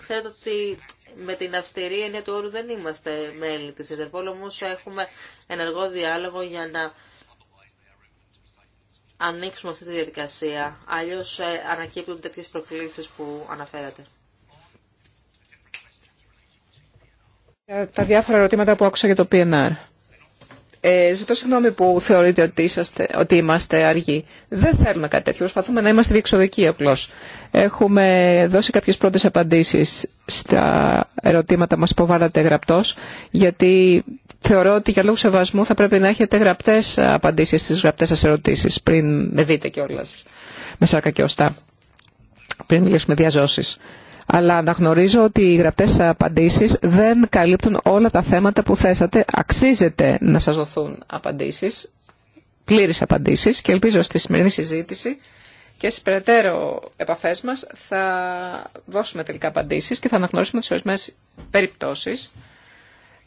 Ξέρετε ότι με την αυστηρή έννοια του όρου δεν είμαστε μέλη της Interpol, όμως έχουμε ενεργό διάλογο για να ανοίξουμε αυτή τη διαδικασία. Αλλιώς ε, ανακύπτουν τέτοιες προκλήσεις που αναφέρατε. Τα διάφορα ερωτήματα που άκουσα για το PNR. Ε, ζητώ συγγνώμη που θεωρείτε ότι, είμαστε αργοί. Δεν θέλουμε κάτι τέτοιο. Προσπαθούμε να είμαστε διεξοδικοί απλώ. Έχουμε δώσει κάποιε πρώτε απαντήσει στα ερωτήματα μα που βάλατε γραπτό, γιατί θεωρώ ότι για λόγου σεβασμού θα πρέπει να έχετε γραπτέ απαντήσει στι γραπτέ σα ερωτήσει πριν με δείτε κιόλα με σάρκα και ωστά, Πριν μιλήσουμε διαζώσει αλλά αναγνωρίζω ότι οι γραπτές απαντήσεις δεν καλύπτουν όλα τα θέματα που θέσατε. Αξίζεται να σας δοθούν απαντήσεις, πλήρεις απαντήσεις και ελπίζω στη σημερινή συζήτηση και στις περαιτέρω επαφές μας θα δώσουμε τελικά απαντήσεις και θα αναγνωρίσουμε τις ορισμένες περιπτώσεις.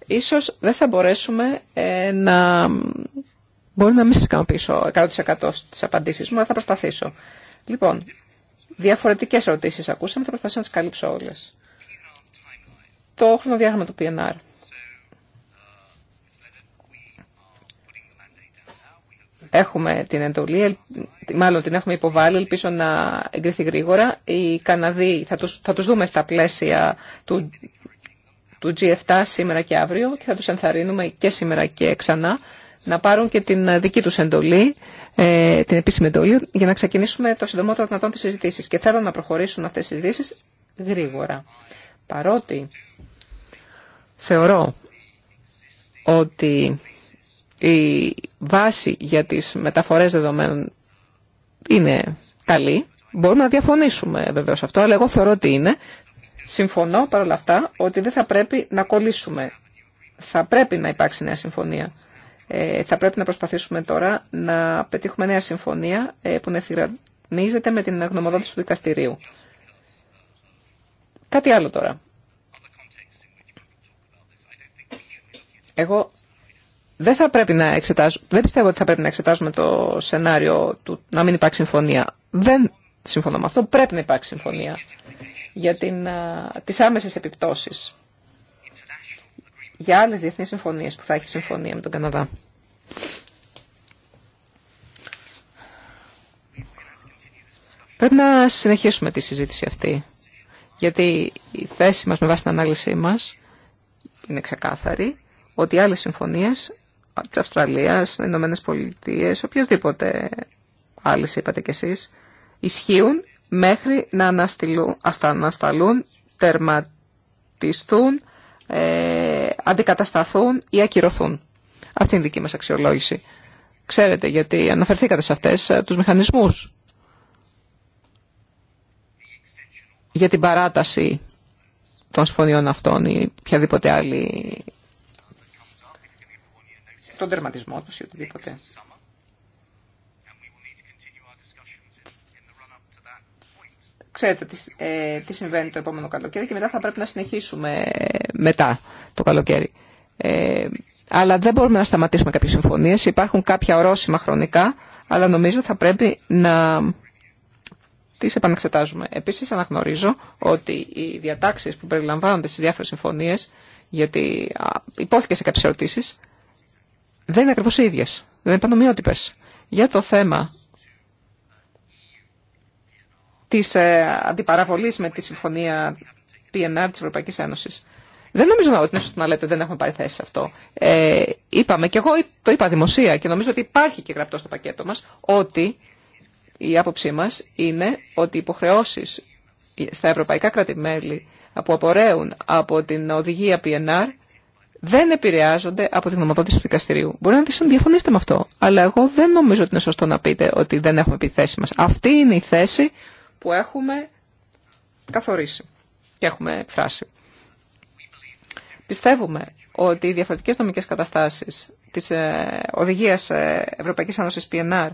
Ίσως δεν θα μπορέσουμε ε, να... Μπορεί να μην σας πίσω 100% στις απαντήσεις μου, αλλά θα προσπαθήσω. Λοιπόν, Διαφορετικέ ερωτήσει ακούσαμε, θα προσπαθήσω να τις καλύψω όλες. Το χρονοδιάγραμμα του PNR. Έχουμε την εντολή, μάλλον την έχουμε υποβάλει, ελπίζω να εγκριθεί γρήγορα. Οι Καναδοί θα τους, θα τους δούμε στα πλαίσια του, του G7 σήμερα και αύριο και θα τους ενθαρρύνουμε και σήμερα και ξανά να πάρουν και την δική τους εντολή, ε, την επίσημη εντολή, για να ξεκινήσουμε το συντομότερο δυνατόν τις συζητήσεις. Και θέλω να προχωρήσουν αυτές τις συζητήσεις γρήγορα. Παρότι θεωρώ ότι η βάση για τις μεταφορές δεδομένων είναι καλή. Μπορούμε να διαφωνήσουμε βεβαίως αυτό, αλλά εγώ θεωρώ ότι είναι. Συμφωνώ παρόλα αυτά ότι δεν θα πρέπει να κολλήσουμε. Θα πρέπει να υπάρξει νέα συμφωνία. Ε, θα πρέπει να προσπαθήσουμε τώρα να πετύχουμε νέα συμφωνία ε, που να ευθυγραμμίζεται με την γνωμοδότηση του δικαστηρίου. Κάτι άλλο τώρα. Εγώ δεν, θα πρέπει να δεν πιστεύω ότι θα πρέπει να εξετάζουμε το σενάριο του να μην υπάρξει συμφωνία. Δεν συμφωνώ με αυτό. Πρέπει να υπάρξει συμφωνία για την, τις άμεσες επιπτώσεις για άλλες διεθνείς συμφωνίες που θα έχει συμφωνία με τον Καναδά. Πρέπει να συνεχίσουμε τη συζήτηση αυτή, γιατί η θέση μας με βάση την ανάλυση μας είναι ξεκάθαρη ότι άλλες συμφωνίες της Αυστραλίας, των Ηνωμένες Πολιτείες, οποιασδήποτε άλλες είπατε κι εσείς, ισχύουν μέχρι να ανασταλούν, τερματιστούν ε, αντικατασταθούν ή ακυρωθούν. Αυτή είναι η δική μας αξιολόγηση. Ξέρετε γιατί αναφερθήκατε σε αυτές ε, τους μηχανισμούς για την παράταση των συμφωνιών αυτών ή οποιαδήποτε άλλη τον τερματισμό τους ή οτιδήποτε. ξέρετε τι, ε, τι συμβαίνει το επόμενο καλοκαίρι και μετά θα πρέπει να συνεχίσουμε μετά το καλοκαίρι. Ε, αλλά δεν μπορούμε να σταματήσουμε κάποιες συμφωνίες. Υπάρχουν κάποια ορόσημα χρονικά, αλλά νομίζω θα πρέπει να τις επαναξετάζουμε. Επίσης αναγνωρίζω ότι οι διατάξεις που περιλαμβάνονται στις διάφορες συμφωνίες, γιατί υπόθηκε σε κάποιες ερωτήσεις, δεν είναι ακριβώς οι ίδιες, δεν είναι πανομοιότυπες. Για το θέμα της ε, αντιπαραβολής με τη Συμφωνία PNR της Ευρωπαϊκής Ένωσης. Δεν νομίζω ότι είναι να λέτε ότι δεν έχουμε πάρει θέση σε αυτό. Ε, είπαμε και εγώ το είπα δημοσία και νομίζω ότι υπάρχει και γραπτό στο πακέτο μας ότι η άποψή μας είναι ότι οι υποχρεώσεις στα ευρωπαϊκά κράτη-μέλη που απορρέουν από την οδηγία PNR δεν επηρεάζονται από την γνωμοδότηση του δικαστηρίου. Μπορεί να διαφωνήσετε με αυτό, αλλά εγώ δεν νομίζω ότι είναι σωστό να πείτε ότι δεν έχουμε πει θέση μα. Αυτή είναι η θέση που έχουμε καθορίσει και έχουμε εκφράσει. Πιστεύουμε ότι οι διαφορετικές νομικές καταστάσεις της ε, Οδηγίας ε, Ευρωπαϊκής Ένωσης PNR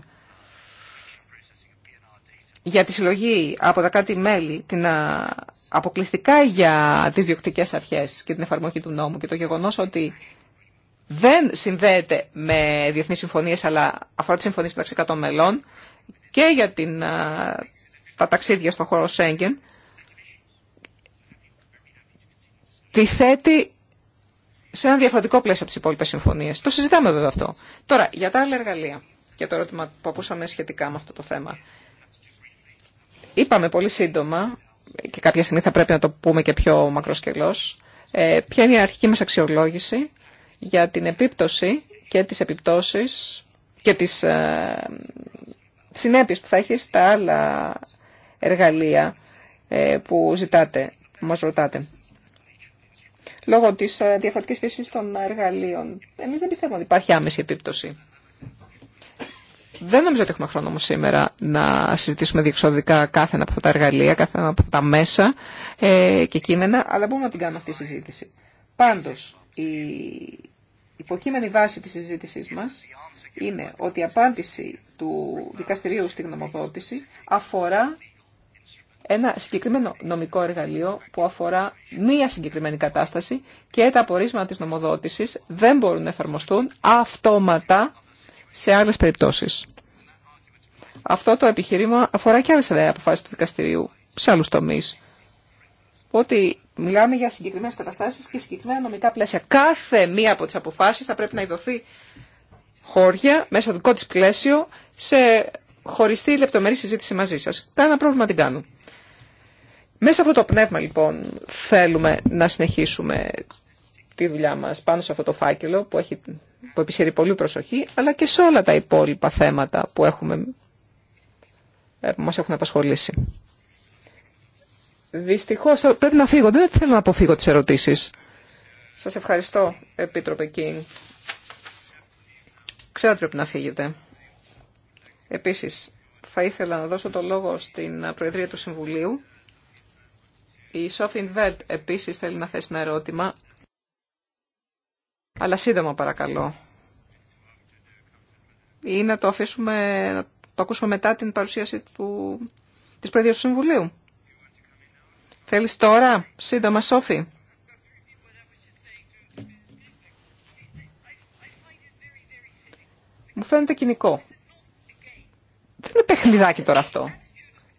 για τη συλλογή από τα κράτη-μέλη, την αποκλειστικά για τις διοκτικές αρχές και την εφαρμογή του νόμου και το γεγονός ότι δεν συνδέεται με διεθνείς συμφωνίες αλλά αφορά τις συμφωνίες μεταξύ κρατών μελών και για την, τα ταξίδια στον χώρο Σέγγεν, τη θέτει σε ένα διαφορετικό πλαίσιο από τι υπόλοιπε συμφωνίε. Το συζητάμε βέβαια αυτό. Τώρα, για τα άλλα εργαλεία και το ερώτημα που ακούσαμε σχετικά με αυτό το θέμα. Είπαμε πολύ σύντομα, και κάποια στιγμή θα πρέπει να το πούμε και πιο μακροσκελώς, ε, ποια είναι η αρχική μας αξιολόγηση για την επίπτωση και τι επιπτώσει και τις ε, συνέπειε που θα έχει στα άλλα εργαλεία ε, που ζητάτε, που μας ρωτάτε. Λόγω της ε, διαφορετικής φύσης των εργαλείων, εμείς δεν πιστεύουμε ότι υπάρχει άμεση επίπτωση. Δεν νομίζω ότι έχουμε χρόνο όμως σήμερα να συζητήσουμε διεξοδικά κάθε ένα από αυτά τα εργαλεία, κάθε ένα από αυτά τα μέσα ε, και κείμενα, αλλά μπορούμε να την κάνουμε αυτή η συζήτηση. Πάντως, η υποκείμενη βάση της συζήτησής μας είναι ότι η απάντηση του δικαστηρίου στη γνωμοδότηση αφορά ένα συγκεκριμένο νομικό εργαλείο που αφορά μία συγκεκριμένη κατάσταση και τα απορίσματα της νομοδότησης δεν μπορούν να εφαρμοστούν αυτόματα σε άλλες περιπτώσεις. Αυτό το επιχείρημα αφορά και άλλες αποφάσεις του δικαστηρίου σε άλλους τομείς. Ότι μιλάμε για συγκεκριμένες καταστάσεις και συγκεκριμένα νομικά πλαίσια. Κάθε μία από τις αποφάσεις θα πρέπει να ειδωθεί χώρια μέσα στο δικό της πλαίσιο σε χωριστή λεπτομερή συζήτηση μαζί σας. Κάνα πρόβλημα την κάνουν. Μέσα σε αυτό το πνεύμα λοιπόν θέλουμε να συνεχίσουμε τη δουλειά μας πάνω σε αυτό το φάκελο που, έχει, που πολύ προσοχή, αλλά και σε όλα τα υπόλοιπα θέματα που, έχουμε, ε, μας έχουν απασχολήσει. Δυστυχώς πρέπει να φύγω. Δεν θέλω να αποφύγω τις ερωτήσεις. Σας ευχαριστώ, Επίτροπε Κίν. Ξέρω ότι πρέπει να φύγετε. Επίσης, θα ήθελα να δώσω το λόγο στην Προεδρία του Συμβουλίου η Σόφιν Βέρτ επίσης θέλει να θέσει ένα ερώτημα. Αλλά σύντομα παρακαλώ. Ή να το αφήσουμε, το ακούσουμε μετά την παρουσίαση του, της Προεδρίας του Συμβουλίου. Θέλεις τώρα, σύντομα Σόφι. Μου φαίνεται κοινικό. Δεν είναι παιχνιδάκι τώρα αυτό.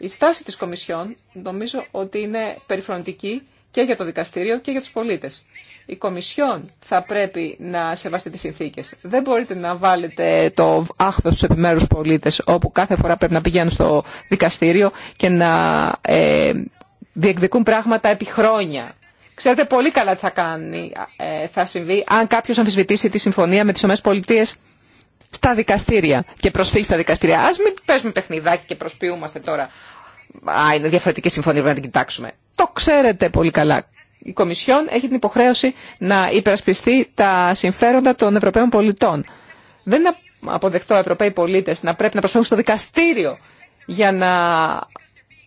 Η στάση της Κομισιόν νομίζω ότι είναι περιφροντική και για το δικαστήριο και για τους πολίτες. Η Κομισιόν θα πρέπει να σεβαστεί τις συνθήκες. Δεν μπορείτε να βάλετε το άχθος στους επιμέρους πολίτες όπου κάθε φορά πρέπει να πηγαίνουν στο δικαστήριο και να ε, διεκδικούν πράγματα επί χρόνια. Ξέρετε πολύ καλά τι θα, κάνει, ε, θα συμβεί αν κάποιος αμφισβητήσει τη συμφωνία με τις ΟΠΑ στα δικαστήρια και προσφύγει στα δικαστήρια. Α μην παίζουμε παιχνιδάκι και προσποιούμαστε τώρα. Α, είναι διαφορετική συμφωνία, πρέπει να την κοιτάξουμε. Το ξέρετε πολύ καλά. Η Κομισιόν έχει την υποχρέωση να υπερασπιστεί τα συμφέροντα των Ευρωπαίων πολιτών. Δεν είναι αποδεκτό Ευρωπαίοι πολίτε να πρέπει να προσφύγουν στο δικαστήριο για να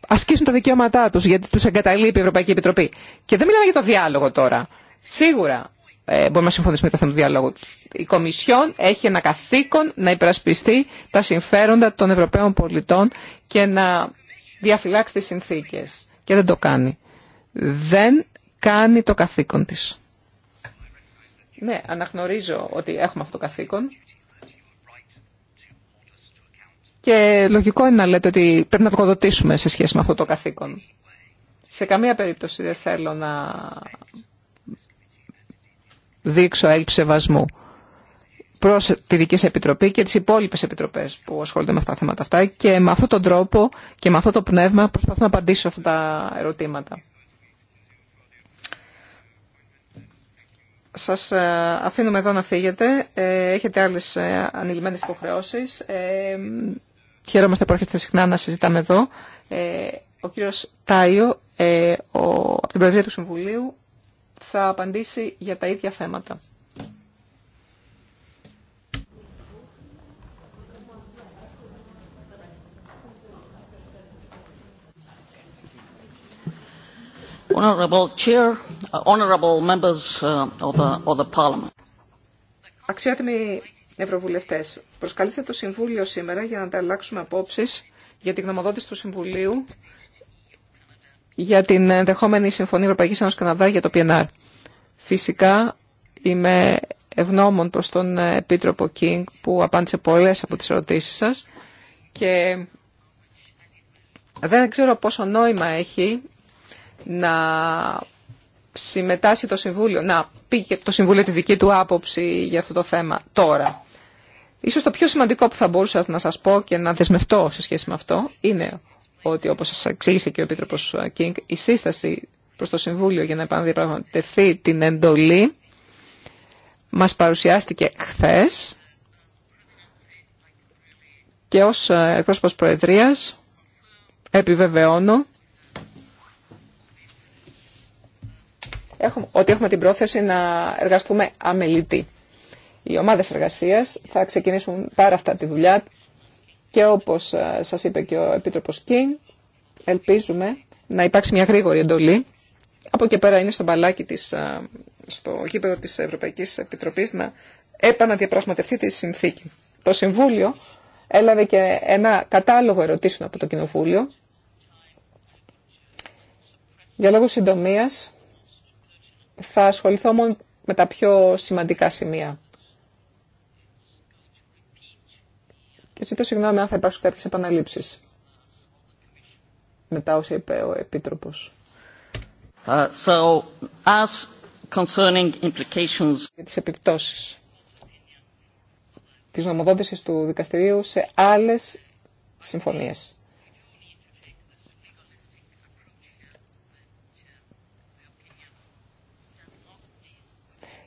ασκήσουν τα δικαιώματά του, γιατί του εγκαταλείπει η Ευρωπαϊκή Επιτροπή. Και δεν μιλάμε για το διάλογο τώρα. Σίγουρα ε, μπορούμε να συμφωνήσουμε για το θέμα του διαλόγου. Η Κομισιόν έχει ένα καθήκον να υπερασπιστεί τα συμφέροντα των Ευρωπαίων πολιτών και να διαφυλάξει τις συνθήκες. Και δεν το κάνει. Δεν κάνει το καθήκον της. Ναι, αναγνωρίζω ότι έχουμε αυτό το καθήκον. Και λογικό είναι να λέτε ότι πρέπει να κοδοτήσουμε σε σχέση με αυτό το καθήκον. Σε καμία περίπτωση δεν θέλω να δείξω έλλειψη σεβασμού προ τη δική σας επιτροπή και τι υπόλοιπε επιτροπέ που ασχολούνται με αυτά τα θέματα αυτά. Και με αυτόν τον τρόπο και με αυτό το πνεύμα προσπαθώ να απαντήσω αυτά τα ερωτήματα. Σας ε, αφήνουμε εδώ να φύγετε. Ε, έχετε άλλες ε, ανηλυμένε υποχρεώσεις. Χαίρομαστε που έρχεστε συχνά να συζητάμε εδώ. Ο κύριος Τάιο, από την Προεδρία του Συμβουλίου, θα απαντήσει για τα ίδια θέματα. Αξιότιμοι Ευρωβουλευτέ, προσκαλείστε το Συμβούλιο σήμερα για να ανταλλάξουμε απόψει για την γνωμοδότηση του Συμβουλίου για την ενδεχόμενη Συμφωνία Ευρωπαϊκή Ένωση Καναδά για το PNR. Φυσικά είμαι ευγνώμων προς τον Επίτροπο Κίνγκ που απάντησε πολλές από τις ερωτήσεις σας και δεν ξέρω πόσο νόημα έχει να συμμετάσχει το Συμβούλιο, να πει το Συμβούλιο τη δική του άποψη για αυτό το θέμα τώρα. Ίσως το πιο σημαντικό που θα μπορούσα να σας πω και να δεσμευτώ σε σχέση με αυτό είναι ότι όπως σας εξήγησε και ο Επίτροπος Κίνγκ, η σύσταση προς το Συμβούλιο για να επαναδιαπραγματευτεί την εντολή μας παρουσιάστηκε χθες και ως εκπρόσωπος Προεδρίας επιβεβαιώνω ότι έχουμε την πρόθεση να εργαστούμε αμελητή. Οι ομάδες εργασίας θα ξεκινήσουν πάρα αυτά τη δουλειά και όπως ε, σας είπε και ο Επίτροπος Κιν, ελπίζουμε να υπάρξει μια γρήγορη εντολή. Από και πέρα είναι στο μπαλάκι της, ε, στο γήπεδο της Ευρωπαϊκής Επιτροπής να επαναδιαπραγματευτεί τη συνθήκη. Το Συμβούλιο έλαβε και ένα κατάλογο ερωτήσεων από το Κοινοβούλιο. Για λόγους συντομίας θα ασχοληθώ μόνο με τα πιο σημαντικά σημεία. Και ζητώ συγγνώμη αν θα υπάρξουν κάποιες επαναλήψεις. Μετά όσα είπε ο Επίτροπος. Uh, as concerning implications... Για τις επιπτώσεις της νομοδότησης του δικαστηρίου σε άλλες συμφωνίες.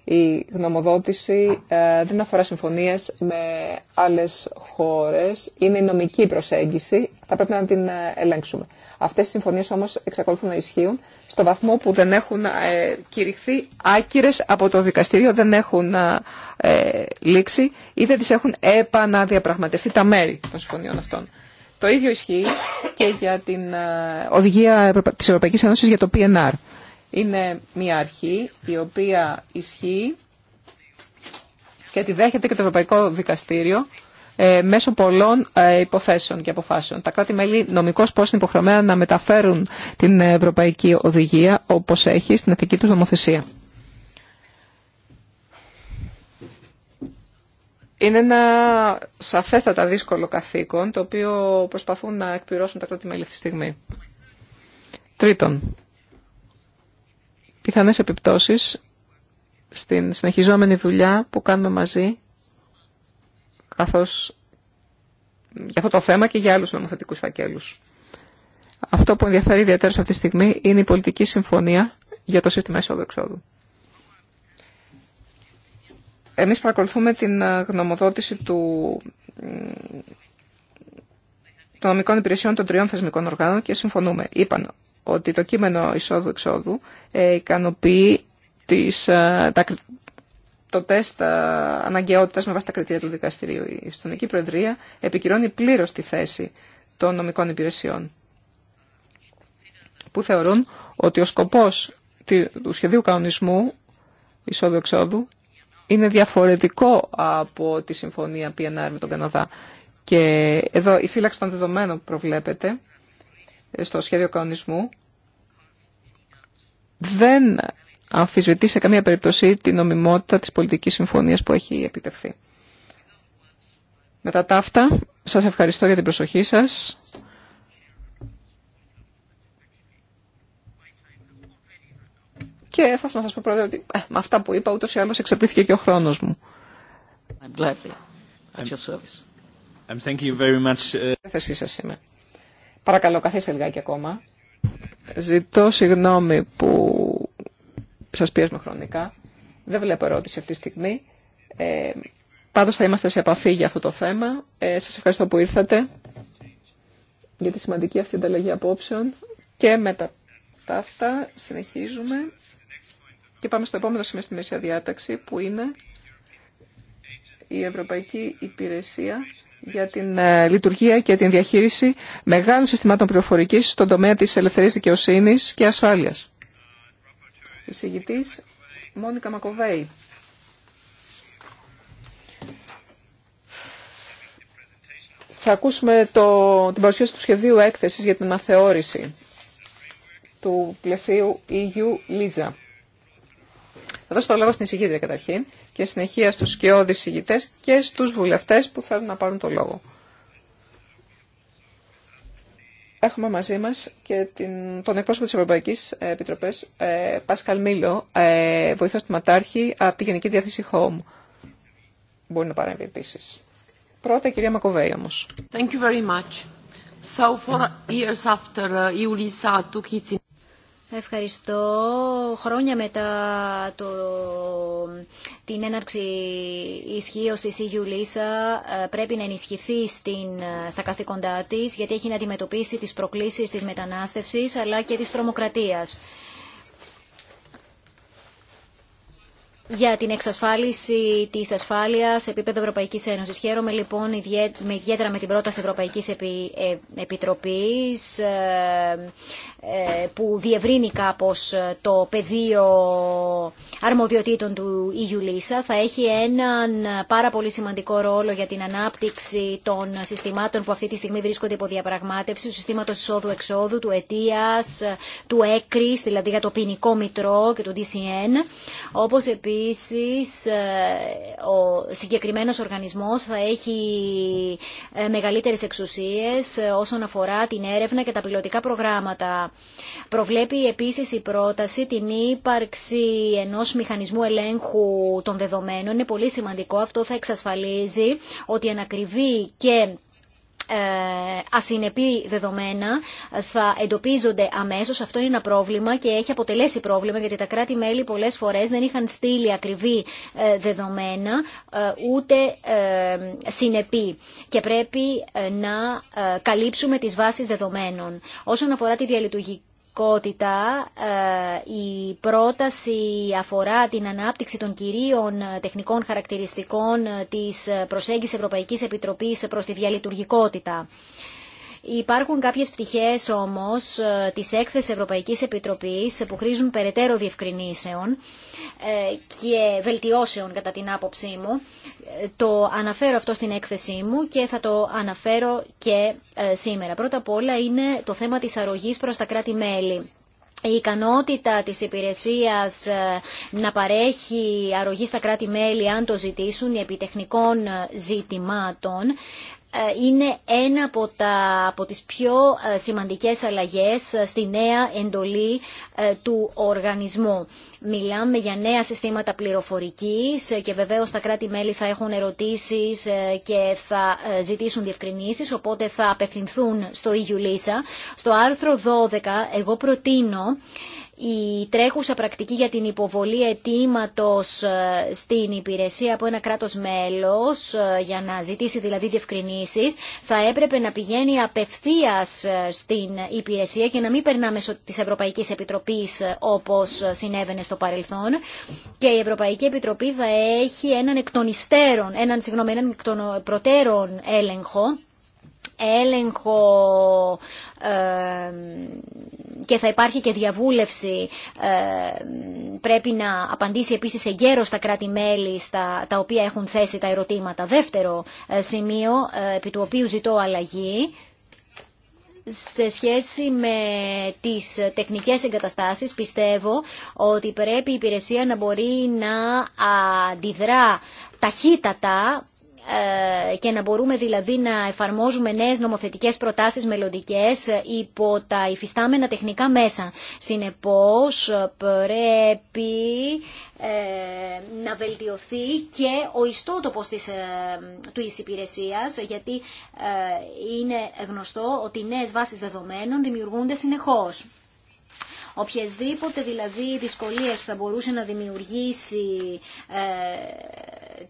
Η γνωμοδότηση ε, δεν αφορά συμφωνίες με άλλες χώρες. Είναι η νομική προσέγγιση. Θα πρέπει να την ε, ελέγξουμε. Αυτές οι συμφωνίες όμως εξακολουθούν να ισχύουν στο βαθμό που δεν έχουν ε, κηρυχθεί άκυρες από το δικαστήριο, δεν έχουν λήξει ή δεν τις έχουν επαναδιαπραγματευτεί τα μέρη των συμφωνιών αυτών. Το ίδιο ισχύει και για την οδηγία της Ευρωπαϊκής Ένωσης για το PNR. Είναι μια αρχή η οποία ισχύει και τη δέχεται και το Ευρωπαϊκό Δικαστήριο ε, μέσω πολλών ε, υποθέσεων και αποφάσεων. Τα κράτη-μέλη νομικώ πώ είναι υποχρεωμένα να μεταφέρουν την Ευρωπαϊκή Οδηγία όπω έχει στην εθνική του νομοθεσία. Είναι ένα σαφέστατα δύσκολο καθήκον το οποίο προσπαθούν να εκπληρώσουν τα κράτη-μέλη αυτή τη στιγμή. Τρίτον, πιθανές επιπτώσεις στην συνεχιζόμενη δουλειά που κάνουμε μαζί καθώς για αυτό το θέμα και για άλλους νομοθετικούς φακέλους. Αυτό που ενδιαφέρει ιδιαίτερα σε αυτή τη στιγμή είναι η πολιτική συμφωνία για το σύστημα εισόδου-εξόδου. Εμείς παρακολουθούμε την ε, γνωμοδότηση του... των νομικών υπηρεσιών των τριών θεσμικών οργάνων και συμφωνούμε. Είπαν ότι το κείμενο εισόδου-εξόδου ε, ικανοποιεί τις, ε, το τεστ αναγκαιότητας με βάση τα κριτήρια του δικαστηρίου. Η Ιστονική Προεδρία επικυρώνει πλήρως τη θέση των νομικών υπηρεσιών που θεωρούν ότι ο σκοπός του σχεδίου κανονισμού εισόδου-εξόδου είναι διαφορετικό από τη συμφωνία PNR με τον Καναδά. Και εδώ η φύλαξη των δεδομένων που προβλέπεται στο σχέδιο κανονισμού δεν αμφισβητεί σε καμία περίπτωση την νομιμότητα της πολιτικής συμφωνίας που έχει επιτευχθεί. Μετά τα αυτά, σας ευχαριστώ για την προσοχή σας. Και θα να σας πω πρώτα ότι ε, με αυτά που είπα ούτως ή άλλως εξαρτήθηκε και ο χρόνος μου. I'm glad I'm... Παρακαλώ, καθίστε λιγάκι ακόμα. Ζητώ συγγνώμη που σας πιέζουμε χρονικά. Δεν βλέπω ερώτηση αυτή τη στιγμή. Ε, πάντως θα είμαστε σε επαφή για αυτό το θέμα. Ε, σας ευχαριστώ που ήρθατε για τη σημαντική αυτή ανταλλαγή απόψεων. Και μετά τα αυτά συνεχίζουμε και πάμε στο επόμενο σημείο στη Μέση Διάταξη που είναι η Ευρωπαϊκή Υπηρεσία για την ε, λειτουργία και την διαχείριση μεγάλων συστημάτων πληροφορική στον τομέα της ελευθερία δικαιοσύνη και ασφάλειας. Η Μόνικα Μακοβέη. Θα ακούσουμε το, την παρουσίαση του σχεδίου έκθεσης για την αναθεώρηση του πλαισίου EU-LISA. Θα δώσω το λόγο στην εισηγήτρια καταρχήν και συνεχεία στους σκιώδεις ηγητές και στους βουλευτές που θέλουν να πάρουν το λόγο. Έχουμε μαζί μας και την, τον εκπρόσωπο της Ευρωπαϊκής Επιτροπής, ε, Πασκαλ Μίλο, ε, βοηθός του Ματάρχη από τη Γενική Διάθεση Home. Μπορεί να παρέμβει επίση. Πρώτα η κυρία Μακοβέη όμως. Thank you very much. So four years after uh, Ευχαριστώ. Χρόνια μετά το, την έναρξη ισχύω τη EU Λίσα πρέπει να ενισχυθεί στην, ε, στα καθήκοντά τη γιατί έχει να αντιμετωπίσει τι προκλήσει τη μετανάστευση αλλά και της τρομοκρατία. για την εξασφάλιση της ασφάλειας σε επίπεδο Ευρωπαϊκής Ένωση. Χαίρομαι λοιπόν ιδιαίτερα με την πρόταση ευρωπαϊκή ε, Επιτροπής ε, ε, που διευρύνει κάπω το πεδίο αρμοδιοτήτων του eu θα έχει έναν πάρα πολύ σημαντικό ρόλο για την ανάπτυξη των συστημάτων που αυτή τη στιγμή βρίσκονται υπό διαπραγμάτευση, του συστήματος εισόδου-εξόδου, του αιτία, του έκρης, δηλαδή για το ποινικό μητρό και το DCN, Όπω επίση ε, ο συγκεκριμένο οργανισμός θα έχει ε, μεγαλύτερες εξουσίε ε, όσον αφορά την έρευνα και τα πιλωτικά προγράμματα. Προβλέπει επίση η πρόταση την ύπαρξη ενό μηχανισμού ελέγχου των δεδομένων. Είναι πολύ σημαντικό. Αυτό θα εξασφαλίζει ότι ανακριβή και ε, ασυνεπή δεδομένα θα εντοπίζονται αμέσως. Αυτό είναι ένα πρόβλημα και έχει αποτελέσει πρόβλημα γιατί τα κράτη-μέλη πολλές φορές δεν είχαν στείλει ακριβή ε, δεδομένα ε, ούτε συνεπή και πρέπει να καλύψουμε τι βάσει δεδομένων. Όσον αφορά τη διαλειτουργική ε, η πρόταση αφορά την ανάπτυξη των κυρίων ε, τεχνικών χαρακτηριστικών ε, της προσέγγισης Ευρωπαϊκής Επιτροπής προς τη διαλειτουργικότητα. Υπάρχουν κάποιε πτυχές όμως ε, της έκθεσης Ευρωπαϊκής Επιτροπής ε, που χρήζουν περαιτέρω διευκρινήσεων ε, και βελτιώσεων κατά την άποψή μου. Το αναφέρω αυτό στην έκθεσή μου και θα το αναφέρω και σήμερα. Πρώτα απ' όλα είναι το θέμα της αρρωγής προς τα κράτη-μέλη. Η ικανότητα της υπηρεσίας να παρέχει αρρωγή στα κράτη-μέλη αν το ζητήσουν η ζητημάτων ε, είναι ένα από, τα, από τις πιο ε, σημαντικές αλλαγές ε, στη νέα εντολή του οργανισμού. Μιλάμε για νέα συστήματα πληροφορικής και βεβαίως τα κράτη-μέλη θα έχουν ερωτήσεις και θα ζητήσουν διευκρινήσεις, οπότε θα απευθυνθούν στο EU Στο άρθρο 12 εγώ προτείνω η τρέχουσα πρακτική για την υποβολή αιτήματο ε, στην υπηρεσία από ένα κράτος μέλος ε, για να ζητήσει δηλαδή διευκρινήσεις θα έπρεπε να πηγαίνει απευθείας ε, στην υπηρεσία και να μην περνά μέσω της Ευρωπαϊκής Επιτροπής όπως συνέβαινε στο παρελθόν και η Ευρωπαϊκή Επιτροπή θα έχει έναν εκ έναν, έναν εκ προτέρων έλεγχο έλεγχο και θα υπάρχει και διαβούλευση πρέπει να απαντήσει επίσης εγκαίρως τα κράτη-μέλη στα, τα οποία έχουν θέσει τα ερωτήματα. Δεύτερο ε, σημείο ε, επί του οποίου ζητώ αλλαγή σε σχέση με τις τεχνικές εγκαταστάσεις πιστεύω ότι πρέπει η υπηρεσία να μπορεί να αντιδρά ταχύτατα ε, και να μπορούμε δηλαδή να εφαρμόζουμε νέες νομοθετικές προτάσεις μελλοντικές υπό τα υφιστάμενα τεχνικά μέσα. Συνεπώς πρέπει ε, να βελτιωθεί και ο ιστότοπος της, ε, του υπηρεσίας γιατί είναι γνωστό ότι οι νέες βάσεις δεδομένων δημιουργούνται συνεχώς. Οποιασδήποτε δηλαδή δυσκολίες που θα μπορούσε να δημιουργήσει ε,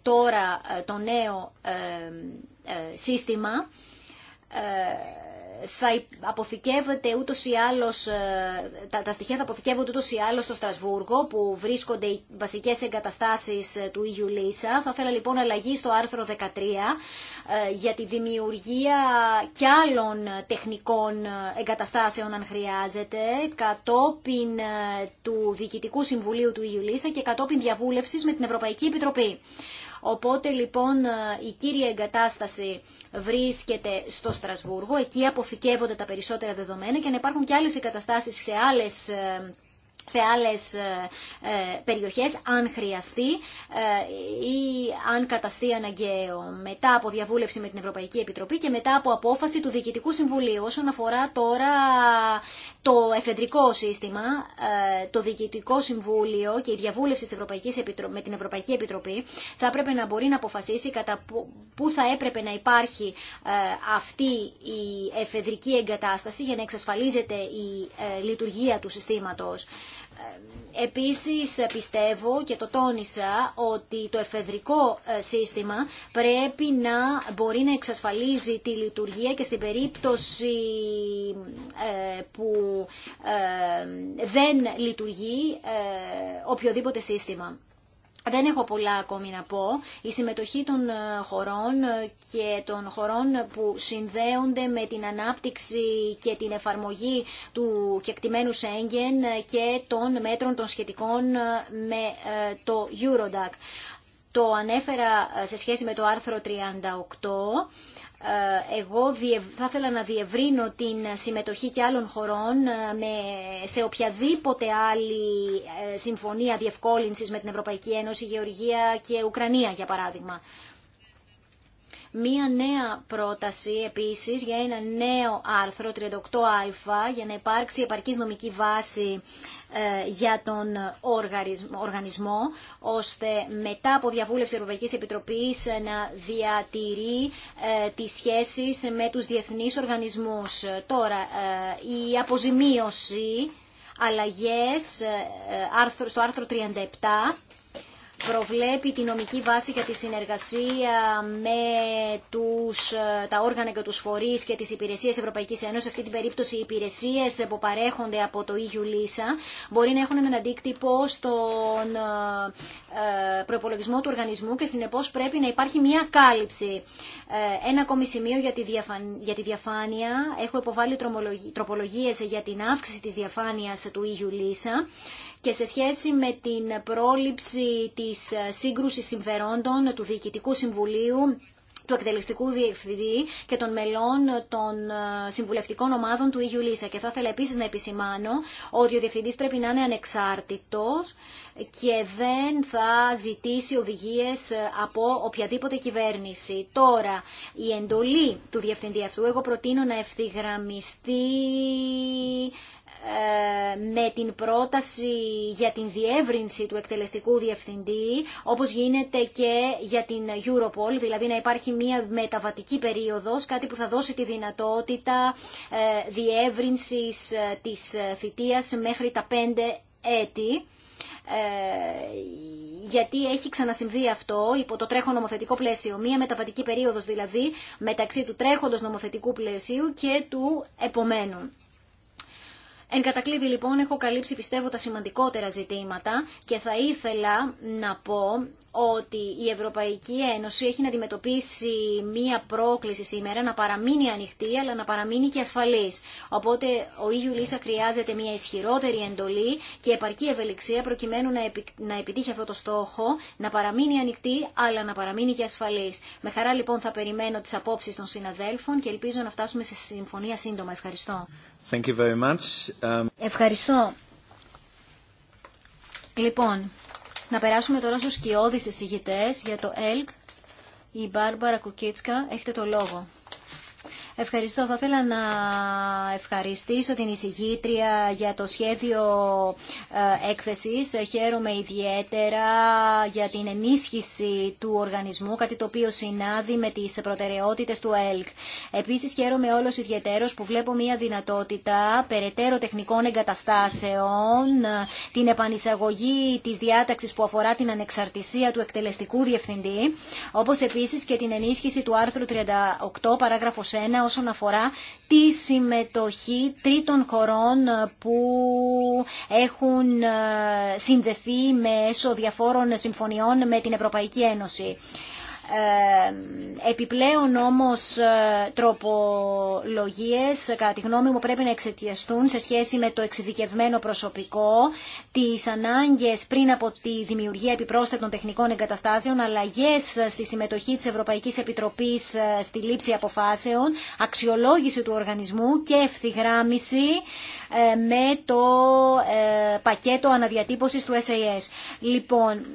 τώρα ε, το νέο ε, σύστημα θα αποθηκεύεται ούτως ή άλλως, ε, τα, τα στοιχεία θα αποθηκεύονται ούτως ή άλλως στο Στρασβούργο που βρίσκονται οι βασικές εγκαταστάσεις ε, του EU Θα ήθελα λοιπόν αλλαγή στο άρθρο 13 ε, για τη δημιουργία κι άλλων τεχνικών εγκαταστάσεων αν χρειάζεται κατόπιν του Διοικητικού Συμβουλίου του EU και κατόπιν διαβούλευσης με την Ευρωπαϊκή Επιτροπή. Οπότε λοιπόν ε, η κύρια εγκατάσταση βρίσκεται στο Στρασβούργο, εκεί αποθηκεύονται τα περισσότερα δεδομένα και να υπάρχουν και άλλες εγκαταστάσεις σε άλλες ε, σε άλλες ε, περιοχές αν χρειαστεί ή αν καταστεί αναγκαίο μετά από διαβούλευση με την Ευρωπαϊκή Επιτροπή και μετά από απόφαση του Διοικητικού Συμβουλίου όσον αφορά τώρα το εφεδρικό σύστημα, ε, το Διοικητικό Συμβούλιο και η διαβούλευση της Ευρωπαϊκής Επιτρο... με την Ευρωπαϊκή Επιτροπή θα έπρεπε να μπορεί να αποφασίσει κατά πού θα έπρεπε να υπάρχει ε, αυτή η εφεδρική εγκατάσταση για να εξασφαλίζεται η ε, λειτουργία του συστήματος. Επίσης πιστεύω και το τόνισα ότι το εφεδρικό ε, σύστημα πρέπει να μπορεί να εξασφαλίζει τη λειτουργία και στην περίπτωση ε, που ε, δεν λειτουργεί οποιοδήποτε σύστημα. Δεν έχω πολλά ακόμη να πω. Η συμμετοχή των ε, χωρών ε, και των χωρών που συνδέονται με την ανάπτυξη και την εφαρμογή του κεκτημένου Σέγγεν ε, και των μέτρων των σχετικών με το Eurodac. Το ανέφερα σε σχέση με το άρθρο 38 ε, εγώ θα ήθελα να διευρύνω την συμμετοχή και άλλων χωρών ε, σε οποιαδήποτε άλλη ε, συμφωνία διευκόλυνσης με την Ευρωπαϊκή Ένωση, Γεωργία και Ουκρανία για παράδειγμα. Μία νέα πρόταση επίσης για ένα νέο άρθρο 38α για να υπάρξει επαρκής νομική βάση ε, για τον οργανισμό, ώστε μετά από διαβούλευση Ευρωπαϊκής Επιτροπής ε, να διατηρεί ε, τις σχέσεις με τους διεθνείς οργανισμούς. Τώρα, η αποζημίωση, αλλαγές στο άρθρο 37 προβλέπει τη νομική βάση για τη συνεργασία με τους, ε, τα όργανα και τους φορείς και τις υπηρεσίες Ευρωπαϊκής Ένωσης. Σε αυτή την περίπτωση οι υπηρεσίες που παρέχονται από το EU Lisa μπορεί να έχουν έναν αντίκτυπο στον ε, ε, προπολογισμό του οργανισμού και συνεπώς πρέπει να υπάρχει μια κάλυψη. Ένα ακόμη σημείο για τη διαφάνεια. Έχω υποβάλει τροπολογίες για την αύξηση της διαφάνειας του EU Lisa και σε σχέση με την πρόληψη της ε, σύγκρουσης συμφερόντων του Διοικητικού Συμβουλίου του εκτελεστικού διευθυντή και των μελών των ε, συμβουλευτικών ομάδων του Ήγιου Και θα ήθελα επίση να επισημάνω ότι ο διευθυντή πρέπει να είναι ανεξάρτητο και δεν θα ζητήσει οδηγίε ε, από οποιαδήποτε κυβέρνηση. Τώρα, η εντολή του διευθυντή αυτού, εγώ προτείνω να ευθυγραμμιστεί ε, με την πρόταση για την διεύρυνση του εκτελεστικού διευθυντή, όπως γίνεται και για την Europol, δηλαδή να υπάρχει μια μεταβατική περίοδος, κάτι που θα δώσει τη δυνατότητα ε, διεύρυνσης ε, της θητείας μέχρι τα πέντε έτη. γιατί έχει ξανασυμβεί αυτό υπό το τρέχον νομοθετικό πλαίσιο. Μία μεταβατική περίοδος δηλαδή μεταξύ του τρέχοντος νομοθετικού πλαίσιου και του επομένου. Εν κατακλείδη λοιπόν έχω καλύψει πιστεύω τα σημαντικότερα ζητήματα και θα ήθελα να πω ότι η Ευρωπαϊκή Ένωση έχει να αντιμετωπίσει μία πρόκληση σήμερα να παραμείνει ανοιχτή αλλά να παραμείνει και ασφαλής. Οπότε ο ίδιου Λίσα χρειάζεται μία ισχυρότερη εντολή και επαρκή ευελιξία προκειμένου να επιτύχει αυτό το στόχο, να παραμείνει ανοιχτή αλλά να παραμείνει και ασφαλής. Με χαρά λοιπόν θα περιμένω τις απόψεις των συναδέλφων και ελπίζω να φτάσουμε σε συμφωνία σύντομα. Ευχαριστώ. Thank you very much. Ευχαριστώ. Λοιπόν, να περάσουμε τώρα στους σκιώδεις εισηγητές για το ΕΛΚ. Η Μπάρμπαρα Κουκίτσκα, έχετε το λόγο. Ευχαριστώ. Θα ήθελα να ευχαριστήσω την εισηγήτρια για το σχέδιο ε, έκθεσης. Χαίρομαι ιδιαίτερα για την ενίσχυση του οργανισμού, κάτι το οποίο συνάδει με τις προτεραιότητες του ΕΛΚ. Επίσης χαίρομαι όλος ιδιαίτερος που βλέπω μια δυνατότητα περαιτέρω τεχνικών εγκαταστάσεων, την επανεισαγωγή της διάταξης που αφορά την ανεξαρτησία του εκτελεστικού διευθυντή, όπως επίσης και την ενίσχυση του άρθρου 38 παράγραφος 1 όσον αφορά τη συμμετοχή τρίτων χωρών που έχουν ε, συνδεθεί μέσω διαφόρων συμφωνιών με την Ευρωπαϊκή Ένωση. Ε, επιπλέον όμως ε, τροπολογίες κατά τη γνώμη μου πρέπει να εξαιτιαστούν σε σχέση με το εξειδικευμένο προσωπικό, τις ανάγκες πριν από τη δημιουργία επιπρόσθετων τεχνικών εγκαταστάσεων, αλλαγές στη συμμετοχή της Ευρωπαϊκής Επιτροπής ε, στη λήψη αποφάσεων, αξιολόγηση του οργανισμού και ευθυγράμμιση με το πακέτο αναδιατύπωσης του SAS. Λοιπόν,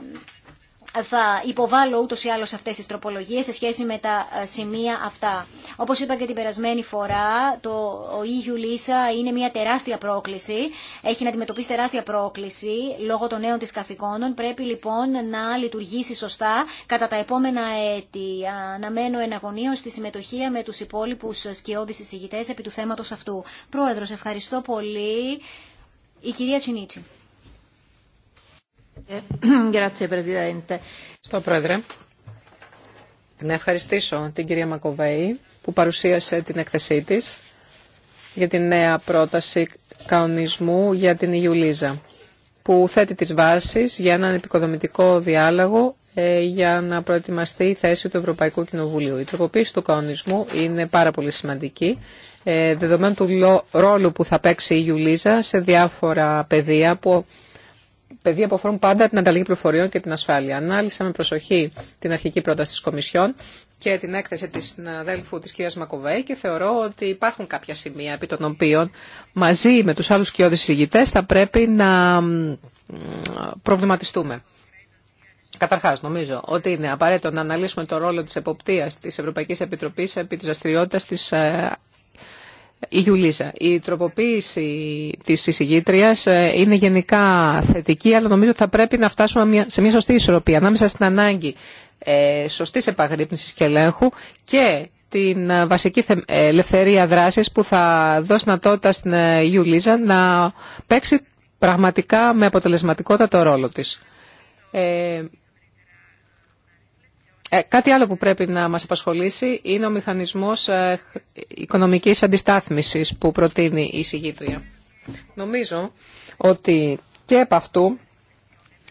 θα υποβάλω ούτω ή άλλω αυτέ τι τροπολογίε σε σχέση με τα ε, σημεία αυτά. Όπω είπα και την περασμένη φορά, το EU LISA είναι μια τεράστια πρόκληση. Έχει να αντιμετωπίσει τεράστια πρόκληση λόγω των νέων τη καθηκόντων. Πρέπει λοιπόν να λειτουργήσει σωστά κατά τα επόμενα έτη. Αναμένω εναγωνίω στη συμμετοχή με του υπόλοιπου σκιώδει συζητητέ επί του θέματο αυτού. Πρόεδρο, ευχαριστώ πολύ. Η κυρία Τσινίτσι. Ε, Στο Πρόεδρε, να ευχαριστήσω την κυρία Μακοβέη που παρουσίασε την έκθεσή της για τη νέα πρόταση καονισμού για την Ιουλίζα που θέτει τις βάσεις για έναν επικοδομητικό διάλογο ε, για να προετοιμαστεί η θέση του Ευρωπαϊκού Κοινοβουλίου. Η τροποποίηση του καονισμού είναι πάρα πολύ σημαντική, ε, δεδομένου του ρόλου που θα παίξει η Ιουλίζα σε διάφορα πεδία που Παιδί που αφορούν πάντα την ανταλλαγή πληροφοριών και την ασφάλεια. Ανάλυσα με προσοχή την αρχική πρόταση τη Κομισιόν και την έκθεση τη συναδέλφου τη κυρία Μακοβέη και θεωρώ ότι υπάρχουν κάποια σημεία επί των οποίων μαζί με του άλλου κοιόδη συζητητέ θα πρέπει να προβληματιστούμε. Καταρχά, νομίζω ότι είναι απαραίτητο να αναλύσουμε το ρόλο τη εποπτεία τη Ευρωπαϊκή Επιτροπή επί τη δραστηριότητα τη ε, η η τροποποίηση της εισηγήτριας ε, είναι γενικά θετική, αλλά νομίζω ότι θα πρέπει να φτάσουμε σε μια σωστή ισορροπία ανάμεσα στην ανάγκη ε, σωστής και ελέγχου και την ε, βασική ε, ελευθερία δράσης που θα δώσει τότε στην Ιουλίζα να παίξει πραγματικά με αποτελεσματικότητα το ρόλο της. Ε, ε, κάτι άλλο που πρέπει να μας απασχολήσει είναι ο μηχανισμός ε, οικονομικής αντιστάθμισης που προτείνει η συγγήτρια. Νομίζω ότι και από αυτού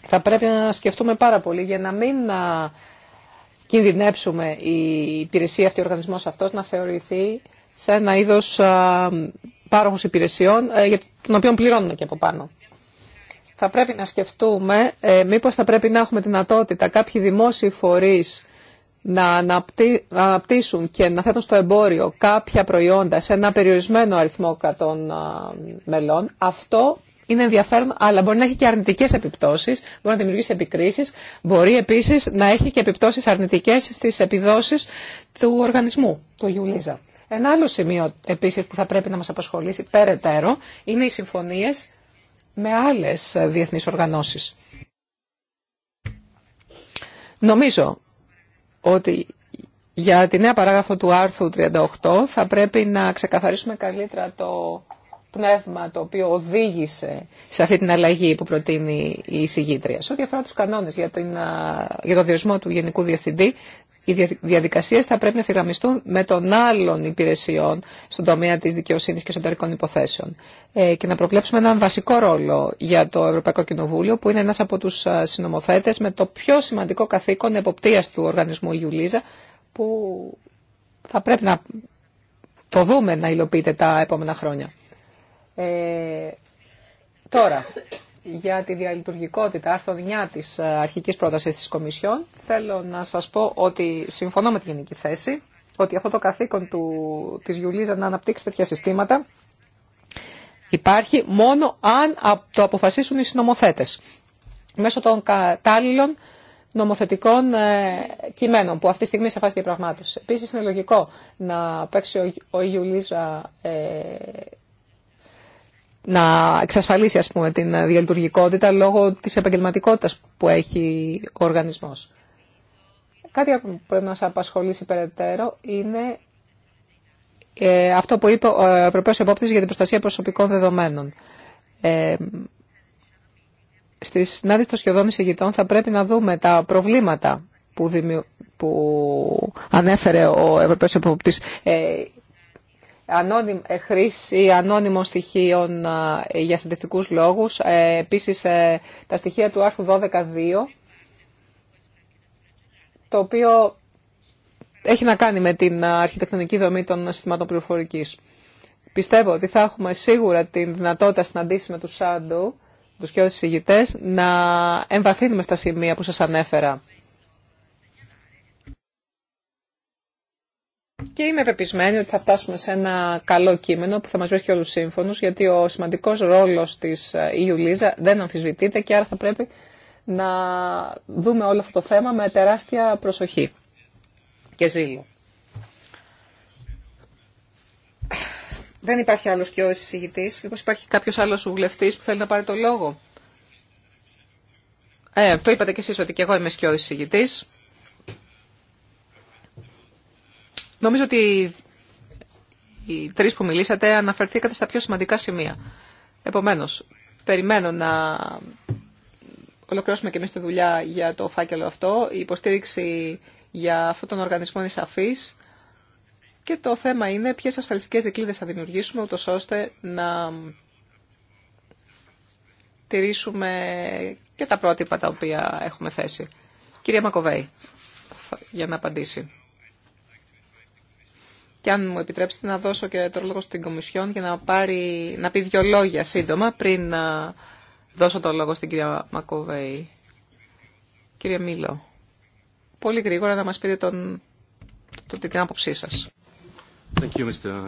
θα πρέπει να σκεφτούμε πάρα πολύ για να μην να ε, κινδυνέψουμε η υπηρεσία αυτή, ο οργανισμός αυτός να θεωρηθεί σε ένα είδος πάροχος υπηρεσιών για τον οποίο πληρώνουμε και από πάνω. Θα πρέπει να σκεφτούμε μήπως θα πρέπει να έχουμε δυνατότητα κάποιοι δημόσιοι φορείς να αναπτύσσουν και να θέτουν στο εμπόριο κάποια προϊόντα σε ένα περιορισμένο αριθμό κρατών μελών, αυτό είναι ενδιαφέρον, αλλά μπορεί να έχει και αρνητικέ επιπτώσει, μπορεί να δημιουργήσει επικρίσει, μπορεί επίση να έχει και επιπτώσει αρνητικέ στι επιδόσει του οργανισμού, του Ιουλίζα. Ένα άλλο σημείο επίση που θα πρέπει να μα απασχολήσει περαιτέρω είναι οι συμφωνίε με άλλε διεθνεί οργανώσει. Νομίζω ότι για τη νέα παράγραφο του άρθρου 38 θα πρέπει να ξεκαθαρίσουμε καλύτερα το πνεύμα το οποίο οδήγησε σε αυτή την αλλαγή που προτείνει η εισηγήτρια. Σε ό,τι αφορά τους κανόνες για, την, για διορισμό του Γενικού Διευθυντή, οι διαδικασίες θα πρέπει να θυγραμμιστούν με τον άλλων υπηρεσιών στον τομέα της δικαιοσύνης και εσωτερικών υποθέσεων ε, και να προβλέψουμε έναν βασικό ρόλο για το Ευρωπαϊκό Κοινοβούλιο που είναι ένας από τους ε, συνομοθέτες με το πιο σημαντικό καθήκον εποπτείας του οργανισμού Ιουλίζα που θα πρέπει να το δούμε να υλοποιείται τα επόμενα χρόνια. Ε, τώρα, για τη διαλειτουργικότητα, άρθρο 9 της ε, αρχικής πρότασης της Κομισιόν, θέλω να σας πω ότι συμφωνώ με τη γενική θέση, ότι αυτό το καθήκον του, της Γιουλίζα να αναπτύξει τέτοια συστήματα υπάρχει μόνο αν το αποφασίσουν οι συνομοθέτες μέσω των κατάλληλων νομοθετικών ε, κειμένων που αυτή τη στιγμή σε φάση διαπραγμάτευση. Επίσης είναι λογικό να παίξει ο, ο Ιουλίζα ε, να εξασφαλίσει ας πούμε, την διαλειτουργικότητα λόγω της επαγγελματικότητα που έχει ο οργανισμός. Κάτι που πρέπει να σας απασχολήσει περαιτέρω είναι ε, αυτό που είπε ο Ευρωπαίος Επόπτης για την προστασία προσωπικών δεδομένων. Ε, στη συνάντηση των σχεδόν εισηγητών θα πρέπει να δούμε τα προβλήματα που, δημιου... που ανέφερε ο Ευρωπαίος Επόπτης. Ε, ε, χρήση ανώνυμων στοιχείων ε, για συντηρητικούς λόγους. Ε, επίσης, τα στοιχεία του άρθρου 12.2, το οποίο έχει να κάνει με την αρχιτεκτονική δομή των συστημάτων πληροφορικής. Πιστεύω ότι θα έχουμε σίγουρα την δυνατότητα συναντήσει με τους Σάντου, τους και όλους να εμβαθύνουμε στα σημεία που σας ανέφερα Και είμαι πεπισμένη ότι θα φτάσουμε σε ένα καλό κείμενο που θα μας βρίσκει όλους σύμφωνους, γιατί ο σημαντικός ρόλος της ε, Ιουλίζα δεν αμφισβητείται και άρα θα πρέπει να δούμε όλο αυτό το θέμα με τεράστια προσοχή και ζήλο. Δεν υπάρχει άλλος και ο συζητητής. υπάρχει κάποιος άλλος βουλευτής που θέλει να πάρει το λόγο. Ε, το είπατε και εσείς ότι και εγώ είμαι σκιώδης συζητητής. Νομίζω ότι οι τρεις που μιλήσατε αναφερθήκατε στα πιο σημαντικά σημεία. Επομένως, περιμένω να ολοκληρώσουμε και εμείς τη δουλειά για το φάκελο αυτό. Η υποστήριξη για αυτόν τον οργανισμό είναι σαφής. Και το θέμα είναι ποιες ασφαλιστικές δικλείδες θα δημιουργήσουμε, ούτως ώστε να τηρήσουμε και τα πρότυπα τα οποία έχουμε θέσει. Κυρία Μακοβέη, για να απαντήσει. Και αν μου επιτρέψετε να δώσω και το λόγο στην Κομισιόν για να, πάρει, να πει δυο λόγια σύντομα πριν να δώσω το λόγο στην κυρία Μακοβέη. Κύριε Μίλο, πολύ γρήγορα να μας πείτε τον, την άποψή σας. Thank you, Mr.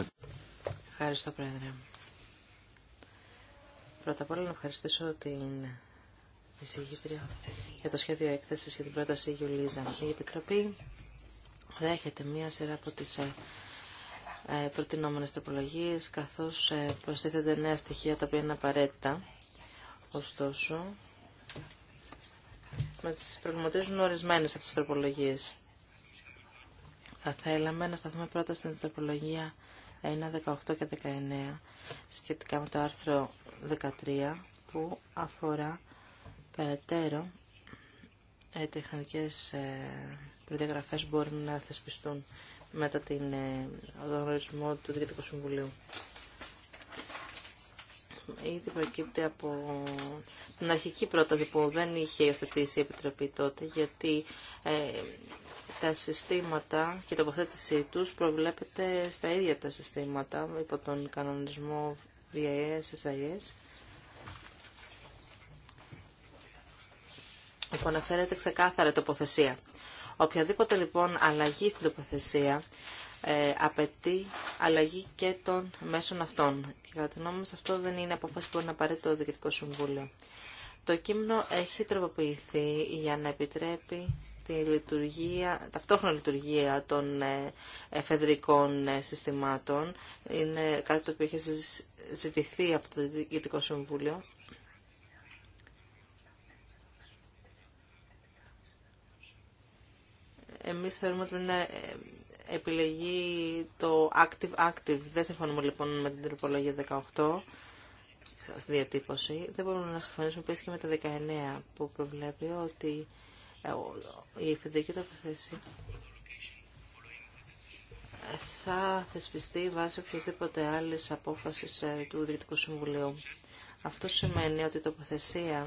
Ευχαριστώ, Πρόεδρε. Πρώτα απ' όλα να ευχαριστήσω την εισηγήτρια για το σχέδιο έκθεσης για την πρόταση Γιουλίζα. Η Επιτροπή δέχεται μία σειρά από τις ε, ε, προτινόμενες τροπολογίες, καθώς ε, προσθέτονται νέα στοιχεία τα οποία είναι απαραίτητα. Ωστόσο, μας προγραμματίζουν ορισμένες από τις τροπολογίες. Θα θέλαμε να σταθούμε πρώτα στην τροπολογία 1, 18 και 19 σχετικά με το άρθρο 13 που αφορά περαιτέρω ε, τεχνικές ε, προδιαγραφές που μπορούν να θεσπιστούν μετά την, ε, τον ορισμό του Διοικητικού Συμβουλίου. Ήδη προκύπτει από την αρχική πρόταση που δεν είχε υιοθετήσει η Επιτροπή τότε, γιατί ε, τα συστήματα και η τοποθέτησή τους προβλέπεται στα ίδια τα συστήματα υπό τον κανονισμό VIS, SIS. Που αναφέρεται ξεκάθαρα τοποθεσία. Οποιαδήποτε λοιπόν αλλαγή στην τοποθεσία ε, απαιτεί αλλαγή και των μέσων αυτών. Και κατά τη γνώμη μας αυτό δεν είναι απόφαση που μπορεί να πάρει το Διοικητικό Συμβούλιο. Το κείμενο έχει τροποποιηθεί για να επιτρέπει τη λειτουργία, ταυτόχρονα λειτουργία των ε, εφεδρικών ε, συστημάτων. Είναι κάτι το οποίο έχει ζητηθεί από το Διοικητικό Συμβούλιο Εμείς θεωρούμε ότι είναι ε, επιλεγεί το active-active. Δεν συμφωνούμε λοιπόν με την τροπολογία 18 στη διατύπωση. Δεν μπορούμε να συμφωνήσουμε επίση και με τα 19 που προβλέπει ότι ε, η εφηδική τοποθέτηση θα θεσπιστεί βάσει οποιασδήποτε άλλη απόφαση ε, του Διοικητικού Συμβουλίου. Αυτό σημαίνει ότι η τοποθεσία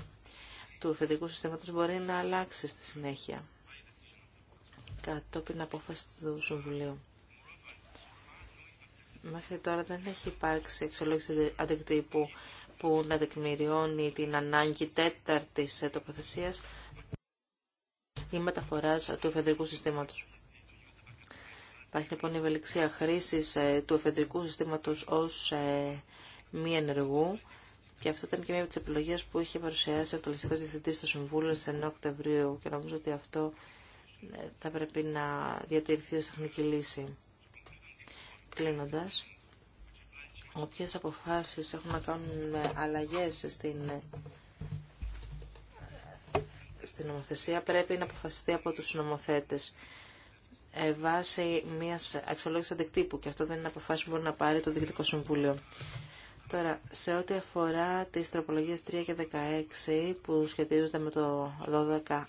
του εφεδρικού συστήματος μπορεί να αλλάξει στη συνέχεια κατόπιν απόφαση του Συμβουλίου. Μέχρι τώρα δεν έχει υπάρξει εξολόγηση αντικτύπου που να δεκμηριώνει την ανάγκη τέταρτης τοποθεσίας ή μεταφοράς του εφεδρικού συστήματος. Υπάρχει λοιπόν η ευελιξία χρήσης ε, του εφεδρικού συστήματος ως ε, μη ενεργού και αυτό ήταν και μία από τις επιλογές που είχε παρουσιάσει ο τελευταίος Διευθυντής στο Συμβούλιο σε 9 Οκτωβρίου και νομίζω ότι αυτό ναι, θα πρέπει να διατηρηθεί ως τεχνική λύση. Κλείνοντας, όποιες αποφάσεις έχουν να κάνουν με αλλαγές στην, στην νομοθεσία πρέπει να αποφασιστεί από τους νομοθέτες ε, βάσει μιας αξιολόγησης αντικτύπου και αυτό δεν είναι αποφάση που μπορεί να πάρει το Διοικητικό Συμβούλιο. Τώρα, σε ό,τι αφορά τις τροπολογίες 3 και 16 που σχετίζονται με το 12α,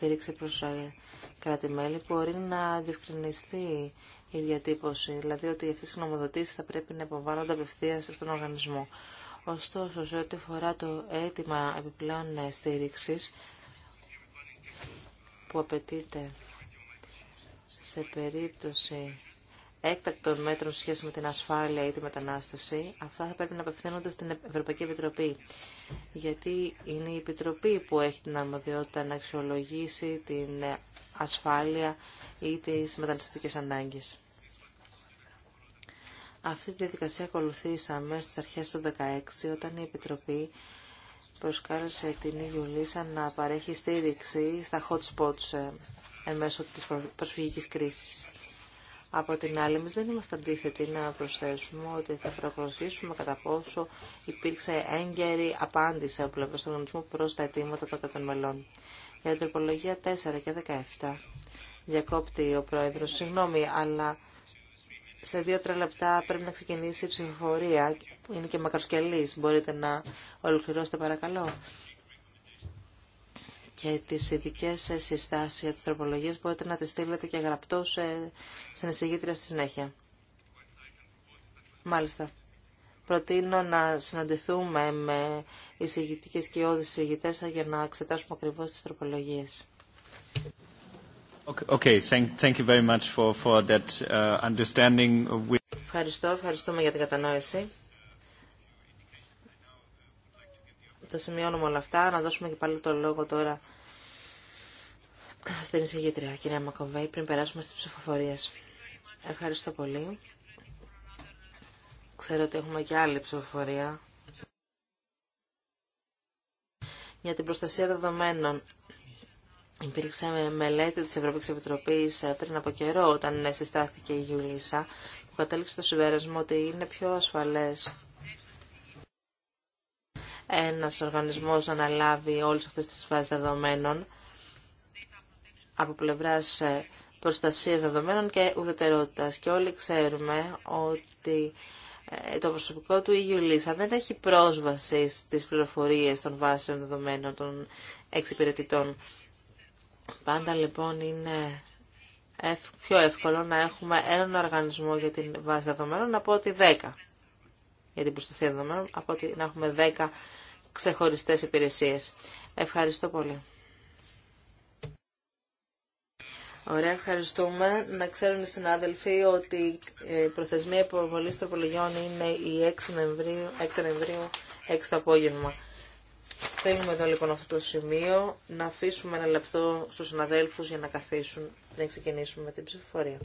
στήριξη προς ε, κράτη-μέλη μπορεί να διευκρινιστεί η διατύπωση, δηλαδή ότι αυτέ οι νομοδοτήσει θα πρέπει να υποβάλλονται απευθεία στον οργανισμό. Ωστόσο, σε ό,τι αφορά το αίτημα επιπλέον ε, στήριξη που απαιτείται σε περίπτωση έκτακτων μέτρων σχέση με την ασφάλεια ή τη μετανάστευση, αυτά θα πρέπει να απευθύνονται στην Ευρωπαϊκή Επιτροπή. Γιατί είναι η Επιτροπή που έχει την αρμοδιότητα να αξιολογήσει την ασφάλεια ή τις μεταναστευτικές ανάγκες. Αυτή τη διαδικασία ακολουθήσαμε στις αρχές του 2016 όταν η Επιτροπή προσκάλεσε την Ιουλίσσα να παρέχει στήριξη στα hot spots ε, εν μέσω της προσφυγικής κρίσης. Από την άλλη, εμείς δεν είμαστε αντίθετοι να προσθέσουμε ότι θα προχωρήσουμε κατά πόσο υπήρξε έγκαιρη απάντηση από πλευρά του οργανισμού προ τα αιτήματα των κρατών Για την τροπολογία 4 και 17. Διακόπτει ο πρόεδρο, Συγγνώμη, αλλά σε δύο-τρία λεπτά πρέπει να ξεκινήσει η ψηφοφορία. Είναι και μακροσκελής. Μπορείτε να ολοκληρώσετε παρακαλώ και τις ειδικέ συστάσεις για τις τροπολογίες μπορείτε να τις στείλετε και γραπτός ε, στην εισηγήτρια στη συνέχεια. Μάλιστα. Προτείνω να συναντηθούμε με εισηγητικές και όδους εισηγητές για να εξετάσουμε ακριβώς τις τροπολογίες. Okay, thank you very much for, for that uh, understanding. Ευχαριστώ, ευχαριστούμε για την κατανόηση. τα σημειώνουμε όλα αυτά. Να δώσουμε και πάλι το λόγο τώρα στην εισηγήτρια, κυρία Μακοβέη, πριν περάσουμε στις ψηφοφορίες. Ευχαριστώ πολύ. Ξέρω ότι έχουμε και άλλη ψηφοφορία για την προστασία δεδομένων. Υπήρξε μελέτη της Ευρωπαϊκής Επιτροπής ε, πριν από καιρό όταν ε, συστάθηκε η Γιουλίσσα που κατέληξε στο συμπέρασμα ότι είναι πιο ασφαλές ένας οργανισμός να αναλάβει όλες αυτές τις φάσεις δεδομένων από πλευράς ε, προστασίας δεδομένων και ουδετερότητας. Και όλοι ξέρουμε ότι ε, το προσωπικό του Λίσσα e δεν έχει πρόσβαση στις πληροφορίες των βάσεων δεδομένων των εξυπηρετητών. Πάντα λοιπόν είναι πιο εύκολο να έχουμε έναν οργανισμό για την βάση δεδομένων από ότι 10 για την προστασία δεδομένων από ότι να έχουμε 10 ξεχωριστές υπηρεσίες. Ευχαριστώ πολύ. Ωραία, ευχαριστούμε. Να ξέρουν οι συνάδελφοι ότι ε, η προθεσμία υποβολής τροπολογιών είναι η 6 Νοεμβρίου, 6 Νοεμβρίου, 6 το απόγευμα. Θέλουμε εδώ λοιπόν αυτό το σημείο να αφήσουμε ένα λεπτό στους συναδέλφους για να καθίσουν πριν ξεκινήσουμε με την ψηφοφορία.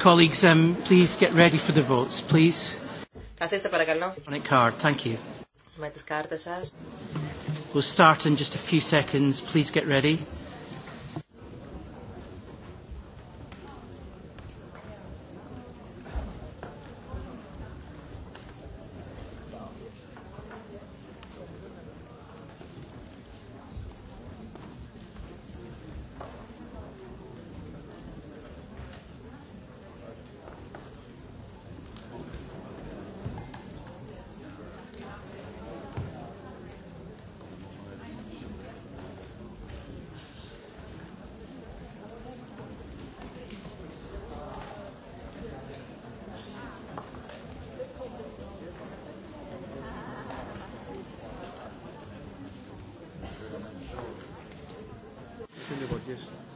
Colleagues, um, please get ready for the votes, please. Καθίστε παρακαλώ. On card. Thank you. Με τις κάρτες σας. We'll start in just a few seconds. Please get ready.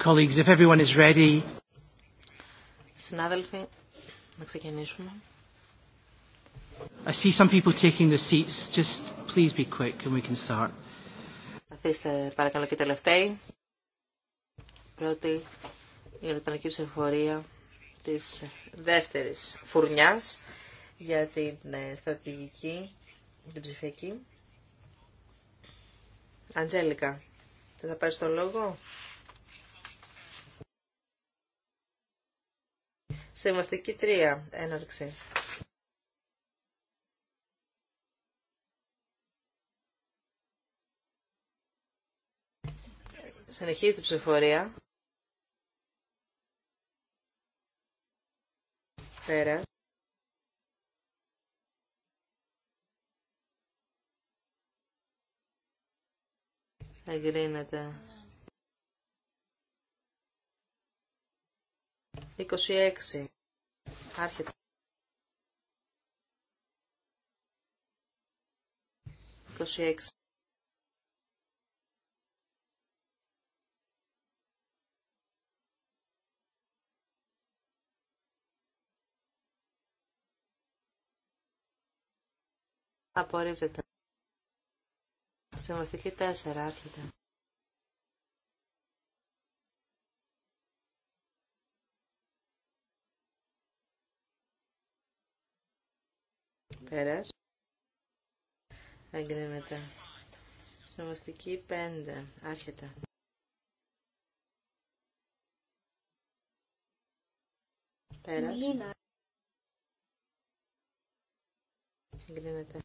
Colleagues, Συνάδελφοι, να ξεκινήσουμε. I παρακαλώ και τελευταίοι. Πρώτη η ηλεκτρονική ψηφοφορία της δεύτερης φουρνιάς για την ε, στρατηγική, την ψηφιακή. Αντζέλικα, θα πάρεις το λόγο. Συμβαστική 3. Έναρξη. Συνεχίζει την ψηφορία. Πέρα. Εγκρίνεται. 26. Άρχεται. Απορρίπτεται. Σεβαστική 4 άρχεται. Πέρας. Εγκρίνεται. Συνομαστική 5. Άρχεται. Πέρας. Εγκρίνεται.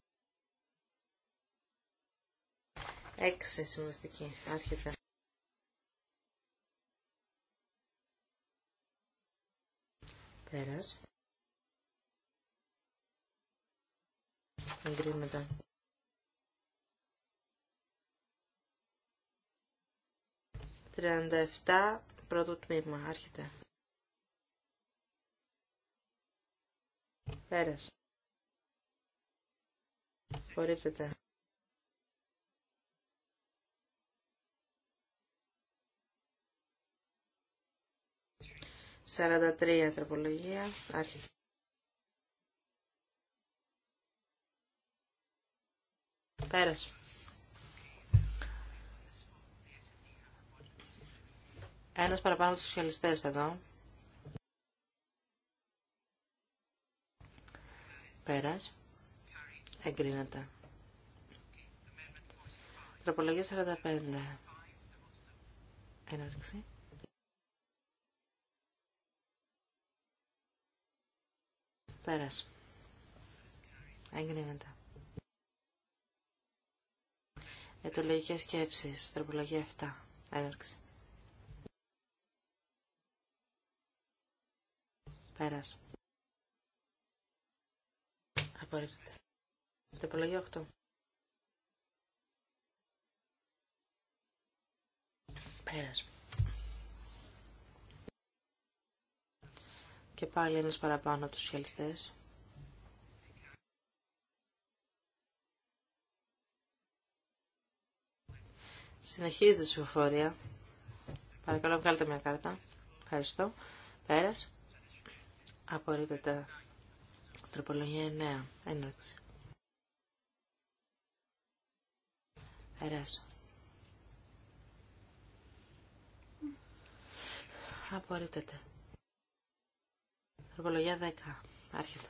6. συμβαστική. Άρχεται. Πέρας. εγκρίνεται τριάντα εφτά πρώτο τμήμα άρχεται πέρας απορρίπτεται σαράντα τρία τροπολογία άρχεται Πέρασε. Ένας παραπάνω τους σοσιαλιστές εδώ. Πέρας. Εγκρίνεται. Τροπολογία 45. Έναρξη. Πέρας. Εγκρίνεται. Ετολογικέ σκέψεις, τροπολογία 7, έναρξη. Πέρας. Απορρίπτεται. Τροπολογία 8. Πέρας. Και πάλι ένας παραπάνω από τους σχελιστές. Συνεχίζεται η ψηφοφορία. Παρακαλώ, βγάλτε μια κάρτα. Ευχαριστώ. Πέρας. Απορρίπτεται. Τροπολογία 9. Έναρξη. Πέρα. Απορρίπτεται. Τροπολογία 10. Άρχεται.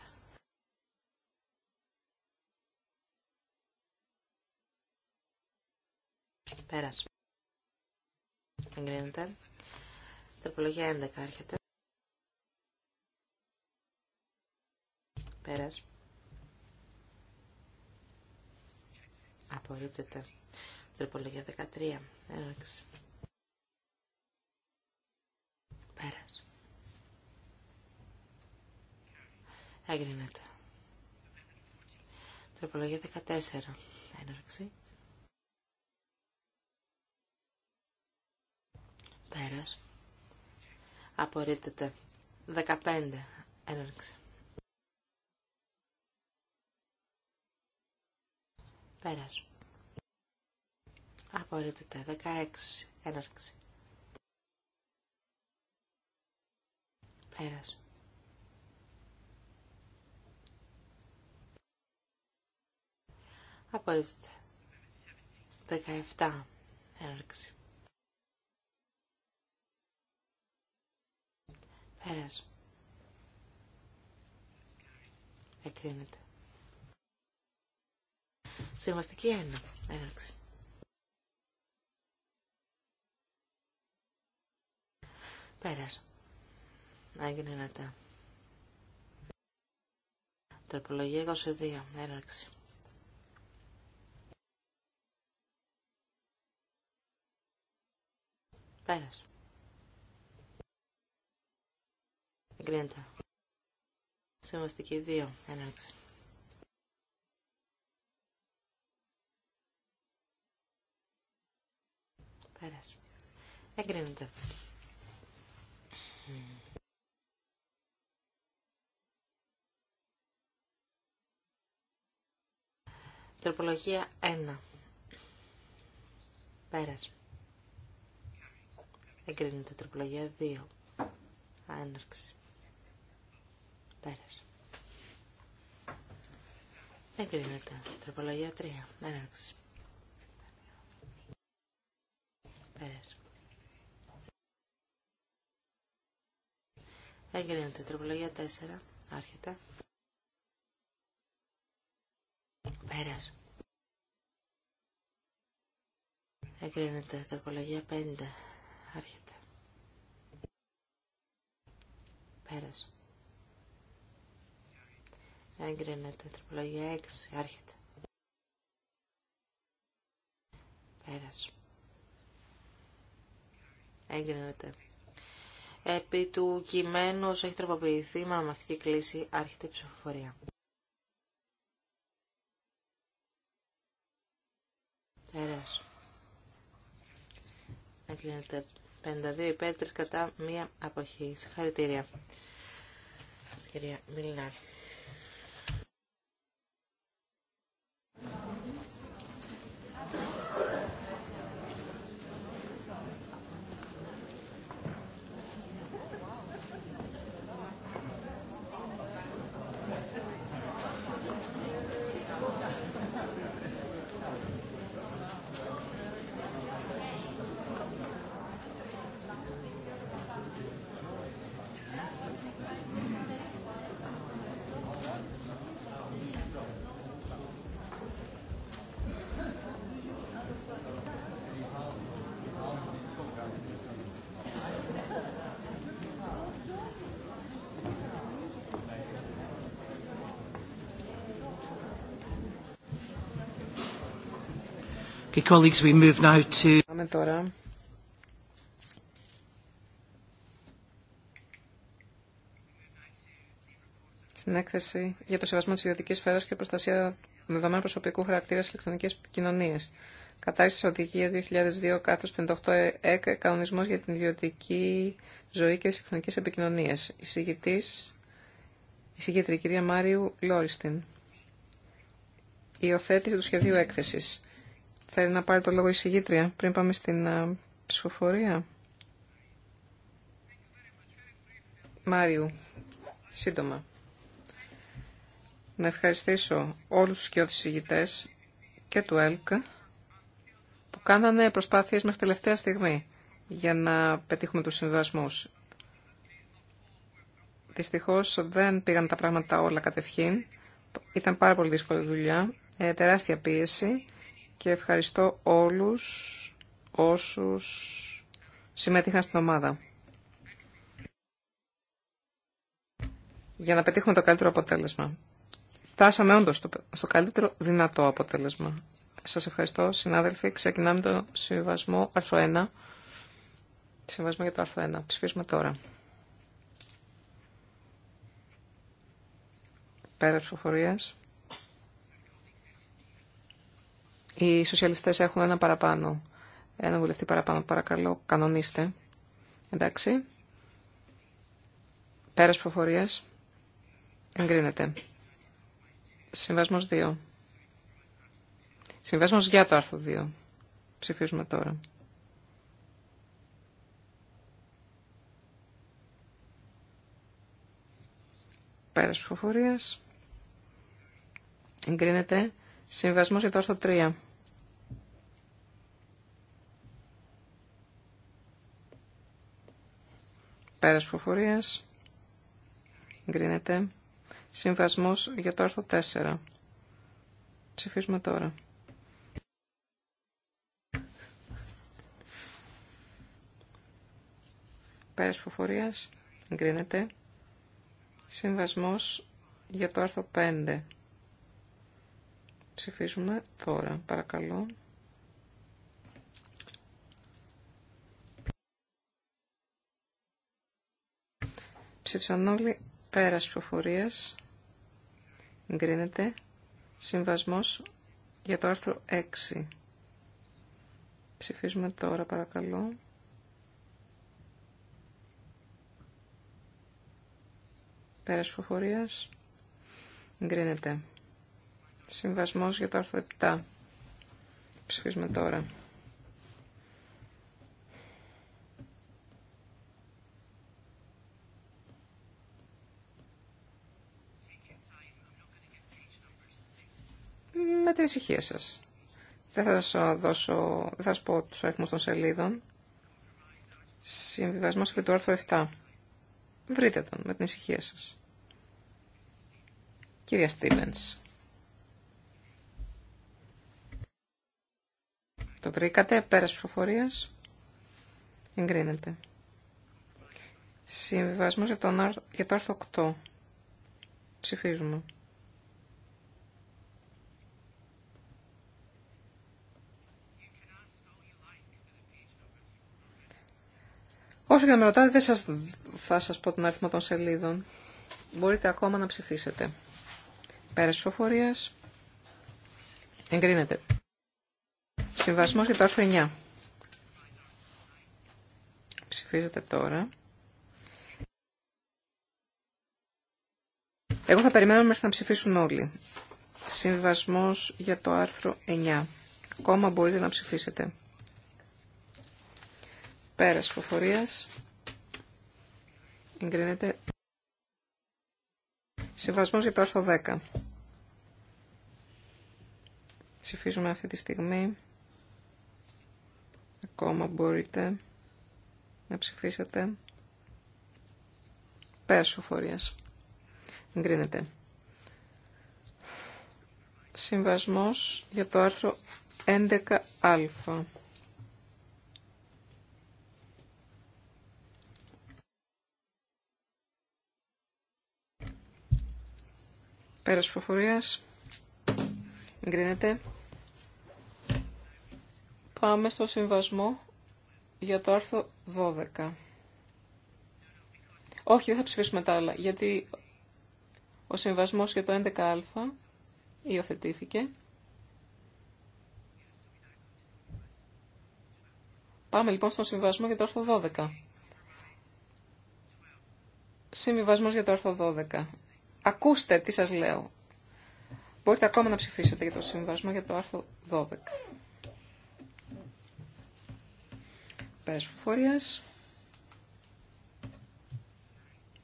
Πέρας. Εγκρίνεται. Τροπολογία 11 έρχεται. Πέρας. Απορρίπτεται. Τροπολογία 13. Έναρξη. Πέρας. Εγκρίνεται. Τροπολογία 14. Έναρξη. Πέρας. Απορρίπτεται. 15. Έναρξη. Πέρας. Απορρίπτεται. 16. Έναρξη. Πέρας. Απορρίπτεται. 17. Έναρξη. Πέρας. Εκκρίνεται. Συμβαστική 1. Έναρξη. Πέρας. Έγινε ανατά. Τροπολογία 22. Έναρξη. Πέρας. Εγκρίνεται. Συμβαστική 2. Έναρξη. Πέρας. Εγκρίνεται. Τροπολογία 1. Πέρασε. Εγκρίνεται. Τροπολογία 2. Έναρξη. Πέρασε. Εγκρίνεται. Τροπολογία 3. Έναρξη. Πέρασε. Εγκρίνεται. Τροπολογία 4. Άρχεται. Πέρασε. Εγκρίνεται. Τροπολογία 5. Άρχεται. Πέρασε. Έγκρινεται. Τροπολογία 6. Άρχεται. Πέρας. Έγκρινεται. Επί του κειμένου όσο έχει τροποποιηθεί με ονομαστική κλίση άρχεται η ψηφοφορία. Πέρας. Έγκρινεται. 52 υπέρ, 3 κατά, μία αποχή. Συγχαρητήρια. Στην κυρία Μιλνάρ. Colleagues, Στην έκθεση για το σεβασμό της ιδιωτική σφαίρα και προστασία δεδομένων προσωπικού χαρακτήρα στις ηλεκτρονικές Κατάσταση Κατάρτιση οδηγία 2002 58 ΕΚ, κανονισμό για την ιδιωτική ζωή και τις ηλεκτρονικές επικοινωνίες. Η εισηγήτρια κυρία Μάριου Λόριστην. Υιοθέτηση του σχεδίου έκθεσης. Θέλει να πάρει το λόγο η συγγήτρια πριν πάμε στην ε, ψηφοφορία. Μάριου, σύντομα. Να ευχαριστήσω όλους τους και συγγητές και του ΕΛΚ που κάνανε προσπάθειες μέχρι τελευταία στιγμή για να πετύχουμε τους συμβασμούς. Δυστυχώς δεν πήγαν τα πράγματα όλα κατευχήν. Ήταν πάρα πολύ δύσκολη δουλειά, ε, τεράστια πίεση και ευχαριστώ όλους όσους συμμετείχαν στην ομάδα. Για να πετύχουμε το καλύτερο αποτέλεσμα. Φτάσαμε όντως στο καλύτερο δυνατό αποτέλεσμα. Σας ευχαριστώ συνάδελφοι. Ξεκινάμε τον συμβασμό άρθρο 1. Συμβασμό για το άρθρο 1. Ψηφίσουμε τώρα. Πέρα ψηφοφορίας. Οι σοσιαλιστές έχουν ένα παραπάνω. Ένα βουλευτή παραπάνω, παρακαλώ, κανονίστε. Εντάξει. Πέρας προφορίας. Εγκρίνεται. Συμβασμός 2. Συμβασμός για το άρθρο 2. Ψηφίζουμε τώρα. Πέρας προφορίας. Εγκρίνεται. Συμβασμός για το άρθρο 3. Πέρας φοφορίας. Εγκρίνεται. Συμβασμός για το άρθρο 4. Ψηφίσουμε τώρα. Πέρας φοφορίας. Εγκρίνεται. Συμβασμός για το άρθρο 5. Ψηφίσουμε τώρα, παρακαλώ. Ψήφισαν όλοι πέρας προφορίας. Εγκρίνεται. Συμβασμός για το άρθρο 6. Ψηφίζουμε τώρα παρακαλώ. Πέρας προφορίας. Εγκρίνεται. Συμβασμός για το άρθρο 7. Ψηφίζουμε τώρα. την ησυχία σας. Δεν θα σας, δώσω, δεν θα σας πω τους αριθμούς των σελίδων. Συμβιβασμό επί του άρθρου 7. Βρείτε τον με την ησυχία σας. Κυρία Στίβενς. Το βρήκατε, πέρας ψηφοφορίας. Εγκρίνεται. Συμβιβασμό για, για το άρθρο 8. Ψηφίζουμε. Όσο και να με ρωτάτε, δεν σας, θα σας πω τον αριθμό των σελίδων. Μπορείτε ακόμα να ψηφίσετε. Πέρας ψηφοφορίας. Εγκρίνεται. Συμβασμός για το άρθρο 9. Ψηφίζετε τώρα. Εγώ θα περιμένω μέχρι να ψηφίσουν όλοι. Συμβασμός για το άρθρο 9. Ακόμα μπορείτε να ψηφίσετε. Πέρας φοφορίας Εγκρίνεται. Συμβασμός για το άρθρο 10. Ψηφίζουμε αυτή τη στιγμή. Ακόμα μπορείτε να ψηφίσετε. Πέρας φοφορίας. Εγκρίνεται. Συμβασμός για το άρθρο 11α. αέρας προφορίας. Εγκρίνεται. Πάμε στο συμβασμό για το άρθρο 12. Όχι, δεν θα ψηφίσουμε τα άλλα, γιατί ο συμβασμός για το 11α υιοθετήθηκε. Πάμε λοιπόν στον συμβασμό για το άρθρο 12. Συμβιβασμός για το άρθρο 12. Ακούστε τι σας λέω. Μπορείτε ακόμα να ψηφίσετε για το συμβασμό για το άρθρο 12. Πέρας φοφορίας.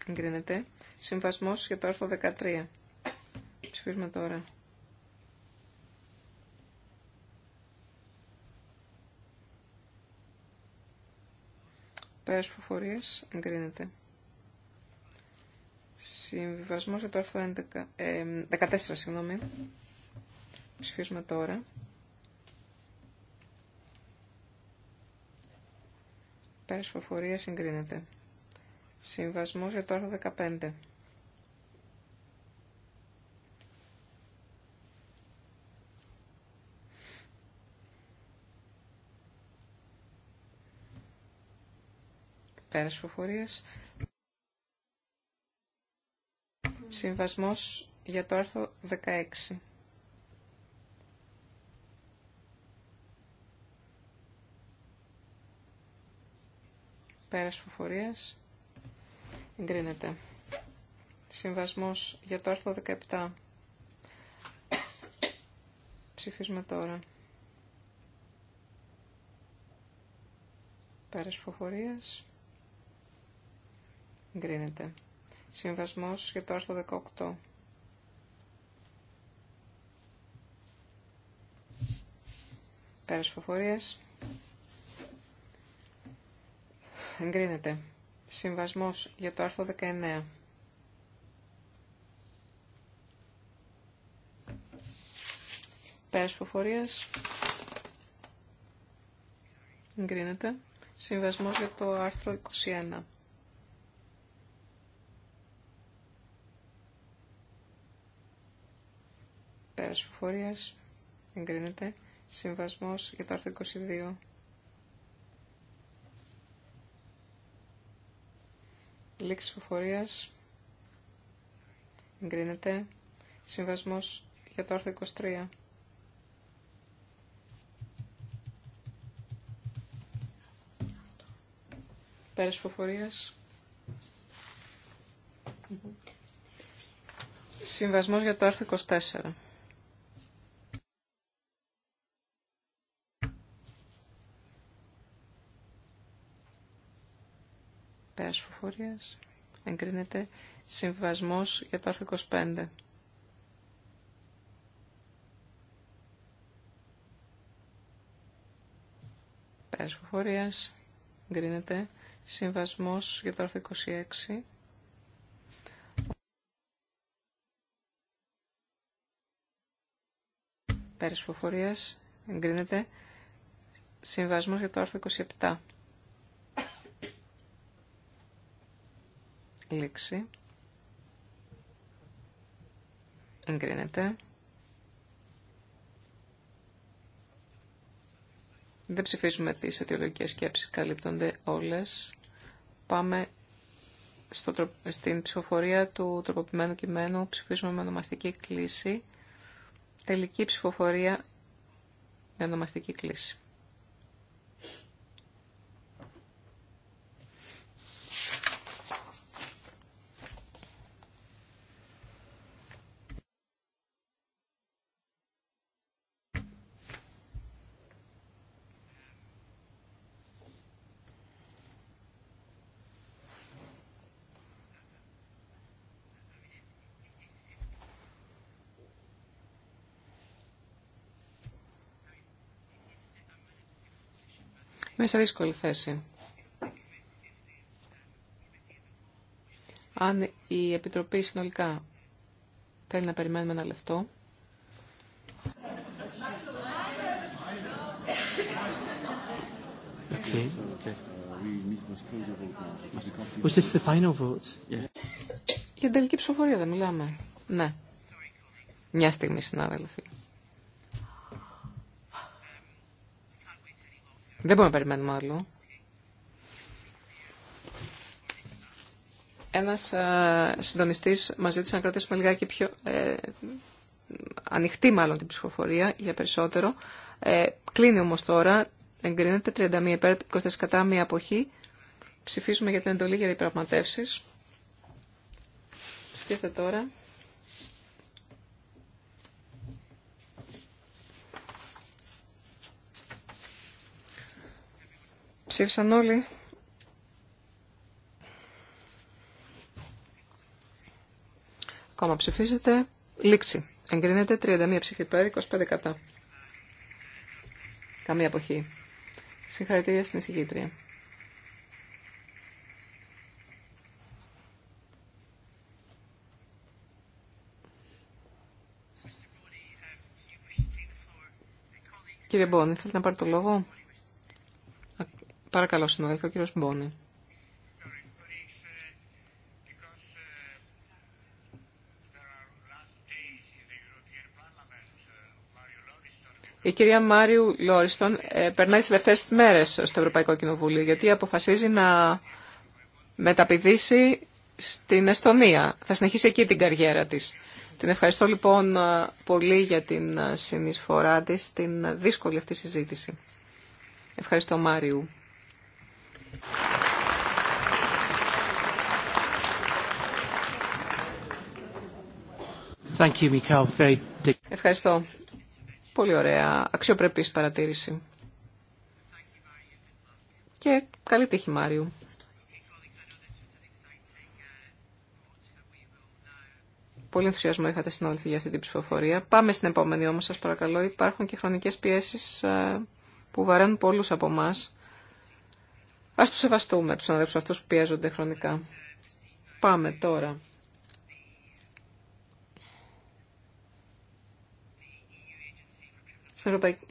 Εγκρίνεται. Συμβασμός για το άρθρο 13. Ψηφίσουμε τώρα. Πέρας φοφορίας. Εγκρίνεται. Ε, Συμβιβασμός για το άρθρο 11, ε, 14, συγγνώμη. Ψηφίζουμε τώρα. Πέρας προφορία συγκρίνεται. Συμβασμός για το άρθρο 15. Πέρας Συμβασμός για το άρθρο 16. Πέρας φοφορίας. Εγκρίνεται. Συμβασμός για το άρθρο 17. Ψηφίζουμε τώρα. Πέρας φοφορίας. Εγκρίνεται. Συμβασμός για το άρθρο 18. Πέρας φοφορίας. Εγκρίνεται. Συμβασμός για το άρθρο 19. Πέρας φοφορίας. Εγκρίνεται. Συμβασμός για το άρθρο 21. Πέρας ψηφοφορίας. Εγκρίνεται. Συμβασμός για το άρθρο 22. Λήξη ψηφοφορίας. Εγκρίνεται. Συμβασμός για το άρθρο 23. Πέρας ψηφοφορίας. Συμβασμός για το άρθρο 24. Πέρας φοφορίας, Εγκρίνεται για το άρθρο 25. Πέρας φοφορίας, Εγκρίνεται συμβασμός για το άρθρο 26. Πέρας φοφορίας, εγκρίνεται συμβασμός για το άρθρο 27. Λήξη. Εγκρίνεται. Δεν ψηφίζουμε τις αιτιολογικές σκέψεις, καλύπτονται όλες. Πάμε στο, στην ψηφοφορία του τροποποιημένου κειμένου, ψηφίζουμε με ονομαστική κλίση. Τελική ψηφοφορία με ονομαστική κλίση. είναι σε δύσκολη θέση. Αν η Επιτροπή συνολικά θέλει να περιμένουμε ένα λεπτό. Για την τελική ψηφοφορία δεν μιλάμε. Ναι. Μια στιγμή, συνάδελφοι. Δεν μπορούμε να περιμένουμε άλλο. Ένα ε, συντονιστή μα ζήτησε να κρατήσουμε λιγάκι πιο ε, ανοιχτή μάλλον την ψηφοφορία για περισσότερο. Ε, κλείνει όμω τώρα, εγκρίνεται 31 υπέρ, 24 κατά, μία αποχή. Ψηφίσουμε για την εντολή για διπραγματεύσει. Ψηφίστε τώρα. Ψήφισαν όλοι. Ακόμα ψηφίζετε. Λήξη. Εγκρίνεται 31 ψήφι υπέρ, 25 κατά. Καμία αποχή. Συγχαρητήρια στην εισηγήτρια. Κύριε Μπόνη, θέλετε να πάρει το λόγο. Παρακαλώ, συνοδεύει ο κύριος Μπόνη. Η κυρία Μάριου Λόριστον ε, περνάει τις βερθές τις μέρες στο Ευρωπαϊκό Κοινοβούλιο γιατί αποφασίζει να μεταπηδήσει στην Εστονία. Θα συνεχίσει εκεί την καριέρα της. Την ευχαριστώ λοιπόν ε, πολύ για την ε, συνεισφορά της στην δύσκολη αυτή συζήτηση. Ευχαριστώ Μάριου. Ευχαριστώ. Πολύ ωραία, αξιοπρεπής παρατήρηση. Και καλή τύχη, Μάριου. Πολύ ενθουσιασμό είχατε όλη για αυτή την ψηφοφορία. Πάμε στην επόμενη όμως, σας παρακαλώ. Υπάρχουν και χρονικές πιέσεις ε, που βαραίνουν πολλούς από εμάς. Ας τους σεβαστούμε, τους αδέρφους αυτούς που πιέζονται χρονικά. Πάμε τώρα. Στην Ευρωπαϊκή,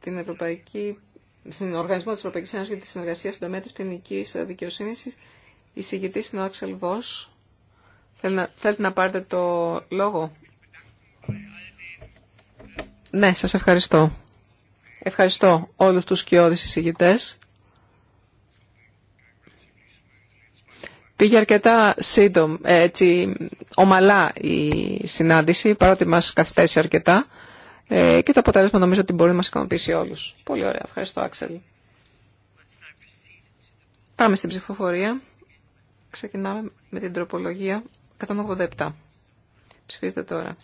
στην Ευρωπαϊκή στην Οργανισμό της Ευρωπαϊκής Ένωσης για τη Συνεργασία στον τομέα της ποινικής δικαιοσύνης, η συγκητή είναι ο Άξελ Βος. Θέλετε να πάρετε το λόγο. Ναι, σας ευχαριστώ. Ευχαριστώ όλους τους σκιώδεις εισηγητές Πήγε αρκετά σύντομα, έτσι, ομαλά η συνάντηση, παρότι μας καθυστέρησε αρκετά. Ε, και το αποτέλεσμα νομίζω ότι μπορεί να μας ικανοποιήσει όλους. Πολύ ωραία. Ευχαριστώ, Άξελ. Πάμε στην ψηφοφορία. Ξεκινάμε με την τροπολογία 187. Ψηφίστε τώρα.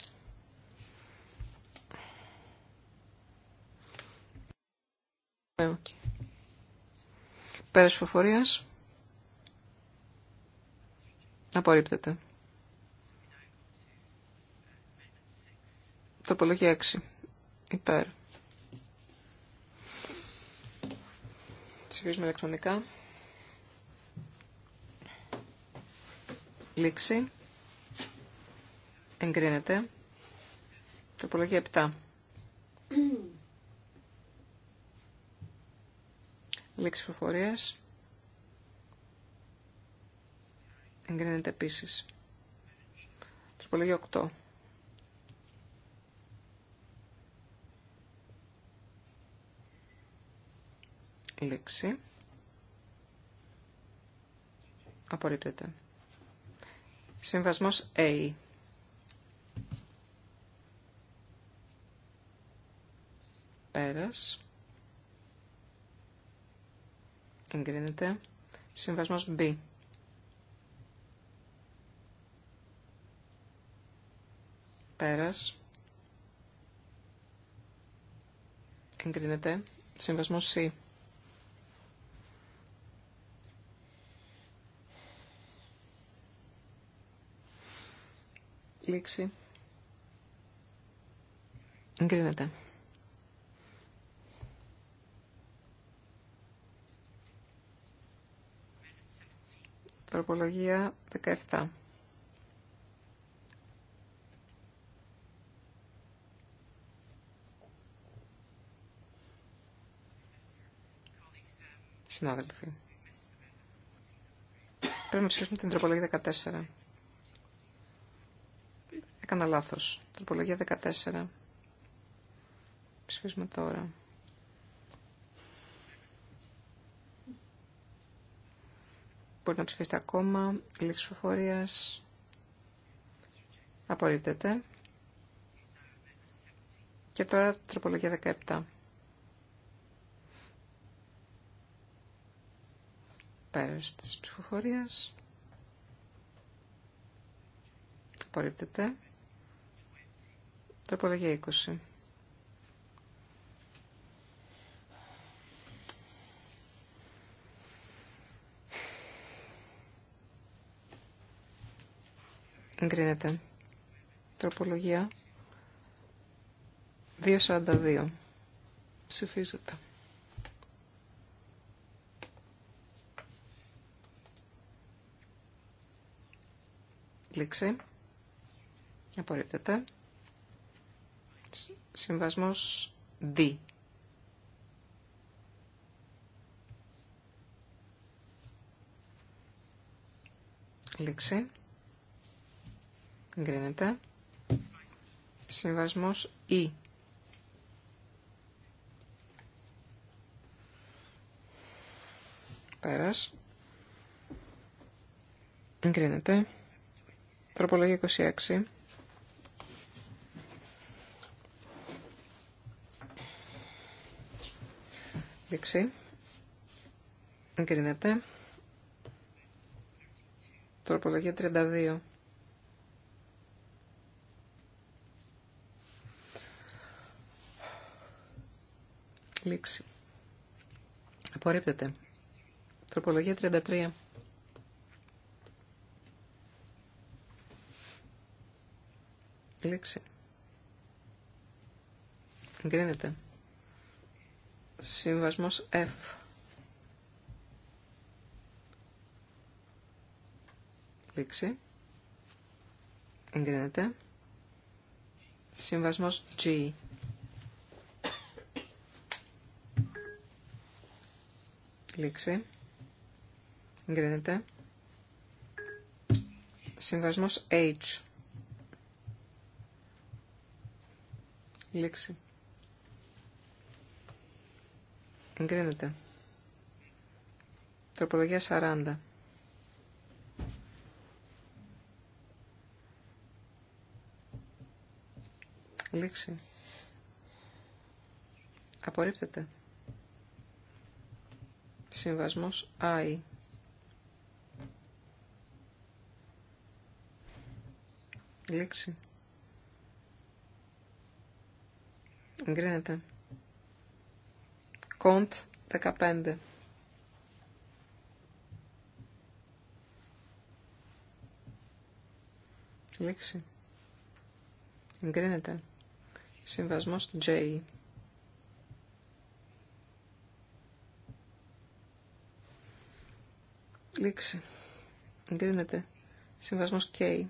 Okay. Ε, Πέρας ψηφοφορίας. Απορρίπτεται. Τροπολογία 6. Υπέρ. Ψηφίζουμε ηλεκτρονικά. Λήξη. Εγκρίνεται. Τροπολογία 7. Λήξη προφορίας. Εγκρίνεται επίσης. Τροπολογία 8. Λήξη. Απορρίπτεται. Συμβασμός A. Πέρας. Εγκρίνεται. Συμβασμός B. Πέρας. Εγκρίνεται. συμβασμό C. Λήξη. Εγκρίνεται. Τροπολογία 17. Συνάδελφοι. Πρέπει να ψηφίσουμε την τροπολογία 14. Έκανα λάθος. Τροπολογία 14. Ψηφίσουμε τώρα. Μπορεί να ψηφίσετε ακόμα. Λήξη ψηφοφορίας. Απορρίπτεται. Και τώρα τροπολογία 17. πέρας της ψηφοφορίας. Απορρίπτεται. Τροπολογία 20. Εγκρίνεται. Τροπολογία 2.42. Ψηφίζεται. Λήξη. Απορρίπτεται. Συμβασμός D. Λήξη. Εγκρίνεται. Συμβασμός E. Πέρας. Εγκρίνεται. Τροπολογία 26. Δεξί. Εγκρίνεται. Τροπολογία 32. Λήξη. Απορρίπτεται. Τροπολογία 33. λήξη. Εγκρίνεται. Συμβασμός F. Λήξη. Εγκρίνεται. Συμβασμός G. Λήξη. Εγκρίνεται. Συμβασμός H. Λήξη. Εγκρίνεται. Τροπολογία 40. Λήξη. Απορρίπτεται. Συμβασμός I. Λήξη. εγκρίνεται. Κοντ 15. Λήξη. Εγκρίνεται. Συμβασμός J. Λήξη. Εγκρίνεται. Συμβασμός K.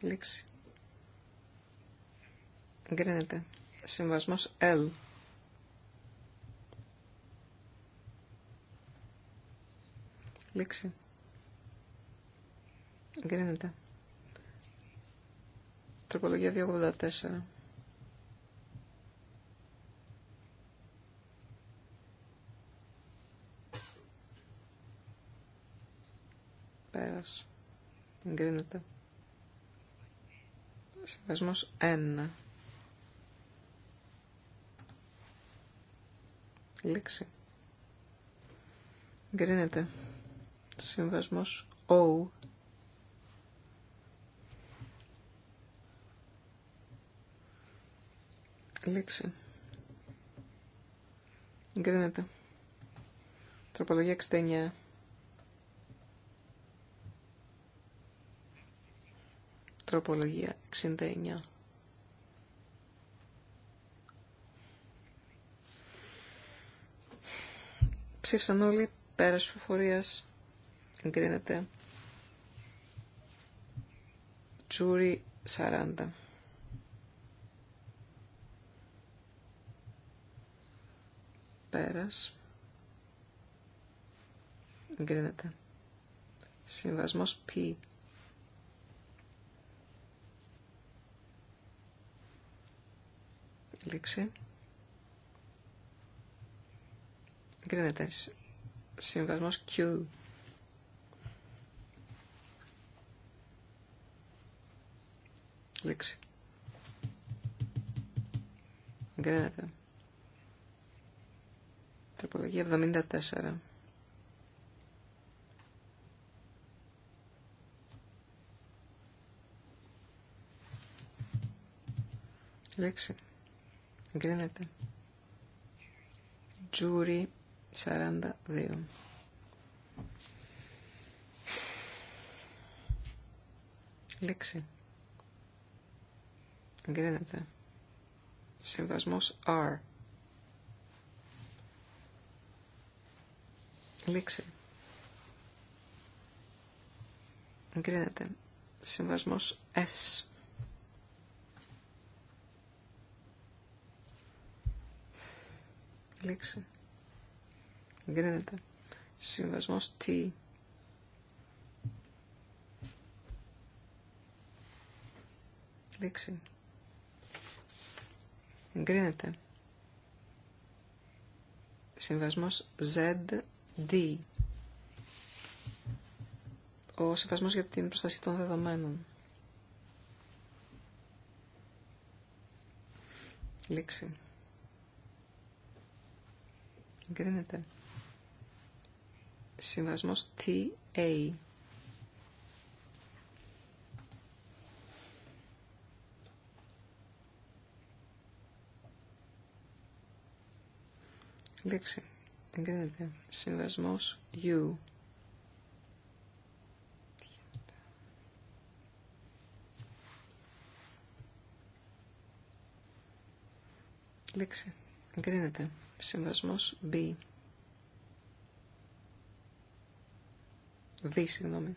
Λήξη. Εγκρίνεται. Συμβασμός L. Λήξη. Εγκρίνεται. Τροπολογία 284. Πέρας. Εγκρίνεται. Συμβασμός 1. Λήξη. Γκρίνεται. Συμβασμός O. Λήξη. Γκρίνεται. Τροπολογία 69. Τροπολογία 69. Ψήφισαν όλοι πέρας ψηφοφορίας. Εγκρίνεται. Τζούρι 40. Πέρας. Εγκρίνεται. Συμβασμός P. Λήξη. Εγκρίνεται. Συμβασμός Q. Λέξη. Εγκρίνεται. Τροπολογία 74. Λέξη. Εγκρίνεται. Τζούρι 42. Λέξη. Εγκρίνεται. Συμβασμός R. Λέξη. Εγκρίνεται. Συμβασμός S. Λέξη. Εγκρίνεται. Συμβασμός T. Λήξη. Εγκρίνεται. Συμβασμός ZD. Ο συμβασμό για την προστασία των δεδομένων. Λήξη. Εγκρίνεται. Συμβασμός TA. Λέξη. Εγκρίνεται. Συμβασμός U. Λέξη. Εγκρίνεται. Συμβασμός B. Β, συγγνώμη.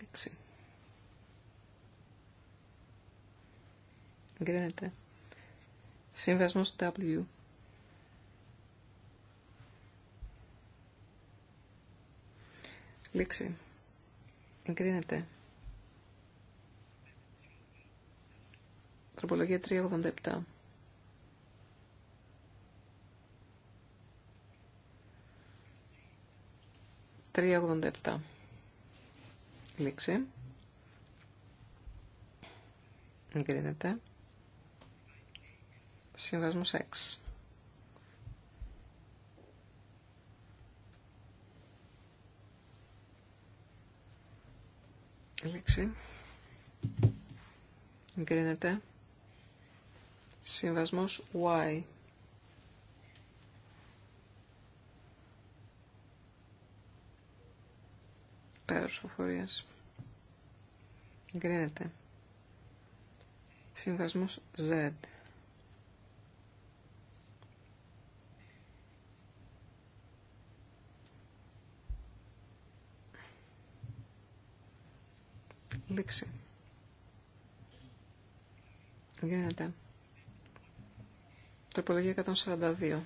Λέξη. Εγκρίνεται. Συμβασμός W. Λήξη. Εγκρίνεται. Τροπολογία 387. 387. Λήξη. Εγκρίνεται. Συμβασμός 6. Λήξη. Εγκρίνεται. Συμβασμός Y. Πέρα ψηφοφορίας. Εγκρίνεται. Συμβασμός Z. Λήξη. Γίνεται. Τροπολογία 142.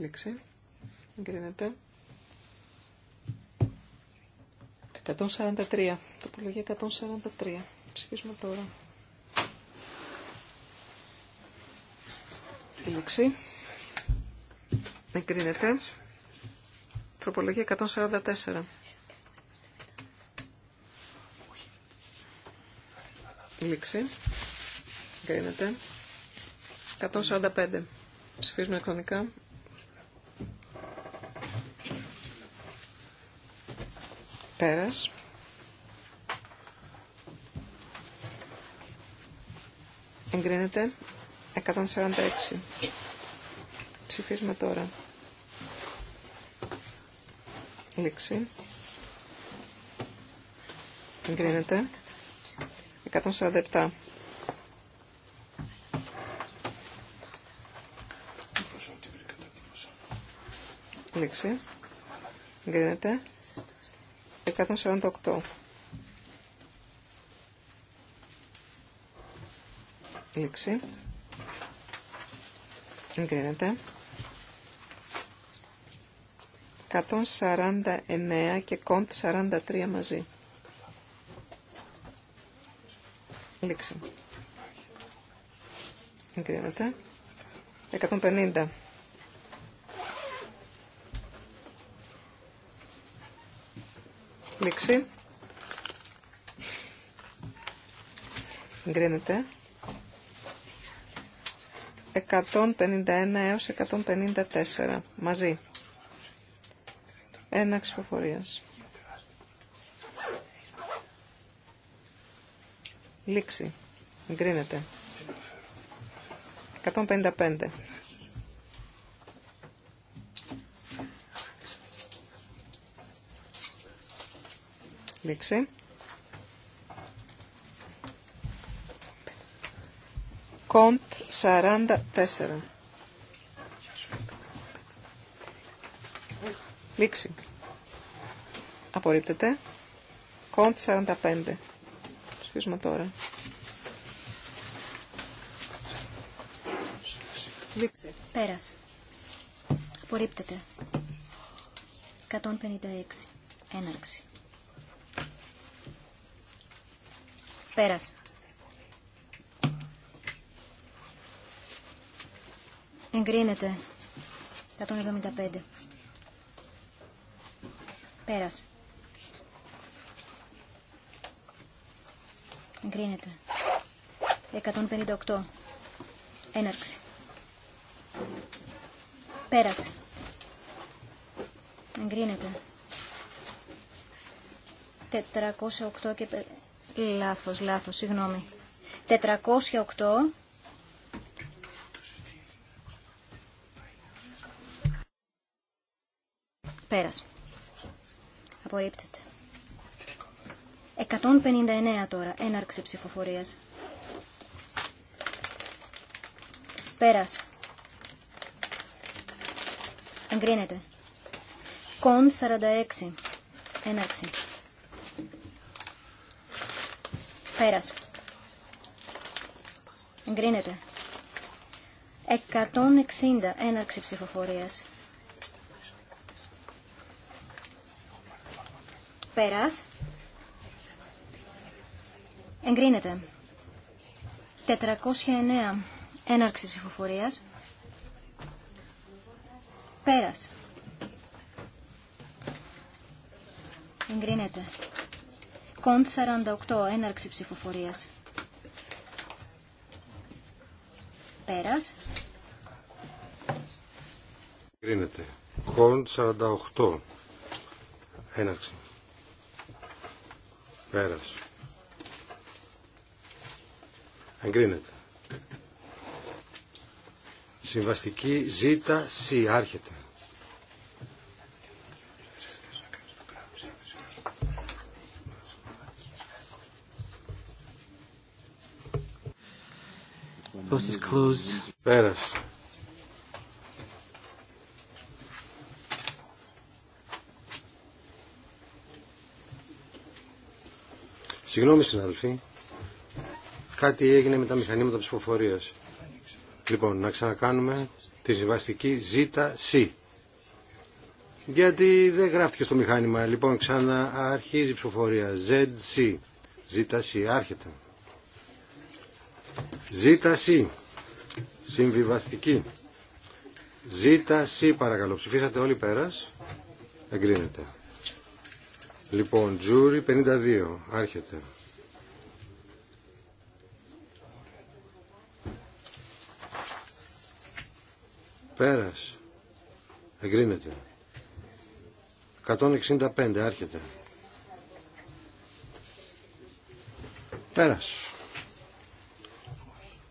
Λήξη. Εγκρίνεται. 143. Τοπολογία 143. Ψηφίζουμε τώρα. Λήξη. Εγκρίνεται. Τροπολογία 144. Λήξη. Εγκρίνεται. 145. Ψηφίζουμε χρονικά. Πέρας. Εγκρίνεται 146. Ψηφίζουμε τώρα. Λήξη. Εγκρίνεται 147. Λήξη. Εγκρίνεται 148. Λήξη. Εγκρίνεται. 149 και κοντ 43 μαζί. Λήξη. Εγκρίνεται. 150. έκπληξη. Εγκρίνεται. 151 έως 154 μαζί. Ένα ψηφοφορίας. Λήξη. Γκρίνεται 155. έκπληξη. Κοντ 44. Λήξη. Απορρίπτεται. Κοντ 45. Ψηφίζουμε τώρα. Λήξη. Πέρασε. Απορρίπτεται. 156. Έναρξη. Πέρας. Εγκρίνεται. 175. Πέρας. Εγκρίνεται. 158. Έναρξη. Πέρασε. Εγκρίνεται. 408 και Λάθος, λάθος, συγγνώμη. 408. Πέρας. Απορρίπτεται. 159 τώρα. Έναρξη ψηφοφορίας. Πέρας. Εγκρίνεται. Κον 46. Έναρξη. Πέρας. Εγκρίνεται. 160. Έναρξη ψηφοφορίας. Πέρας. Εγκρίνεται. 409. Έναρξη ψηφοφορίας. Πέρας. Εγκρίνεται. Κοντ 48, έναρξη ψηφοφορίας. Πέρας. Κρίνεται. Κοντ 48, έναρξη. Πέρας. Εγκρίνεται. Συμβαστική ζήτα σι άρχεται. closed. Πέρας. Συγγνώμη συναδελφοί, κάτι έγινε με τα μηχανήματα ψηφοφορία. Λοιπόν, να ξανακάνουμε τη συμβαστική ZC. Γιατί δεν γράφτηκε στο μηχάνημα. Λοιπόν, ξανααρχίζει η ψηφοφορία. ZC. ZC. Άρχεται. ZC. Συμβιβαστική. Ζήτα Σι παρακαλώ. Ψηφίσατε όλοι πέρας. Εγκρίνεται. Λοιπόν, τζούρι 52. Άρχεται. Πέρας. Εγκρίνεται. 165. Άρχεται. Πέρας.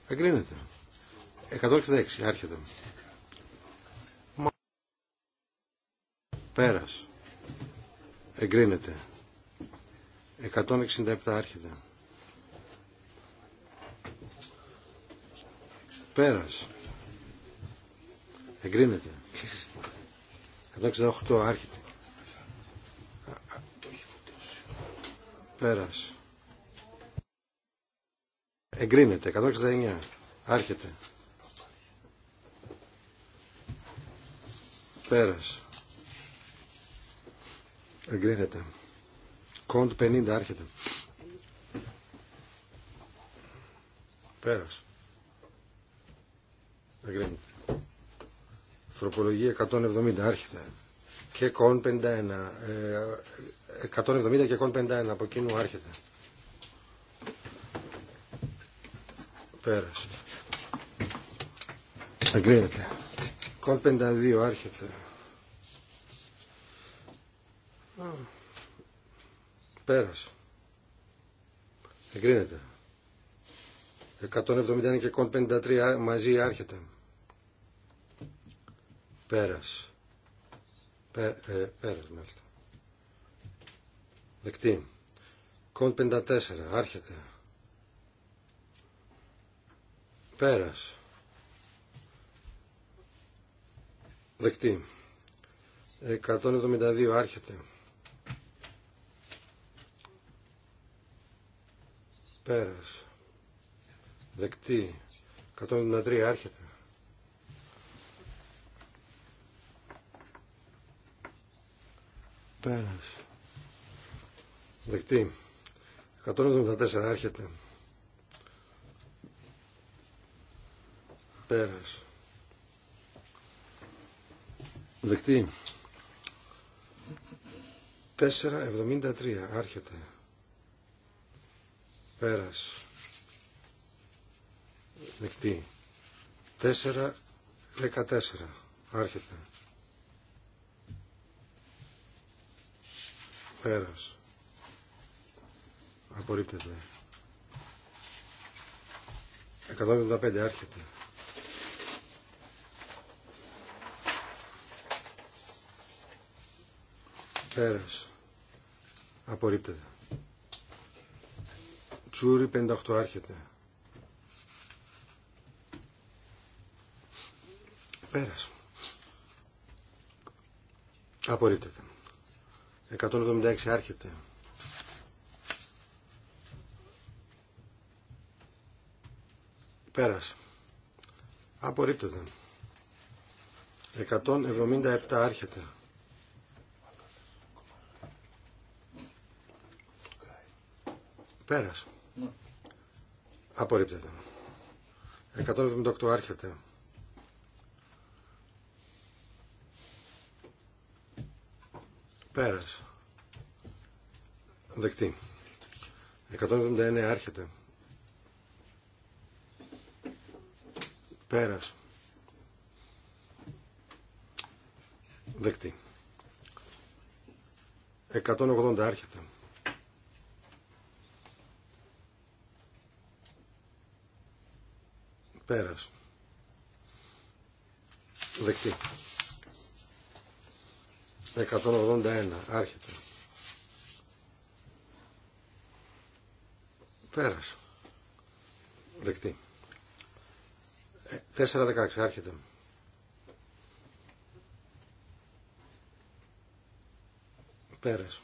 Εγκρίνεται. 166 άρχεται. Πέρας. Εγκρίνεται. 167 άρχεται. Πέρας. Εγκρίνεται. 168 άρχεται. Πέρας. Εγκρίνεται. 169. Άρχεται. Πέρας. Εγκρίνεται. Κοντ 50 άρχεται. Πέρας. Εγκρίνεται. Τροπολογία 170 άρχεται. Και κον 51. 170 και κοντ 51 από εκείνου άρχεται. Πέρας. Εγκρίνεται. Κόν 52 άρχεται. Πέρασε. Εγκρίνεται. 171 και κοντ 53 μαζί άρχεται. Πέρασε. Πέ, ε, πέρασε μάλιστα. Δεκτή. Κοντ 54 άρχεται. Πέρασε. Δεκτή. 172 άρχεται. Πέρας. Δεκτή. 173 άρχεται. Πέρας. Δεκτή. 174 άρχεται. Πέρας. Δεκτή. 4.73. Άρχεται. Πέρας. Δεκτή. 4.14. Άρχεται. Πέρας. Απορρίπτεται. 175. Άρχεται. Πέρας. Απορρίπτεται. Τσούρι 58 άρχεται. Πέρας. Απορρίπτεται. 176 άρχεται. Πέρας. Απορρίπτεται. 177 άρχεται. Πέρας. Ναι. Απορρίπτεται. 178 άρχεται. Πέρας. Δεκτή. 179 άρχεται. Πέρας. Δεκτή. 180 άρχεται. Πέρας. Δεκτή. 181. Άρχεται. Πέρας. Δεκτή. 4-16. Ε, Άρχεται. Πέρας.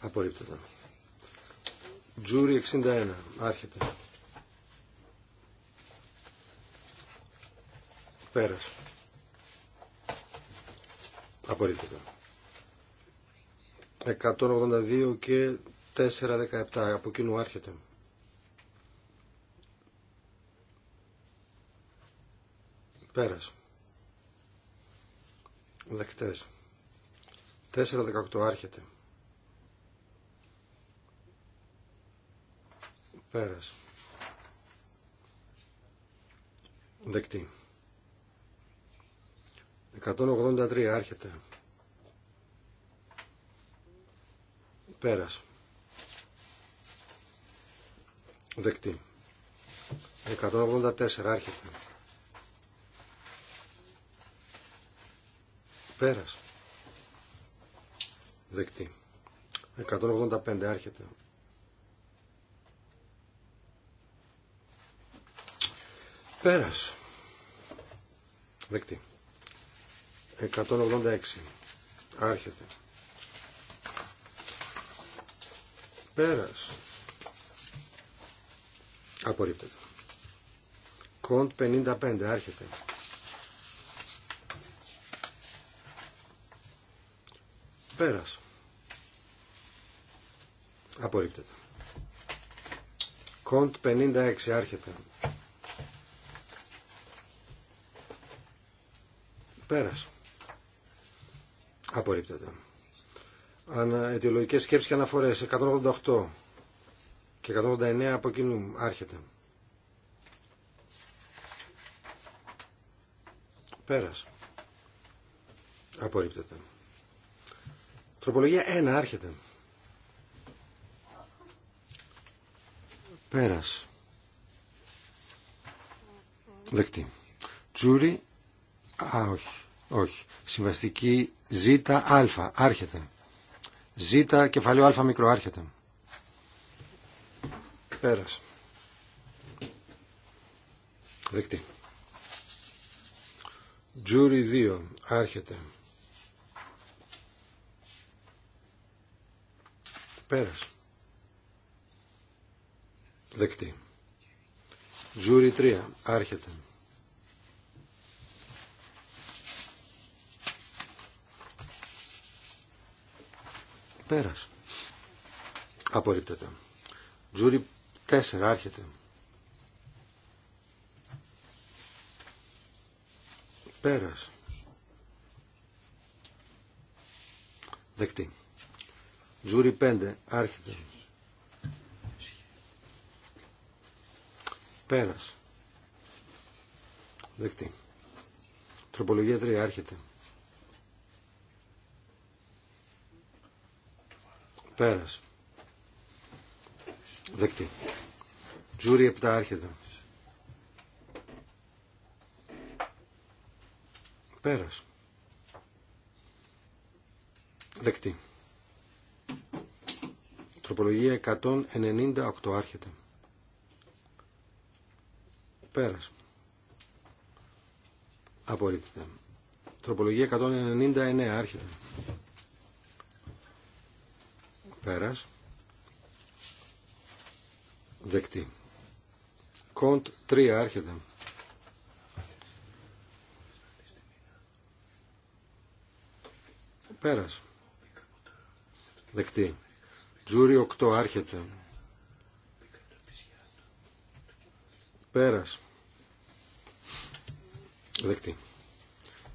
Απορρίπτεται. Τζούρι 61. Άρχεται. Πέρας. Απορρίπτεται. 182 και 417. Από κοινού άρχεται. Πέρας. Δεκτές. 418 άρχεται. Πέρας. Δεκτή. 183 άρχεται. Πέρας. Δεκτή. 184 άρχεται. Πέρας. Δεκτή. 185 άρχεται. Πέρας. Δεκτή. 186. Άρχεται. Πέρας. Απορρίπτεται. Κοντ 55. Άρχεται. Πέρας. Απορρίπτεται. Κοντ 56. Άρχεται. Πέρας. Απορρίπτεται. Αν αιτιολογικές σκέψεις και αναφορές 188 και 189 από κοινού. Άρχεται. Πέρας. Απορρίπτεται. Τροπολογία 1. Άρχεται. Πέρας. Δεκτή. Τζούρι. Α, όχι. Όχι. Συμβαστική α, άρχεται. Ζ κεφαλαίο α μικρό άρχεται. Πέρας. Δεκτή. Τζούρι 2 άρχεται. Πέρας. Δεκτή. Τζούρι 3 άρχεται. Πέρας. Απορρίπτεται. Τζούρι 4 άρχεται. Πέρας. Δεκτή. Τζούρι 5 άρχεται. Πέρας. Δεκτή. Τροπολογία 3 άρχεται. Πέρας. Δεκτή. Τζούρι 7 άρχεται. Πέρας. Δεκτή. Τροπολογία 198 άρχεται. Πέρας. Απορρίπτεται. Τροπολογία 199 άρχεται. Πέρας. Δεκτή. Κοντ 3 άρχεται. Πέρας. Δεκτή. Τζούρι 8 άρχεται. Πέρας. Δεκτή.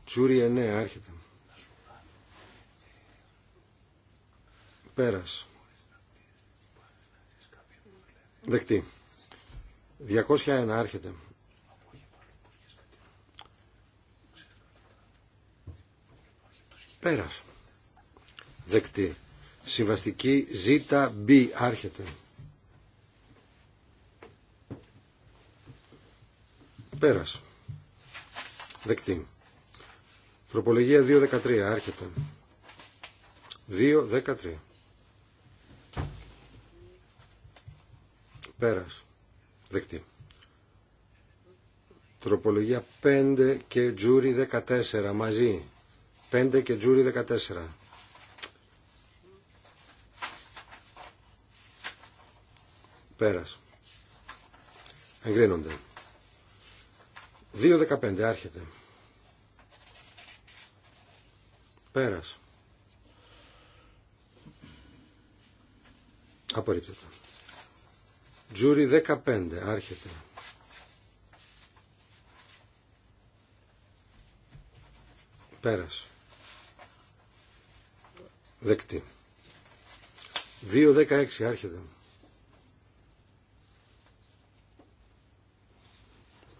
Τζούρι 9 άρχεται. Πέρας. Δεκτή. 201 άρχεται. Πέρας. Δεκτή. Συμβαστική ZB άρχεται. Πέρας. Δεκτή. Τροπολογία 2.13 άρχεται. 2.13. Πέρας. Δεκτή. Τροπολογία 5 και τζούρι 14 μαζί. 5 και τζούρι 14. Πέρας. Εγκρίνονται. 2-15. άρχεται. Πέρας. Απορρίπτεται. Τζούρι 15, άρχεται. Πέρασε. Δεκτή. 2-16, άρχεται.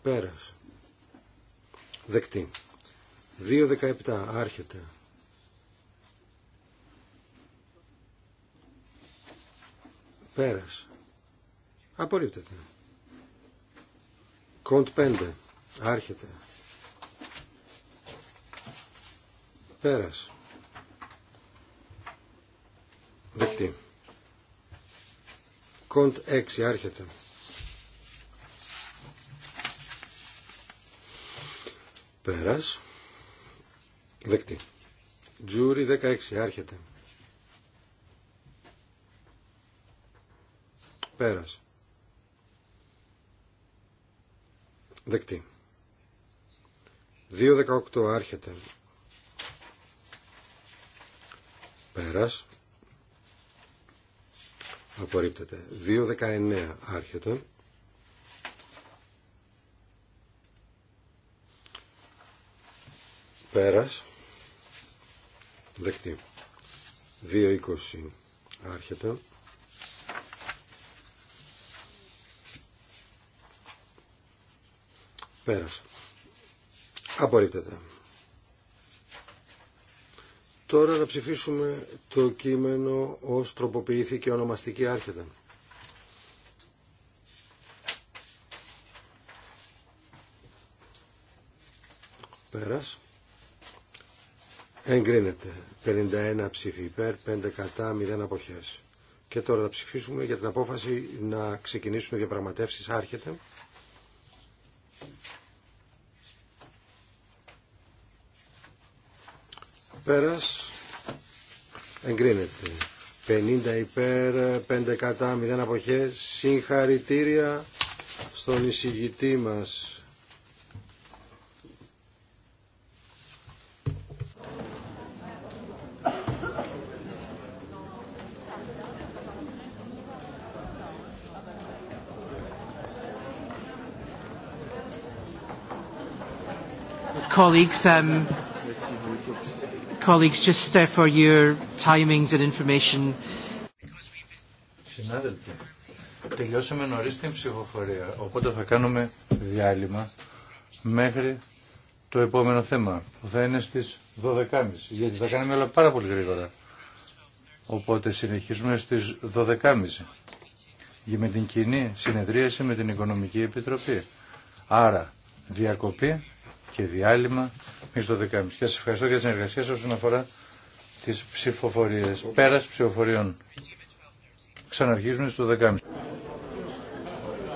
Πέρασε. Δεκτή. 2-17, άρχεται. Πέρασε. Απορρίπτεται. Κοντ 5. Άρχεται. Πέρας. Δεκτή. Κοντ 6. Άρχεται. Πέρας. Δεκτή. Τζούρι 16. Άρχεται. Πέρας. Δεκτή. 2.18 άρχεται. Πέρας. Απορρίπτεται. 2.19 άρχεται. Πέρας. Δεκτή. 2.20 άρχεται. Πέρασε. Απορρίπτεται. Τώρα να ψηφίσουμε το κείμενο ως τροποποιήθηκε ονομαστική άρχεται. Πέρας. Εγκρίνεται. 51 ψήφοι υπέρ, 5 κατά, 0 αποχές. Και τώρα να ψηφίσουμε για την απόφαση να ξεκινήσουν οι διαπραγματεύσεις άρχεται. Πέρας. Εγκρίνεται. 50 υπέρ, 5 κατά, 0 αποχές. Συγχαρητήρια στον εισηγητή μας. colleagues, um, colleagues, just uh, for your timings and information. Συνάδελφοι, τελειώσαμε νωρίς την ψηφοφορία, οπότε θα κάνουμε διάλειμμα μέχρι το επόμενο θέμα, που θα είναι στις 12.30, γιατί θα κάνουμε όλα πάρα πολύ γρήγορα. Οπότε συνεχίζουμε στις 12.30 για με την κοινή συνεδρίαση με την Οικονομική Επιτροπή. Άρα, διακοπή και διάλειμμα μέχρι το 10.30. Και σα ευχαριστώ για τις συνεργασία σα όσον αφορά τι ψηφοφορίε πέρα ψηφοφοριών. Ξαναρχίζουμε στο δεκάμιση.